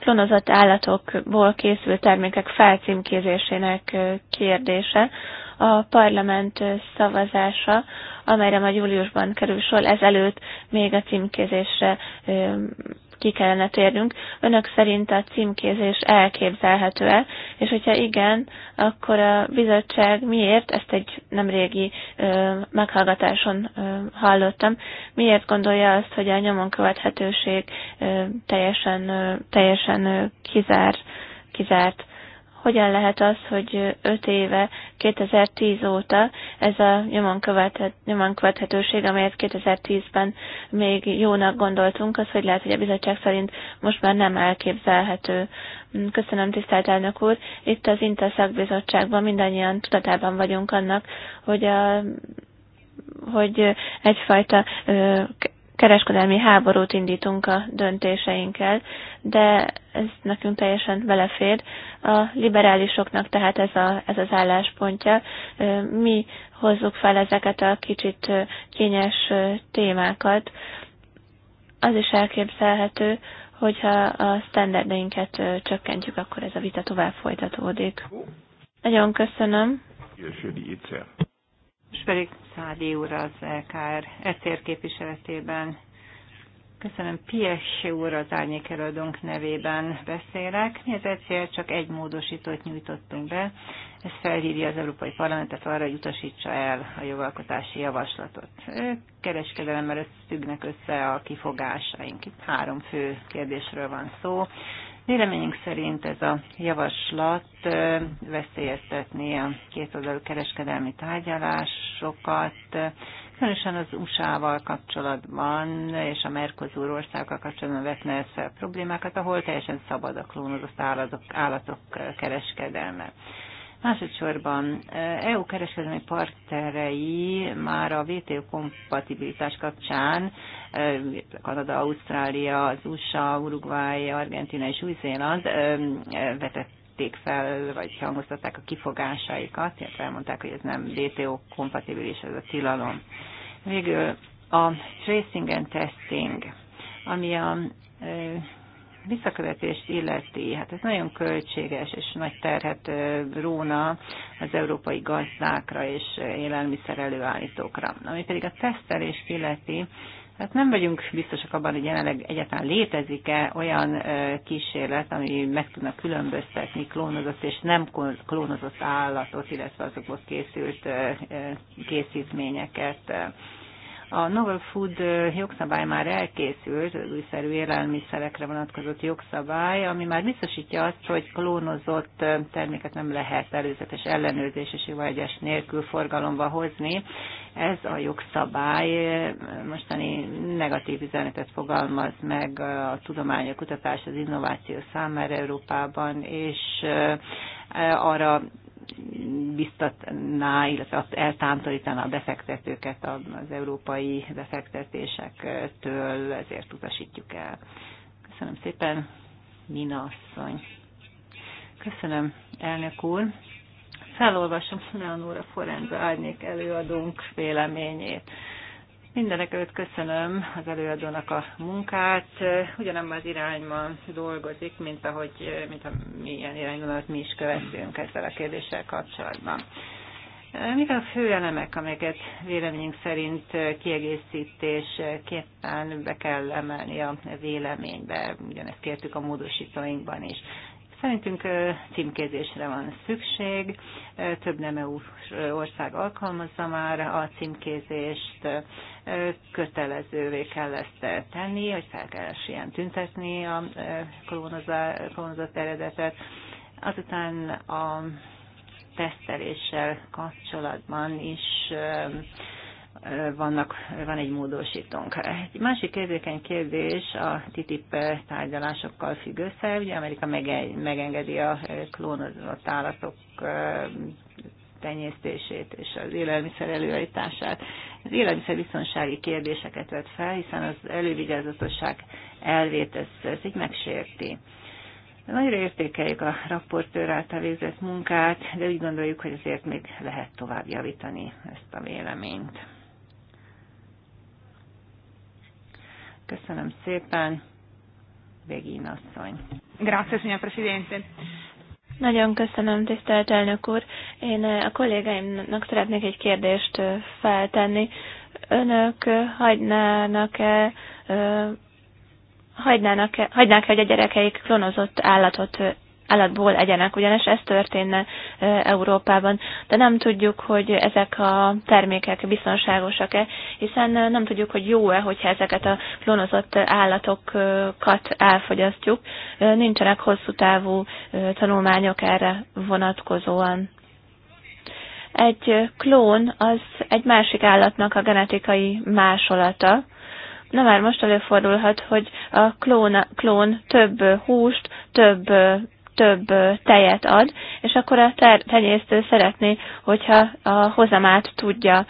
klonozott állatokból készült termékek felcímkézésének kérdése. A parlament szavazása, amelyre majd júliusban kerül sor, ezelőtt még a címkézésre ki kellene térnünk. Önök szerint a címkézés elképzelhető-e, és hogyha igen, akkor a bizottság miért, ezt egy nemrégi ö, meghallgatáson ö, hallottam, miért gondolja azt, hogy a nyomon követhetőség ö, teljesen, ö, teljesen ö, kizár, kizárt. Hogyan lehet az, hogy 5 éve, 2010 óta ez a nyomon, követhet, nyomon követhetőség, amelyet 2010-ben még jónak gondoltunk, az hogy lehet, hogy a bizottság szerint most már nem elképzelhető. Köszönöm, tisztelt elnök úr. Itt az Inta szakbizottságban mindannyian tudatában vagyunk annak, hogy a hogy egyfajta kereskedelmi háborút indítunk a döntéseinkkel, de ez nekünk teljesen belefér. A liberálisoknak tehát ez, a, ez az álláspontja. Mi hozzuk fel ezeket a kicsit kényes témákat. Az is elképzelhető, hogyha a standardeinket csökkentjük, akkor ez a vita tovább folytatódik. Nagyon köszönöm. Jössödi egyszer. Most pedig Szádi úr az LKR ECR képviseletében. Köszönöm, Pies úr az árnyék előadónk nevében beszélek. Mi az ECR csak egy módosítót nyújtottunk be. Ez felhívja az Európai Parlamentet arra, hogy utasítsa el a jogalkotási javaslatot. Kereskedelemmel függnek össze a kifogásaink. Itt három fő kérdésről van szó. Véleményünk szerint ez a javaslat veszélyeztetné a kétoldalú kereskedelmi tárgyalásokat, különösen az USA-val kapcsolatban és a Mercosur országokkal kapcsolatban vetne fel problémákat, ahol teljesen szabad a klónozott állatok, állatok kereskedelme. Másodszorban EU kereskedelmi partnerei már a WTO kompatibilitás kapcsán Kanada, Ausztrália, az USA, Uruguay, Argentina és Új-Zéland vetették fel, vagy hangoztatták a kifogásaikat, illetve elmondták, hogy ez nem WTO kompatibilis ez a tilalom. Végül a tracing and testing, ami a visszakövetés illeti, hát ez nagyon költséges és nagy terhet róna az európai gazdákra és élelmiszer előállítókra. Ami pedig a tesztelést illeti, Hát nem vagyunk biztosak abban, hogy jelenleg egyáltalán létezik-e olyan kísérlet, ami meg tudna különböztetni klónozott és nem klónozott állatot, illetve azokból készült készítményeket. A Novel Food jogszabály már elkészült, az újszerű élelmiszerekre vonatkozott jogszabály, ami már biztosítja azt, hogy klónozott terméket nem lehet előzetes ellenőrzés és jóvágyás nélkül forgalomba hozni. Ez a jogszabály mostani negatív üzenetet fogalmaz meg a tudomány, a kutatás, az innováció számára Európában, és arra biztatná, illetve azt eltántorítaná a befektetőket az európai befektetésektől, ezért utasítjuk el. Köszönöm szépen, Nina asszony. Köszönöm, elnök úr. Felolvasom Leonora Forenza árnyék előadónk véleményét. Mindenek előtt köszönöm az előadónak a munkát. Ugyanabban az irányban dolgozik, mint ahogy mint a milyen irányvonalat mi is követünk ezzel a kérdéssel kapcsolatban. Mik a fő elemek, amelyeket véleményünk szerint kiegészítésképpen be kell emelni a véleménybe? Ugyanezt kértük a módosítóinkban is. Szerintünk címkézésre van szükség, több nem EU ország alkalmazza már a címkézést, kötelezővé kell ezt tenni, hogy fel kell ilyen tüntetni a klónozott eredetet. Azután a teszteléssel kapcsolatban is vannak, van egy módosítónk. Egy másik érzékeny kérdés a TTIP tárgyalásokkal függ össze. Ugye Amerika megengedi a klónozott állatok tenyésztését és az élelmiszer előállítását. Az élelmiszerbiztonsági kérdéseket vett fel, hiszen az elővigyázatosság elvét ez, ez így megsérti. Nagyra értékeljük a raportőr által végzett munkát, de úgy gondoljuk, hogy azért még lehet tovább javítani ezt a véleményt. Köszönöm szépen. Végén asszony. Grazie, signor Presidente. Nagyon köszönöm, tisztelt elnök úr. Én eh, a kollégáimnak szeretnék egy kérdést eh, feltenni. Önök eh, hagynának-e hagynának -e, hagynák -e, hogy a gyerekeik klonozott állatot állatból egyenek, ugyanis ez történne Európában. De nem tudjuk, hogy ezek a termékek biztonságosak-e, hiszen nem tudjuk, hogy jó-e, hogyha ezeket a klónozott állatokat elfogyasztjuk. Nincsenek hosszú távú tanulmányok erre vonatkozóan egy klón az egy másik állatnak a genetikai másolata. Na már most előfordulhat, hogy a klón, klón több húst, több több tejet ad, és akkor a ter- tenyésztő szeretné, hogyha a hozamát tudja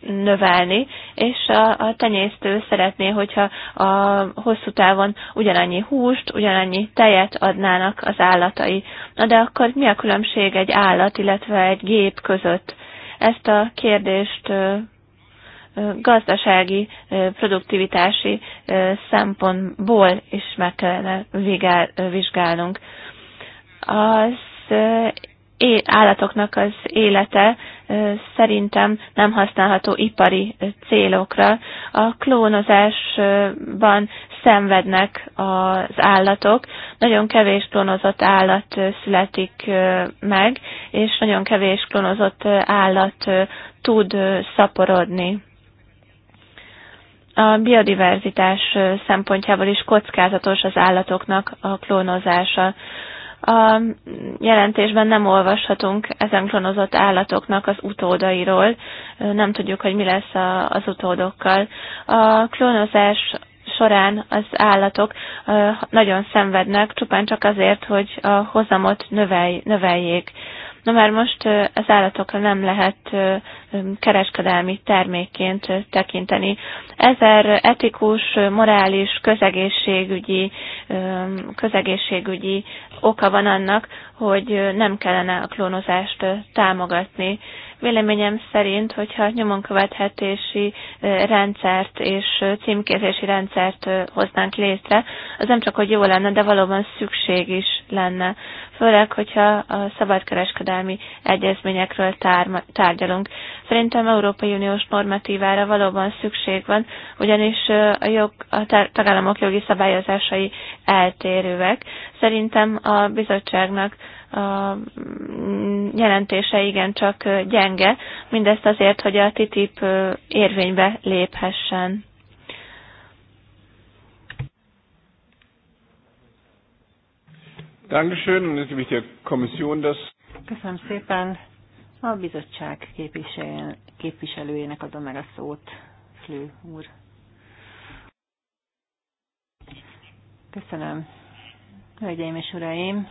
növelni, és a, a tenyésztő szeretné, hogyha a hosszú távon ugyanannyi húst, ugyanannyi tejet adnának az állatai. Na de akkor mi a különbség egy állat, illetve egy gép között? Ezt a kérdést gazdasági, produktivitási szempontból is meg kellene vizsgálnunk. Az állatoknak az élete szerintem nem használható ipari célokra. A klónozásban szenvednek az állatok, nagyon kevés klónozott állat születik meg, és nagyon kevés klónozott állat tud szaporodni a biodiverzitás szempontjából is kockázatos az állatoknak a klónozása. A jelentésben nem olvashatunk ezen klónozott állatoknak az utódairól, nem tudjuk, hogy mi lesz az utódokkal. A klónozás során az állatok nagyon szenvednek, csupán csak azért, hogy a hozamot növelj, növeljék. Na már most az állatokra nem lehet kereskedelmi termékként tekinteni. Ezer etikus, morális, közegészségügyi, közegészségügyi oka van annak, hogy nem kellene a klónozást támogatni. Véleményem szerint, hogyha nyomon követhetési rendszert és címkézési rendszert hoznánk létre, az nem csak, hogy jó lenne, de valóban szükség is lenne. Főleg, hogyha a szabadkereskedelmi egyezményekről tár- tárgyalunk. Szerintem Európai Uniós normatívára valóban szükség van, ugyanis a, jog, a tagállamok jogi szabályozásai eltérőek. Szerintem a bizottságnak a mm, jelentése igencsak gyenge, mindezt azért, hogy a TTIP érvénybe léphessen. Köszönöm szépen. A bizottság képviselőjének adom meg a szót, Flő úr. Köszönöm. Hölgyeim és uraim,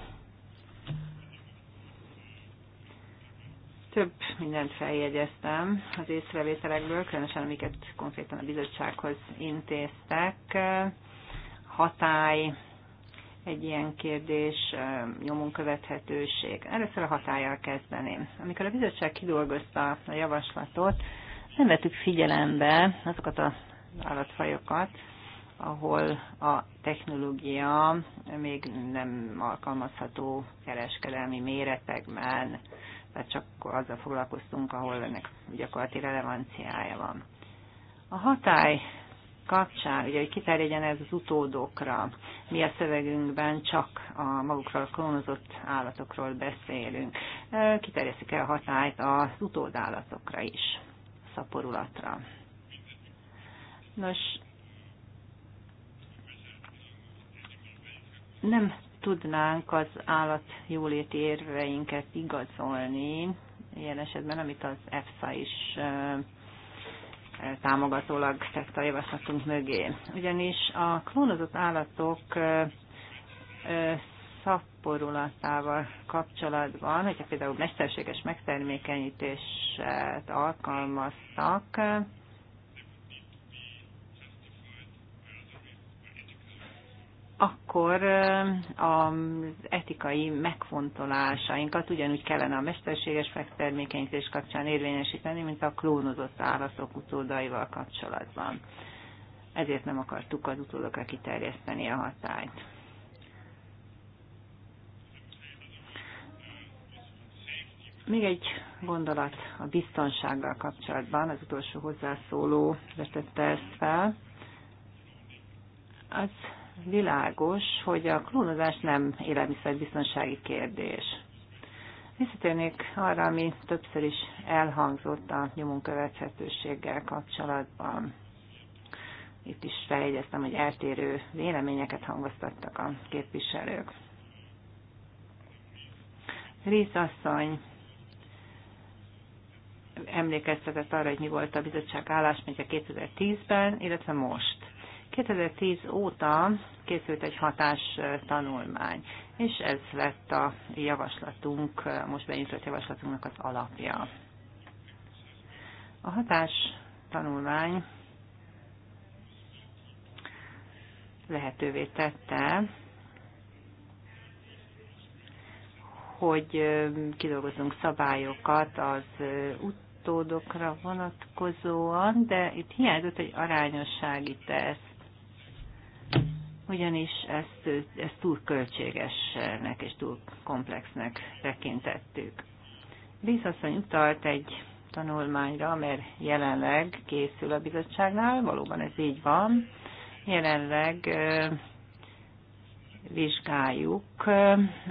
Több mindent feljegyeztem az észrevételekből, különösen amiket konkrétan a bizottsághoz intéztek. Hatály, egy ilyen kérdés, nyomon követhetőség. Először a hatállyal kezdeném. Amikor a bizottság kidolgozta a javaslatot, nem vettük figyelembe azokat az állatfajokat, ahol a technológia még nem alkalmazható kereskedelmi méretekben tehát csak azzal foglalkoztunk, ahol ennek gyakorlati relevanciája van. A hatály kapcsán, ugye, hogy kiterjedjen ez az utódokra, mi a szövegünkben csak a magukról a klónozott állatokról beszélünk. Kiterjesztjük el a hatályt az utódállatokra is, szaporulatra. Nos, nem tudnánk az jóléti érveinket igazolni, ilyen esetben, amit az EFSA is támogatólag tett a javaslatunk mögé. Ugyanis a klónozott állatok szaporulatával kapcsolatban, hogyha például mesterséges megtermékenyítést alkalmaztak, akkor az etikai megfontolásainkat ugyanúgy kellene a mesterséges megtermékenyítés kapcsán érvényesíteni, mint a klónozott állatok utódaival kapcsolatban. Ezért nem akartuk az utódokra kiterjeszteni a hatályt. Még egy gondolat a biztonsággal kapcsolatban, az utolsó hozzászóló vetette ezt fel. Az világos, hogy a klónozás nem élelmiszerbiztonsági kérdés. Visszatérnék arra, ami többször is elhangzott a nyomon követhetőséggel kapcsolatban. Itt is feljegyeztem, hogy eltérő véleményeket hangoztattak a képviselők. Rész asszony emlékeztetett arra, hogy mi volt a bizottság álláspontja 2010-ben, illetve most. 2010 óta készült egy hatás tanulmány, és ez lett a javaslatunk, most benyújtott javaslatunknak az alapja. A hatás tanulmány lehetővé tette, hogy kidolgozzunk szabályokat az utódokra vonatkozóan, de itt hiányzott egy arányossági teszt ugyanis ezt, ezt túl költségesnek és túl komplexnek tekintettük. Bízasszony utalt egy tanulmányra, mert jelenleg készül a bizottságnál, valóban ez így van. Jelenleg vizsgáljuk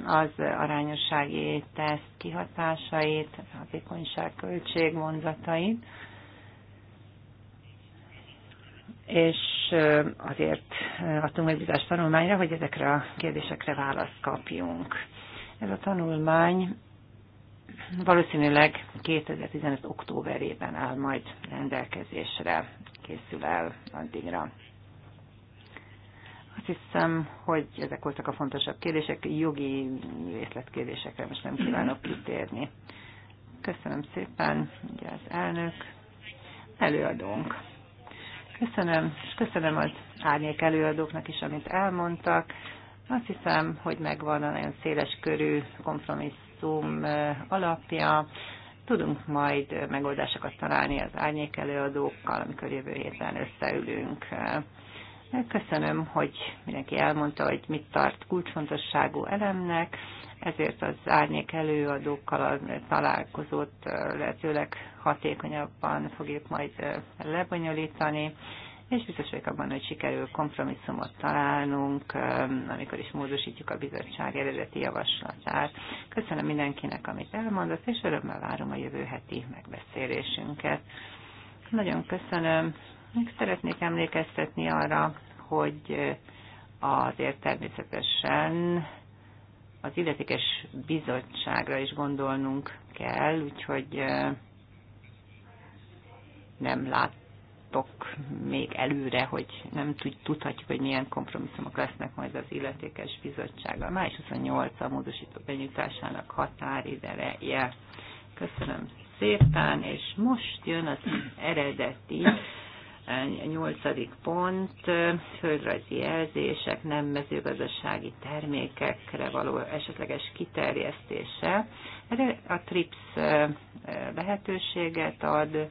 az arányossági teszt kihatásait, hatékonyság költség vonzatait, és azért adtunk megbízást tanulmányra, hogy ezekre a kérdésekre választ kapjunk. Ez a tanulmány valószínűleg 2015. októberében áll majd rendelkezésre, készül el addigra. Azt hiszem, hogy ezek voltak a fontosabb kérdések, jogi részletkérdésekre most nem kívánok kitérni. Köszönöm szépen, ugye az elnök, előadónk. Köszönöm, és köszönöm az árnyék előadóknak is, amit elmondtak. Azt hiszem, hogy megvan a nagyon széles körű kompromisszum alapja. Tudunk majd megoldásokat találni az árnyék előadókkal, amikor jövő héten összeülünk. Köszönöm, hogy mindenki elmondta, hogy mit tart kulcsfontosságú elemnek ezért az árnyék előadókkal a találkozót lehetőleg hatékonyabban fogjuk majd lebonyolítani, és biztos vagyok abban, hogy sikerül kompromisszumot találnunk, amikor is módosítjuk a bizottság eredeti javaslatát. Köszönöm mindenkinek, amit elmondott, és örömmel várom a jövő heti megbeszélésünket. Nagyon köszönöm. Még szeretnék emlékeztetni arra, hogy azért természetesen az illetékes bizottságra is gondolnunk kell, úgyhogy nem látok még előre, hogy nem tudhatjuk, hogy milyen kompromisszumok lesznek majd az illetékes bizottsággal. Május 28 a módosító benyújtásának határideje. Köszönöm szépen, és most jön az eredeti Nyolcadik pont, földrajzi jelzések, nem mezőgazdasági termékekre való esetleges kiterjesztése. Ez a TRIPS eh, lehetőséget ad,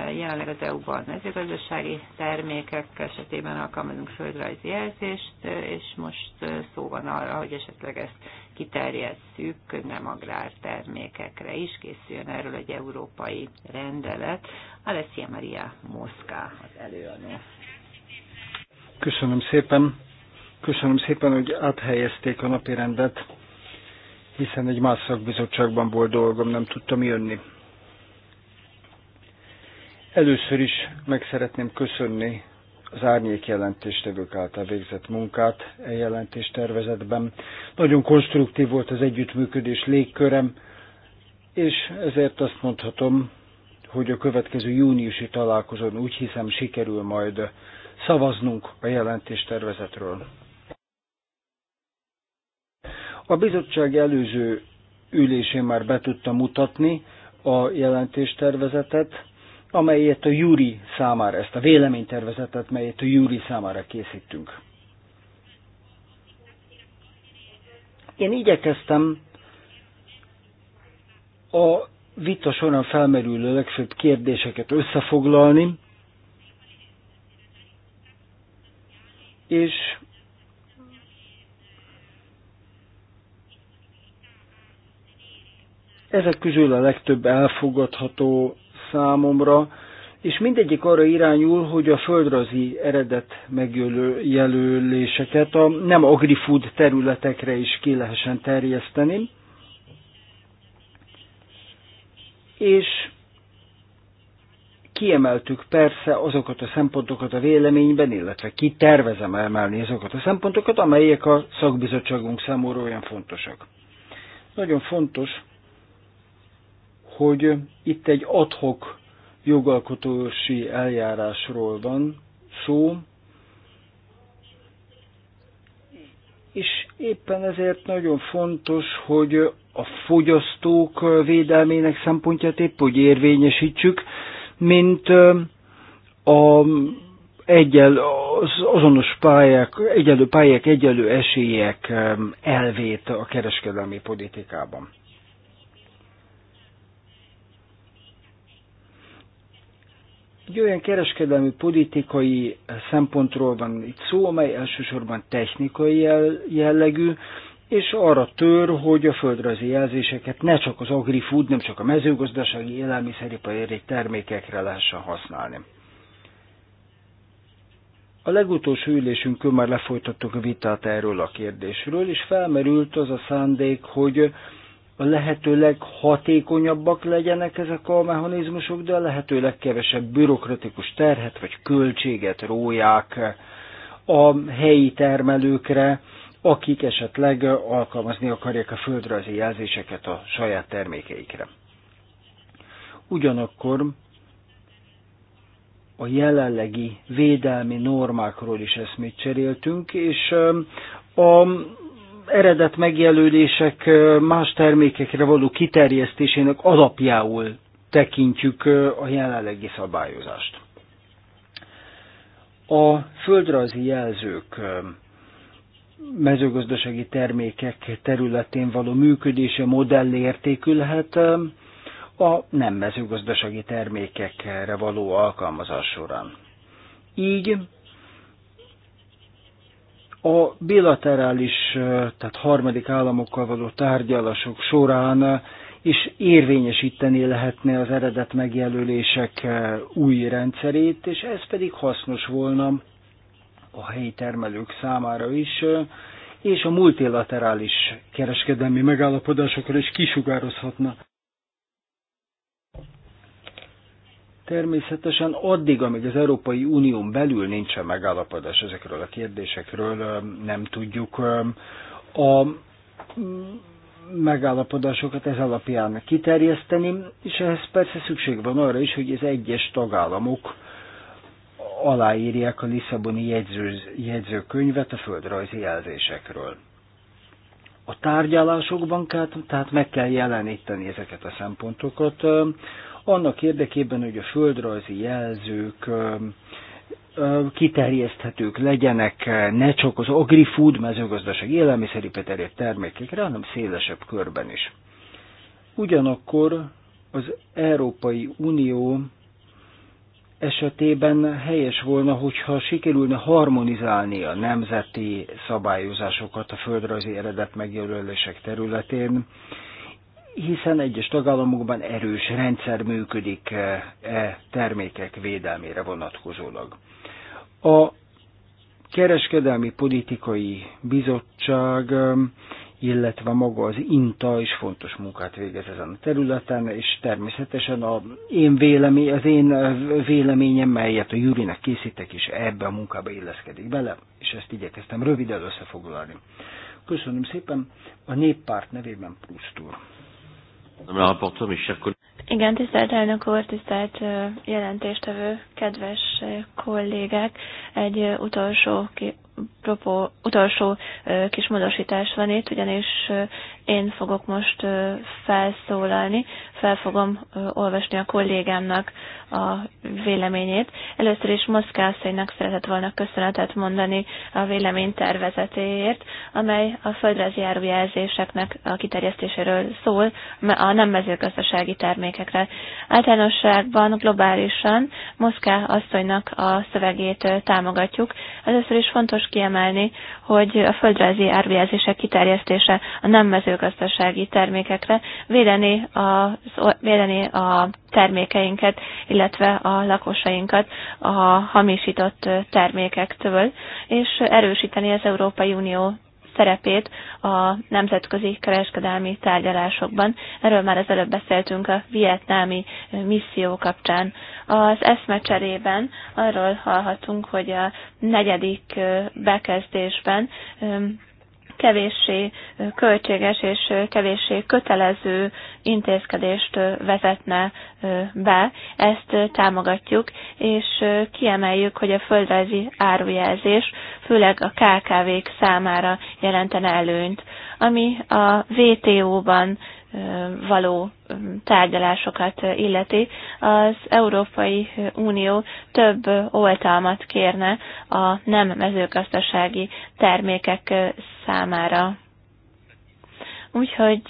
jelenleg az EU-ban mezőgazdasági termékek esetében alkalmazunk földrajzi jelzést, és most szó van arra, hogy esetleg ezt kiterjesszük nem agrártermékekre is, készüljön erről egy európai rendelet. Alessia Maria Moszká az előadó. Köszönöm szépen. Köszönöm szépen, hogy áthelyezték a napirendet, hiszen egy más szakbizottságban volt dolgom, nem tudtam jönni. Először is meg szeretném köszönni az árnyék jelentéstevők által végzett munkát e jelentéstervezetben. Nagyon konstruktív volt az együttműködés légkörem, és ezért azt mondhatom, hogy a következő júniusi találkozón úgy hiszem sikerül majd szavaznunk a jelentéstervezetről. A bizottság előző ülésén már be tudta mutatni a jelentéstervezetet, amelyet a júri számára, ezt a véleménytervezetet, melyet a júri számára készítünk. Én igyekeztem a vita során felmerülő legfőbb kérdéseket összefoglalni, és ezek közül a legtöbb elfogadható számomra, és mindegyik arra irányul, hogy a földrajzi eredet megjelöléseket a nem agrifood területekre is ki lehessen terjeszteni. És kiemeltük persze azokat a szempontokat a véleményben, illetve ki tervezem emelni azokat a szempontokat, amelyek a szakbizottságunk számára olyan fontosak. Nagyon fontos, hogy itt egy adhok jogalkotósi eljárásról van szó, és éppen ezért nagyon fontos, hogy a fogyasztók védelmének szempontját épp úgy érvényesítsük, mint a egyel, az azonos pályák, egyelő pályák, egyelő esélyek elvét a kereskedelmi politikában. Egy olyan kereskedelmi politikai szempontról van itt szó, amely elsősorban technikai jellegű, és arra tör, hogy a földrajzi jelzéseket ne csak az agri-food, nem csak a mezőgazdasági élelmiszeripari termékekre lehessen használni. A legutolsó ülésünkön már lefolytattuk a vitát erről a kérdésről, és felmerült az a szándék, hogy a lehető leghatékonyabbak legyenek ezek a mechanizmusok, de a lehető legkevesebb bürokratikus terhet vagy költséget róják a helyi termelőkre, akik esetleg alkalmazni akarják a földrajzi jelzéseket a saját termékeikre. Ugyanakkor a jelenlegi védelmi normákról is eszmét cseréltünk, és a eredet megjelölések más termékekre való kiterjesztésének alapjául tekintjük a jelenlegi szabályozást. A földrajzi jelzők mezőgazdasági termékek területén való működése modell értékülhet a nem mezőgazdasági termékekre való alkalmazás során. Így a bilaterális, tehát harmadik államokkal való tárgyalások során is érvényesíteni lehetne az eredet megjelölések új rendszerét, és ez pedig hasznos volna a helyi termelők számára is, és a multilaterális kereskedelmi megállapodásokra is kisugározhatna Természetesen addig, amíg az Európai Unión belül nincsen megállapodás ezekről a kérdésekről, nem tudjuk a mm, megállapodásokat ez alapján kiterjeszteni, és ehhez persze szükség van arra is, hogy az egyes tagállamok aláírják a Lisszaboni jegyző, jegyzőkönyvet a földrajzi jelzésekről. A tárgyalásokban tehát meg kell jeleníteni ezeket a szempontokat annak érdekében, hogy a földrajzi jelzők kiterjeszthetők legyenek ne csak az agri-food, mezőgazdasági élelmiszeri elért termékekre, hanem szélesebb körben is. Ugyanakkor az Európai Unió esetében helyes volna, hogyha sikerülne harmonizálni a nemzeti szabályozásokat a földrajzi eredet megjelölések területén, hiszen egyes tagállamokban erős rendszer működik e, e termékek védelmére vonatkozólag. A kereskedelmi politikai bizottság, e, illetve maga az INTA is fontos munkát végez ezen a területen, és természetesen a én vélemény, az én véleményem, melyet a Júrinek készítek, is ebbe a munkába illeszkedik bele, és ezt igyekeztem röviden összefoglalni. Köszönöm szépen, a néppárt nevében Prusztúr. Igen, tisztelt elnök úr, tisztelt jelentéstevő, kedves kollégák, egy utolsó propó, utolsó kis módosítás van itt, ugyanis én fogok most felszólalni, fel fogom olvasni a kollégámnak a véleményét. Először is Moszkászainak szeretett volna köszönetet mondani a vélemény tervezetéért, amely a földrajzi árujelzéseknek a kiterjesztéséről szól a nem mezőgazdasági termékekre. Általánosságban, globálisan Moszká asszonynak a szövegét támogatjuk. Először is fontos fontos kiemelni, hogy a földrajzi árvjelzések kiterjesztése a nem mezőgazdasági termékekre védeni, a védeni a termékeinket, illetve a lakosainkat a hamisított termékektől, és erősíteni az Európai Unió szerepét a nemzetközi kereskedelmi tárgyalásokban. Erről már az előbb beszéltünk a vietnámi misszió kapcsán. Az eszmecserében arról hallhatunk, hogy a negyedik bekezdésben kevéssé költséges és kevéssé kötelező intézkedést vezetne be. Ezt támogatjuk, és kiemeljük, hogy a földrajzi árujelzés főleg a KKV-k számára jelentene előnyt. Ami a VTO-ban való um, tárgyalásokat illeti, az Európai Unió több oltalmat kérne a nem mezőgazdasági termékek számára. Úgyhogy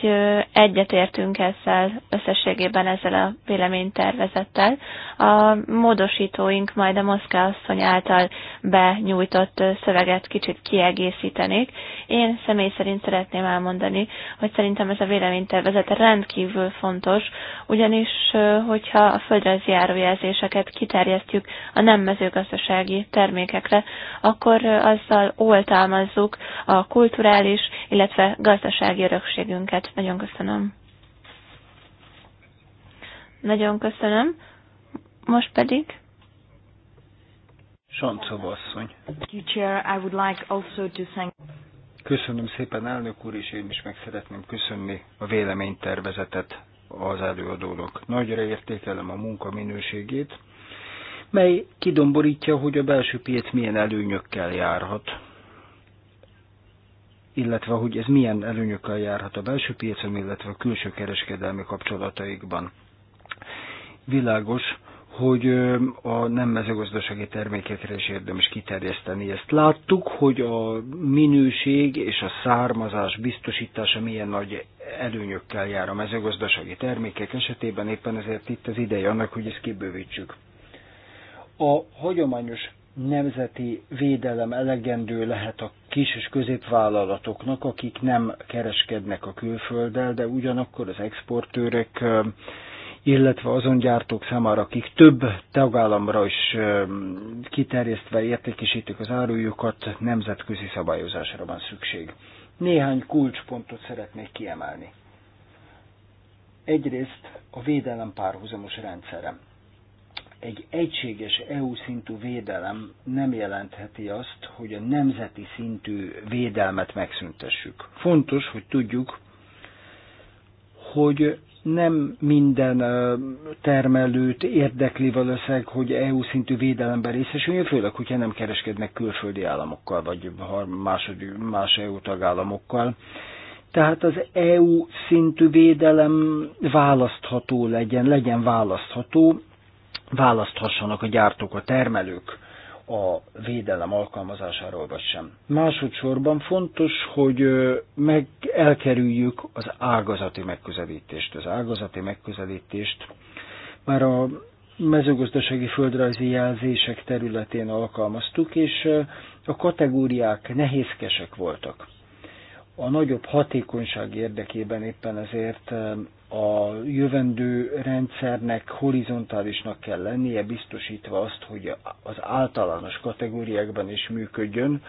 egyetértünk ezzel összességében ezzel a véleménytervezettel. A módosítóink majd a Moszkva asszony által benyújtott szöveget kicsit kiegészítenék. Én személy szerint szeretném elmondani, hogy szerintem ez a véleménytervezet rendkívül fontos, ugyanis hogyha a földrajzi árujelzéseket kiterjesztjük a nem mezőgazdasági termékekre, akkor azzal oltalmazzuk a kulturális, illetve gazdasági örökséget szükségünket. Nagyon köszönöm. Nagyon köszönöm. Most pedig. Sancova asszony. Köszönöm szépen, elnök úr, és én is meg szeretném köszönni a véleménytervezetet az előadónak. Nagyra értékelem a munka minőségét, mely kidomborítja, hogy a belső piac milyen előnyökkel járhat illetve hogy ez milyen előnyökkel járhat a belső piacon, illetve a külső kereskedelmi kapcsolataikban. Világos, hogy a nem mezőgazdasági termékekre is érdemes kiterjeszteni. Ezt láttuk, hogy a minőség és a származás biztosítása milyen nagy előnyökkel jár a mezőgazdasági termékek esetében, éppen ezért itt az ideje annak, hogy ezt kibővítsük. A hagyományos nemzeti védelem elegendő lehet a kis és középvállalatoknak, akik nem kereskednek a külfölddel, de ugyanakkor az exportőrök, illetve azon gyártók számára, akik több tagállamra is kiterjesztve értékesítik az árujukat, nemzetközi szabályozásra van szükség. Néhány kulcspontot szeretnék kiemelni. Egyrészt a védelem párhuzamos rendszerem egy egységes EU szintű védelem nem jelentheti azt, hogy a nemzeti szintű védelmet megszüntessük. Fontos, hogy tudjuk, hogy nem minden termelőt érdekli valószínűleg, hogy EU szintű védelemben részesüljön, főleg, hogyha nem kereskednek külföldi államokkal, vagy más, más EU tagállamokkal. Tehát az EU szintű védelem választható legyen, legyen választható, választhassanak a gyártók, a termelők a védelem alkalmazásáról vagy sem. Másodszorban fontos, hogy meg elkerüljük az ágazati megközelítést. Az ágazati megközelítést már a mezőgazdasági földrajzi jelzések területén alkalmaztuk, és a kategóriák nehézkesek voltak. A nagyobb hatékonyság érdekében éppen ezért a jövendő rendszernek horizontálisnak kell lennie, biztosítva azt, hogy az általános kategóriákban is működjön.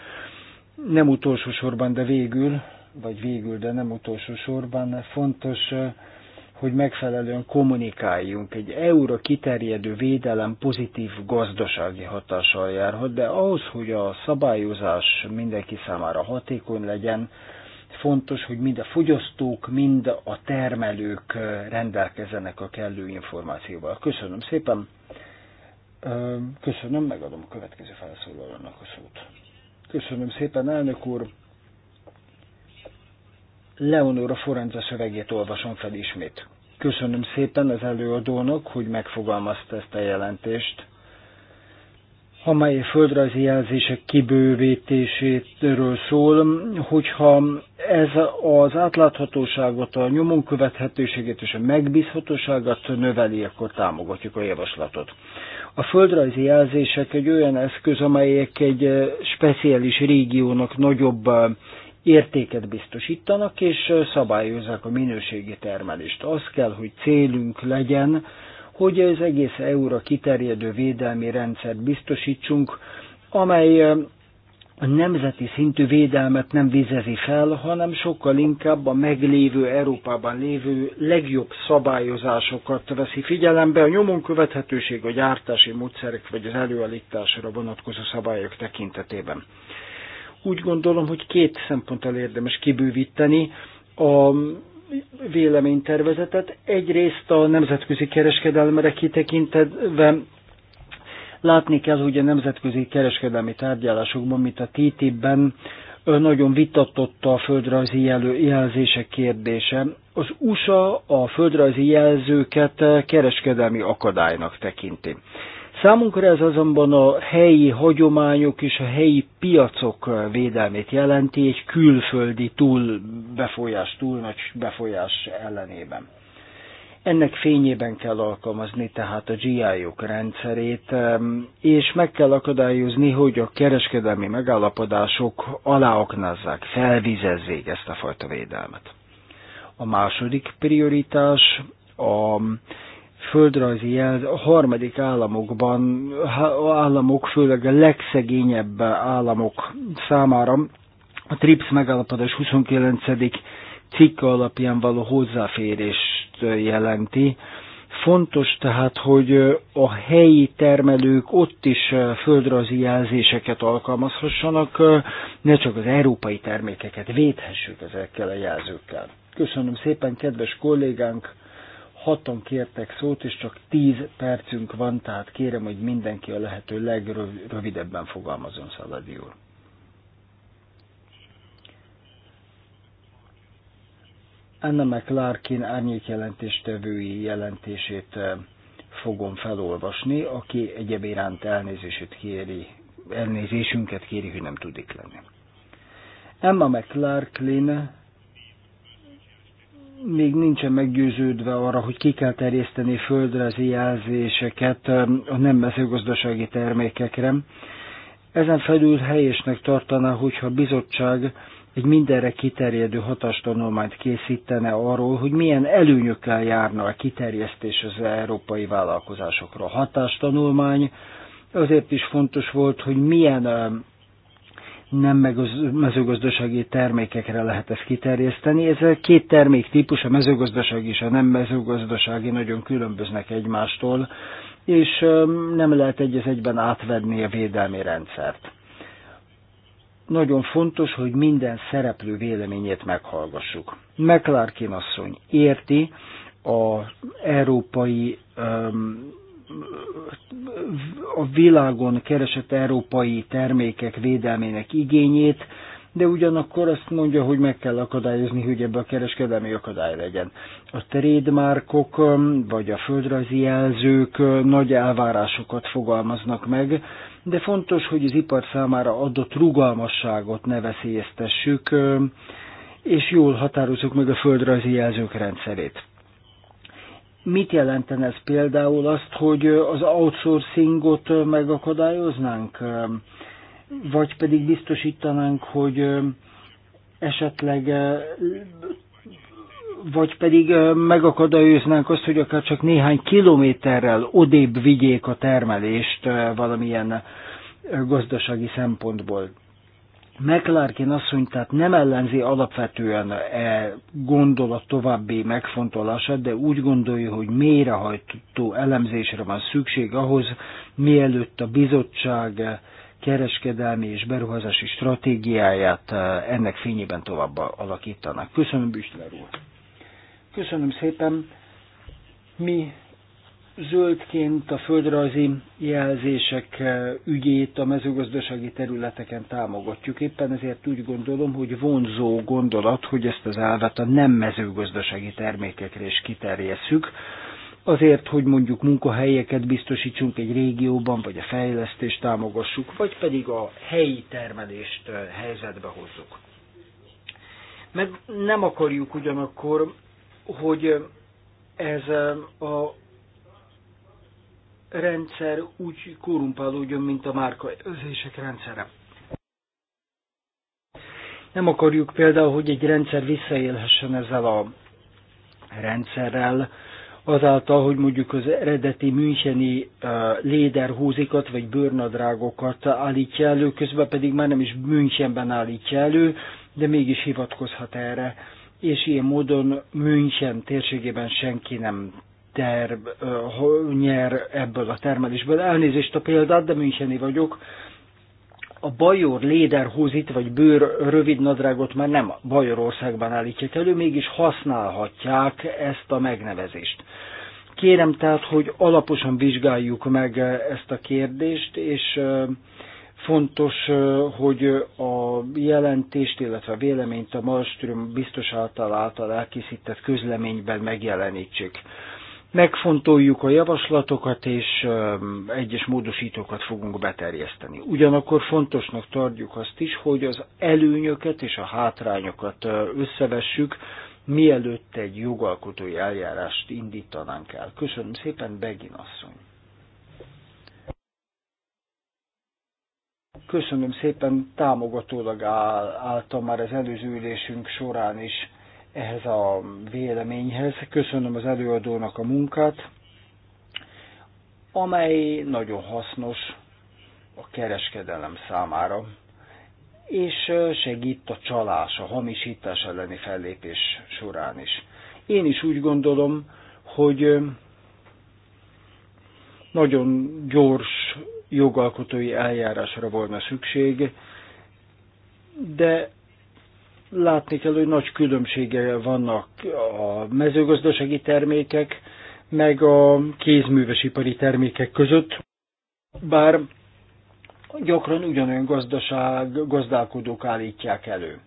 Nem utolsó sorban, de végül, vagy végül, de nem utolsó sorban fontos, hogy megfelelően kommunikáljunk. Egy euró kiterjedő védelem pozitív gazdasági hatással járhat, de ahhoz, hogy a szabályozás mindenki számára hatékony legyen, fontos, hogy mind a fogyasztók, mind a termelők rendelkezzenek a kellő információval. Köszönöm szépen. Köszönöm, megadom a következő felszólalónak a szót. Köszönöm szépen, elnök úr. Leonora Forenza szövegét olvasom fel ismét. Köszönöm szépen az előadónak, hogy megfogalmazta ezt a jelentést amely a földrajzi jelzések kibővítéséről szól, hogyha ez az átláthatóságot, a nyomon követhetőségét és a megbízhatóságot növeli, akkor támogatjuk a javaslatot. A földrajzi jelzések egy olyan eszköz, amelyek egy speciális régiónak nagyobb értéket biztosítanak, és szabályozzák a minőségi termelést. Az kell, hogy célunk legyen, hogy az egész EU-ra kiterjedő védelmi rendszert biztosítsunk, amely a nemzeti szintű védelmet nem vizezi fel, hanem sokkal inkább a meglévő Európában lévő legjobb szabályozásokat veszi figyelembe, a nyomon követhetőség, a gyártási módszerek vagy az előállításra vonatkozó szabályok tekintetében. Úgy gondolom, hogy két szemponttal érdemes kibővíteni a véleménytervezetet. Egyrészt a nemzetközi kereskedelmere kitekintetve látni kell, hogy a nemzetközi kereskedelmi tárgyalásokban, mint a TTIP-ben, nagyon vitatott a földrajzi jelő, jelzések kérdése. Az USA a földrajzi jelzőket kereskedelmi akadálynak tekinti. Számunkra ez azonban a helyi hagyományok és a helyi piacok védelmét jelenti egy külföldi túl befolyás, túl nagy befolyás ellenében. Ennek fényében kell alkalmazni tehát a GI-ok rendszerét, és meg kell akadályozni, hogy a kereskedelmi megállapodások aláaknázzák, felvizezzék ezt a fajta védelmet. A második prioritás a földrajzi jelz, a harmadik államokban, államok, főleg a legszegényebb államok számára a TRIPS megállapodás 29. cikke alapján való hozzáférést jelenti. Fontos tehát, hogy a helyi termelők ott is földrajzi jelzéseket alkalmazhassanak, ne csak az európai termékeket védhessük ezekkel a jelzőkkel. Köszönöm szépen, kedves kollégánk! hatan kértek szót, és csak tíz percünk van, tehát kérem, hogy mindenki a lehető legrövidebben fogalmazon, Szaladi úr. Anna McClarkin árnyékjelentéstevői jelentését eh, fogom felolvasni, aki egyéb iránt elnézését kéri, elnézésünket kéri, hogy nem tudik lenni. Emma McClarkin még nincsen meggyőződve arra, hogy ki kell terjeszteni földrajzi jelzéseket um, a nem mezőgazdasági termékekre. Ezen felül helyesnek tartaná, hogyha a bizottság egy mindenre kiterjedő hatástanulmányt készítene arról, hogy milyen előnyökkel járna a kiterjesztés az európai vállalkozásokra. A hatástanulmány azért is fontos volt, hogy milyen um, nem mezőgazdasági termékekre lehet ezt kiterjeszteni. Ez a két terméktípus, a mezőgazdasági és a nem mezőgazdasági nagyon különböznek egymástól, és nem lehet egy az egyben átvenni a védelmi rendszert. Nagyon fontos, hogy minden szereplő véleményét meghallgassuk. McClarkin asszony érti az európai um, a világon keresett európai termékek védelmének igényét, de ugyanakkor azt mondja, hogy meg kell akadályozni, hogy ebbe a kereskedelmi akadály legyen. A trademarkok um, vagy a földrajzi jelzők um, nagy elvárásokat fogalmaznak meg, de fontos, hogy az ipar számára adott rugalmasságot ne veszélyeztessük, um, és jól határozzuk meg a földrajzi jelzők rendszerét. Mit jelenten ez például azt, hogy az outsourcingot megakadályoznánk? Vagy pedig biztosítanánk, hogy esetleg vagy pedig megakadályoznánk azt, hogy akár csak néhány kilométerrel odébb vigyék a termelést valamilyen gazdasági szempontból. McClarkin asszony tehát nem ellenzi alapvetően e gondolat további megfontolását, de úgy gondolja, hogy mélyrehajtó elemzésre van szükség ahhoz, mielőtt a bizottság kereskedelmi és beruházási stratégiáját e, ennek fényében tovább alakítanak. Köszönöm, Büstler úr! Köszönöm szépen! Mi zöldként a földrajzi jelzések eh, ügyét a mezőgazdasági területeken támogatjuk. Éppen ezért úgy gondolom, hogy vonzó gondolat, hogy ezt az elvet a nem mezőgazdasági termékekre is kiterjesszük, azért, hogy mondjuk munkahelyeket biztosítsunk egy régióban, vagy a fejlesztést támogassuk, vagy pedig a helyi termelést eh, helyzetbe hozzuk. Meg nem akarjuk ugyanakkor, hogy ez eh, a rendszer úgy korumpálódjon, mint a márkajelzések rendszere. Nem akarjuk például, hogy egy rendszer visszaélhessen ezzel a rendszerrel, azáltal, hogy mondjuk az eredeti müncheni léderhúzikat vagy bőrnadrágokat állítja elő, közben pedig már nem is Münchenben állítja elő, de mégis hivatkozhat erre. És ilyen módon München térségében senki nem ter, nyer ebből a termelésből. Elnézést a példát, de Müncheni vagyok. A bajor léderhúzit vagy bőr rövid nadrágot már nem Bajorországban állítják elő, mégis használhatják ezt a megnevezést. Kérem tehát, hogy alaposan vizsgáljuk meg ezt a kérdést, és fontos, hogy a jelentést, illetve a véleményt a Malmström biztos által által elkészített közleményben megjelenítsük megfontoljuk a javaslatokat, és egyes módosítókat fogunk beterjeszteni. Ugyanakkor fontosnak tartjuk azt is, hogy az előnyöket és a hátrányokat összevessük, mielőtt egy jogalkotói eljárást indítanánk el. Köszönöm szépen, Begin asszony! Köszönöm szépen, támogatólag álltam már az előző ülésünk során is ehhez a véleményhez. Köszönöm az előadónak a munkát, amely nagyon hasznos a kereskedelem számára, és segít a csalás, a hamisítás elleni fellépés során is. Én is úgy gondolom, hogy nagyon gyors jogalkotói eljárásra volna szükség, de látni kell, hogy nagy különbsége vannak a mezőgazdasági termékek, meg a kézművesipari termékek között, bár gyakran ugyanolyan gazdaság, gazdálkodók állítják elő.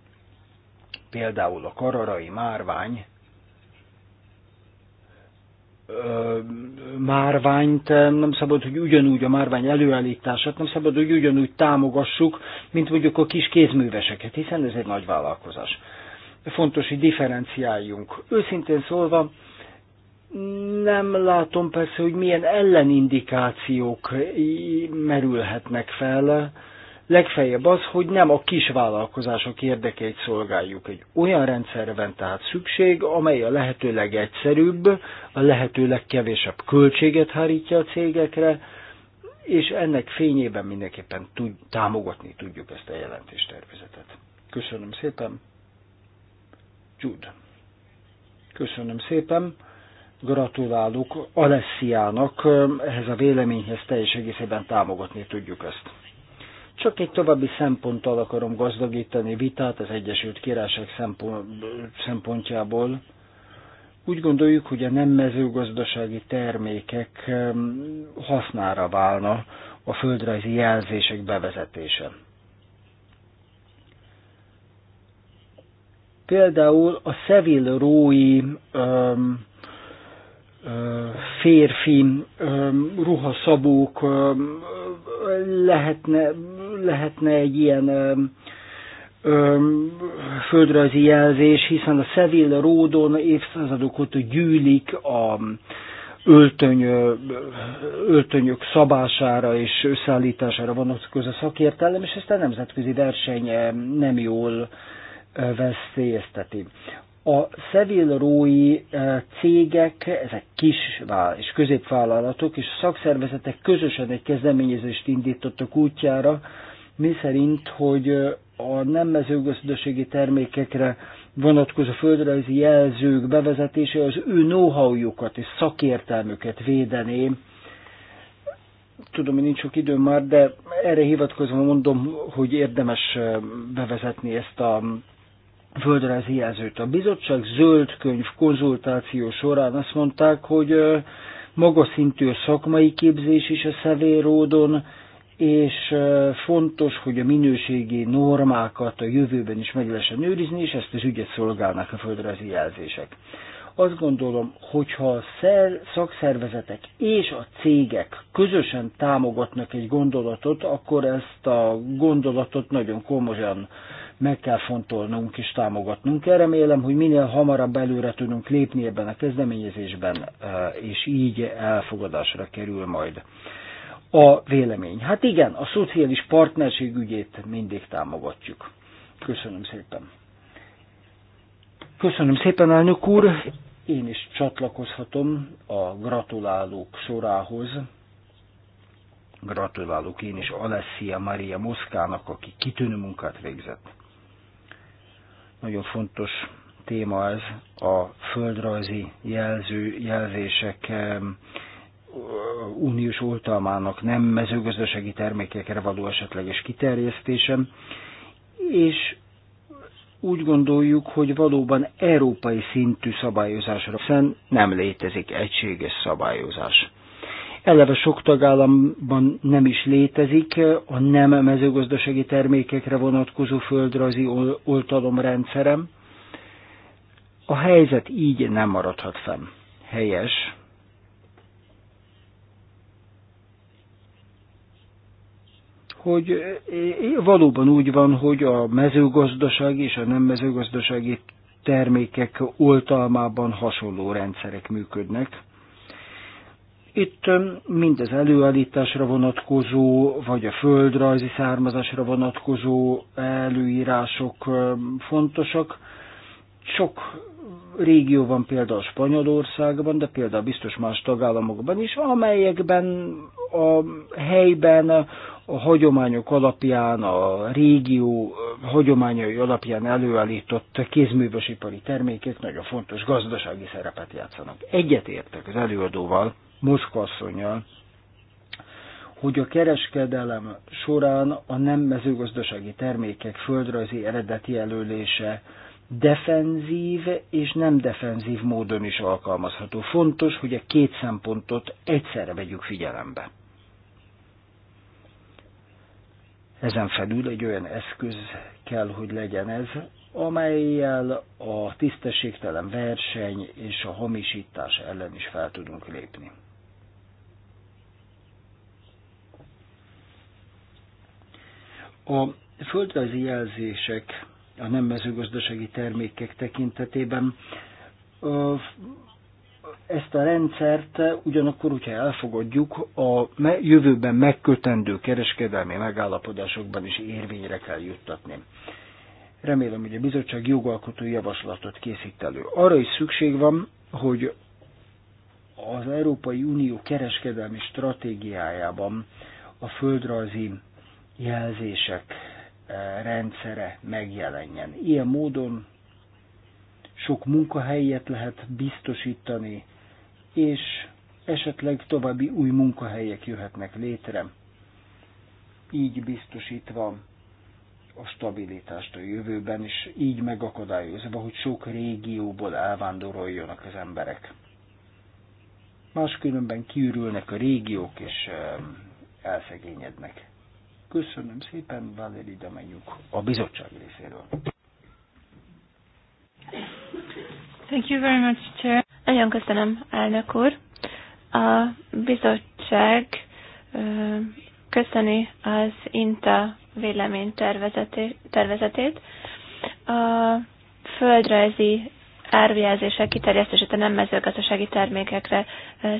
Például a kararai márvány márványt, nem szabad, hogy ugyanúgy a márvány előállítását, nem szabad, hogy ugyanúgy támogassuk, mint mondjuk a kis kézműveseket, hiszen ez egy nagy vállalkozás. Fontos, hogy differenciáljunk. Őszintén szólva, nem látom persze, hogy milyen ellenindikációk merülhetnek fel, legfeljebb az, hogy nem a kis vállalkozások érdekeit szolgáljuk. Egy olyan rendszerre van tehát szükség, amely a lehető legegyszerűbb, a lehető legkevésebb költséget hárítja a cégekre, és ennek fényében mindenképpen tud, támogatni tudjuk ezt a jelentéstervezetet. Köszönöm szépen. Jude. Köszönöm szépen. Gratulálok Alessiának eh, ehhez a véleményhez, teljes egészében támogatni tudjuk ezt. Csak egy további szemponttal akarom gazdagítani vitát az Egyesült Királyság szempontjából. Úgy gondoljuk, hogy a nem mezőgazdasági termékek hasznára válna a földrajzi jelzések bevezetése. Például a Seville rói um, férfi ruhaszabók lehetne, lehetne egy ilyen földrajzi jelzés, hiszen a Seville Ródon évszázadok óta gyűlik a öltöny, öltönyök szabására és összeállítására vonatkozó szakértelem, és ezt a nemzetközi verseny nem jól veszélyezteti. A szevilrói cégek, ezek kis és középvállalatok és szakszervezetek közösen egy kezdeményezést indítottak útjára, mi szerint, hogy a nem mezőgazdasági termékekre vonatkozó földrajzi jelzők bevezetése az ő know-howjukat és szakértelmüket védené. Tudom, hogy nincs sok időm már, de erre hivatkozva mondom, hogy érdemes bevezetni ezt a földrajzi jelzőt. A bizottság zöld könyv konzultáció során azt mondták, hogy magas szintű a szakmai képzés is a Szevéródon, és fontos, hogy a minőségi normákat a jövőben is meg lehessen őrizni, és ezt az ügyet szolgálnak a földrajzi jelzések. Azt gondolom, hogyha a szakszervezetek és a cégek közösen támogatnak egy gondolatot, akkor ezt a gondolatot nagyon komolyan meg kell fontolnunk és támogatnunk. remélem, hogy minél hamarabb előre tudunk lépni ebben a kezdeményezésben, és így elfogadásra kerül majd a vélemény. Hát igen, a szociális partnerség ügyét mindig támogatjuk. Köszönöm szépen. Köszönöm szépen, elnök úr. Én is csatlakozhatom a gratulálók sorához. Gratulálok én is Alessia Maria Moszkának, aki kitűnő munkát végzett. Nagyon fontos téma ez, a földrajzi jelző, jelzések uniós oltalmának nem mezőgazdasági termékekre való esetleges kiterjesztése, és úgy gondoljuk, hogy valóban európai szintű szabályozásra, hiszen nem létezik egységes szabályozás. Eleve sok tagállamban nem is létezik a nem mezőgazdasági termékekre vonatkozó földrajzi oltalomrendszerem. A helyzet így nem maradhat fenn. Helyes, hogy valóban úgy van, hogy a mezőgazdaság és a nem mezőgazdasági termékek oltalmában hasonló rendszerek működnek. Itt um, mind az előállításra vonatkozó, vagy a földrajzi származásra vonatkozó előírások um, fontosak. Sok régió van például Spanyolországban, de például biztos más tagállamokban is, amelyekben a helyben a hagyományok alapján, a régió eh, hagyományai alapján előállított kézművesipari termékek nagyon fontos gazdasági szerepet játszanak. Egyetértek az előadóval, Moszkva hogy a kereskedelem során a nem mezőgazdasági termékek földrajzi eredeti jelölése defenzív és nem defenzív módon is alkalmazható. Fontos, hogy a két szempontot egyszerre vegyük figyelembe. Ezen felül egy olyan eszköz kell, hogy legyen ez, amelyel a tisztességtelen verseny és a hamisítás ellen is fel tudunk lépni. A földrajzi jelzések a nem mezőgazdasági termékek tekintetében ezt a rendszert ugyanakkor, hogyha elfogadjuk, a jövőben megkötendő kereskedelmi megállapodásokban is érvényre kell juttatni. Remélem, hogy a bizottság jogalkotó javaslatot készít elő. Arra is szükség van, hogy az Európai Unió kereskedelmi stratégiájában a földrajzi jelzések eh, rendszere megjelenjen. Ilyen módon sok munkahelyet lehet biztosítani, és esetleg további új munkahelyek jöhetnek létre, így biztosítva a stabilitást a jövőben, és így megakadályozva, hogy sok régióból elvándoroljanak az emberek. Máskülönben kiürülnek a régiók, és elszegényednek. Köszönöm szépen, Valéri menjünk a bizottság részéről. Thank you very much, Chair. Nagyon köszönöm, elnök úr. A bizottság köszöni az INTA vélemény tervezetét. A földrajzi árvjelzések kiterjesztését a nem mezőgazdasági termékekre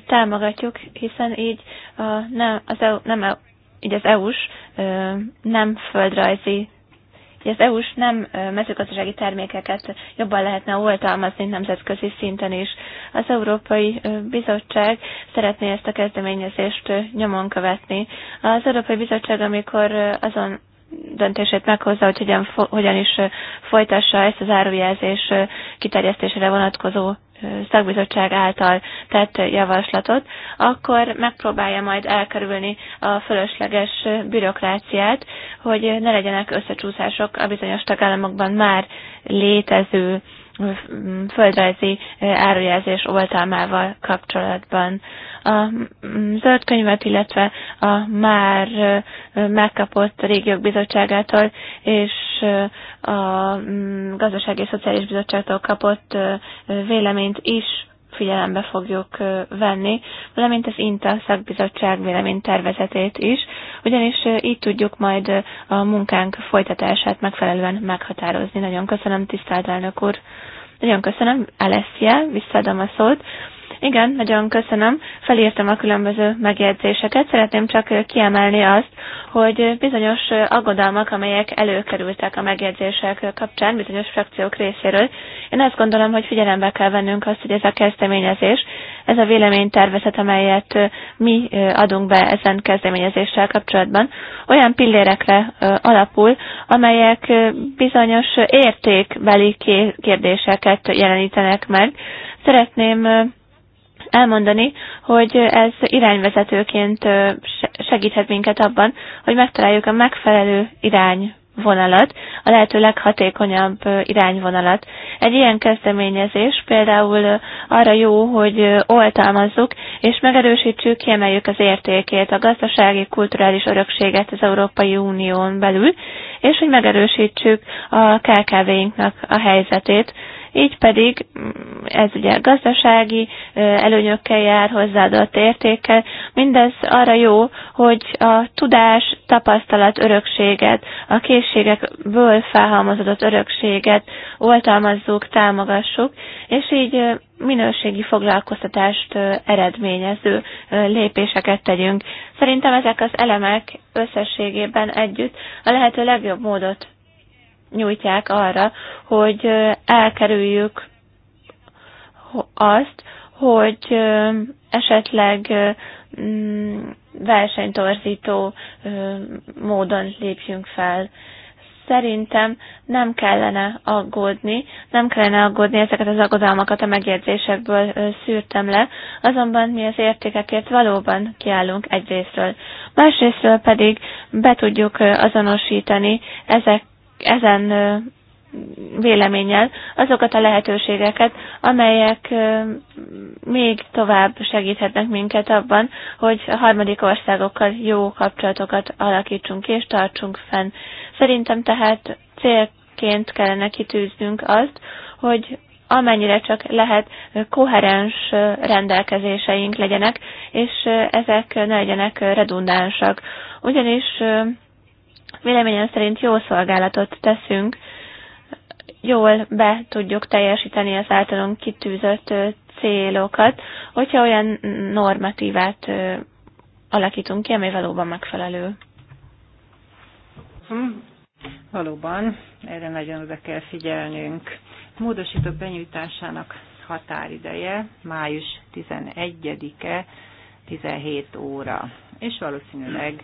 támogatjuk, hiszen így a, e nem, az e EU, nem, így az EU-s nem földrajzi hogy az EU-s nem mezőgazdasági termékeket jobban lehetne oltalmazni nemzetközi szinten is. Az Európai Bizottság szeretné ezt a kezdeményezést nyomon követni. Az Európai Bizottság, amikor azon döntését meghozza, hogy hogyan, hogyan is folytassa ezt az árujelzés kiterjesztésére vonatkozó szakbizottság által tett javaslatot, akkor megpróbálja majd elkerülni a fölösleges bürokráciát, hogy ne legyenek összecsúszások a bizonyos tagállamokban már létező földrajzi árujelzés oltalmával kapcsolatban. A zöld könyvet, illetve a már megkapott régiók bizottságától és a mm, gazdasági és szociális bizottságtól kapott véleményt is figyelembe fogjuk venni, valamint az INTA szakbizottság tervezetét is, ugyanis így tudjuk majd a munkánk folytatását megfelelően meghatározni. Nagyon köszönöm, tisztelt elnök úr! Nagyon köszönöm, Alessia, visszaadom a szót. Igen, nagyon köszönöm. Felírtam a különböző megjegyzéseket. Szeretném csak kiemelni azt, hogy bizonyos aggodalmak, amelyek előkerültek a megjegyzések kapcsán, bizonyos frakciók részéről. Én azt gondolom, hogy figyelembe kell vennünk azt, hogy ez a kezdeményezés, ez a véleménytervezet, amelyet mi adunk be ezen kezdeményezéssel kapcsolatban, olyan pillérekre alapul, amelyek bizonyos értékbeli kérdéseket jelenítenek meg. Szeretném elmondani, hogy ez irányvezetőként segíthet minket abban, hogy megtaláljuk a megfelelő irány vonalat, a lehető leghatékonyabb irányvonalat. Egy ilyen kezdeményezés például arra jó, hogy oltalmazzuk és megerősítsük, kiemeljük az értékét, a gazdasági, kulturális örökséget az Európai Unión belül, és hogy megerősítsük a KKV-inknak a helyzetét, így pedig mm, ez ugye gazdasági előnyökkel jár, hozzáadott értékkel. Mindez arra jó, hogy a tudás, tapasztalat, örökséget, a készségekből felhalmozódott örökséget oltalmazzuk, támogassuk, és így minőségi foglalkoztatást eredményező lépéseket tegyünk. Szerintem ezek az elemek összességében együtt a lehető legjobb módot nyújtják arra, hogy elkerüljük azt, hogy esetleg mm, versenytorzító módon lépjünk fel. Szerintem nem kellene aggódni, nem kellene aggódni, ezeket az aggodalmakat a megjegyzésekből szűrtem le, azonban mi az értékekért valóban kiállunk egyrésztről. Másrésztről pedig be tudjuk azonosítani ezek ezen véleménnyel azokat a lehetőségeket, amelyek még tovább segíthetnek minket abban, hogy a harmadik országokkal jó kapcsolatokat alakítsunk ki és tartsunk fenn. Szerintem tehát célként kellene kitűznünk azt, hogy amennyire csak lehet koherens rendelkezéseink legyenek, és ezek ne legyenek redundánsak. Ugyanis Véleményem szerint jó szolgálatot teszünk, jól be tudjuk teljesíteni az általunk kitűzött célokat, hogyha olyan normatívát alakítunk ki, ami valóban megfelelő. Hmm. Valóban, erre nagyon oda kell figyelnünk. Módosító benyújtásának határideje május 11-e 17 óra, és valószínűleg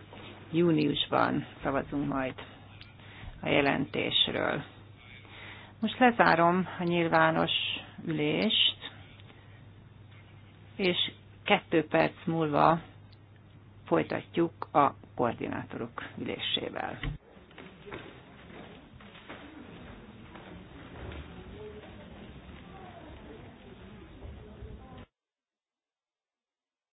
júniusban szavazunk majd a jelentésről. Most lezárom a nyilvános ülést, és kettő perc múlva folytatjuk a koordinátorok ülésével.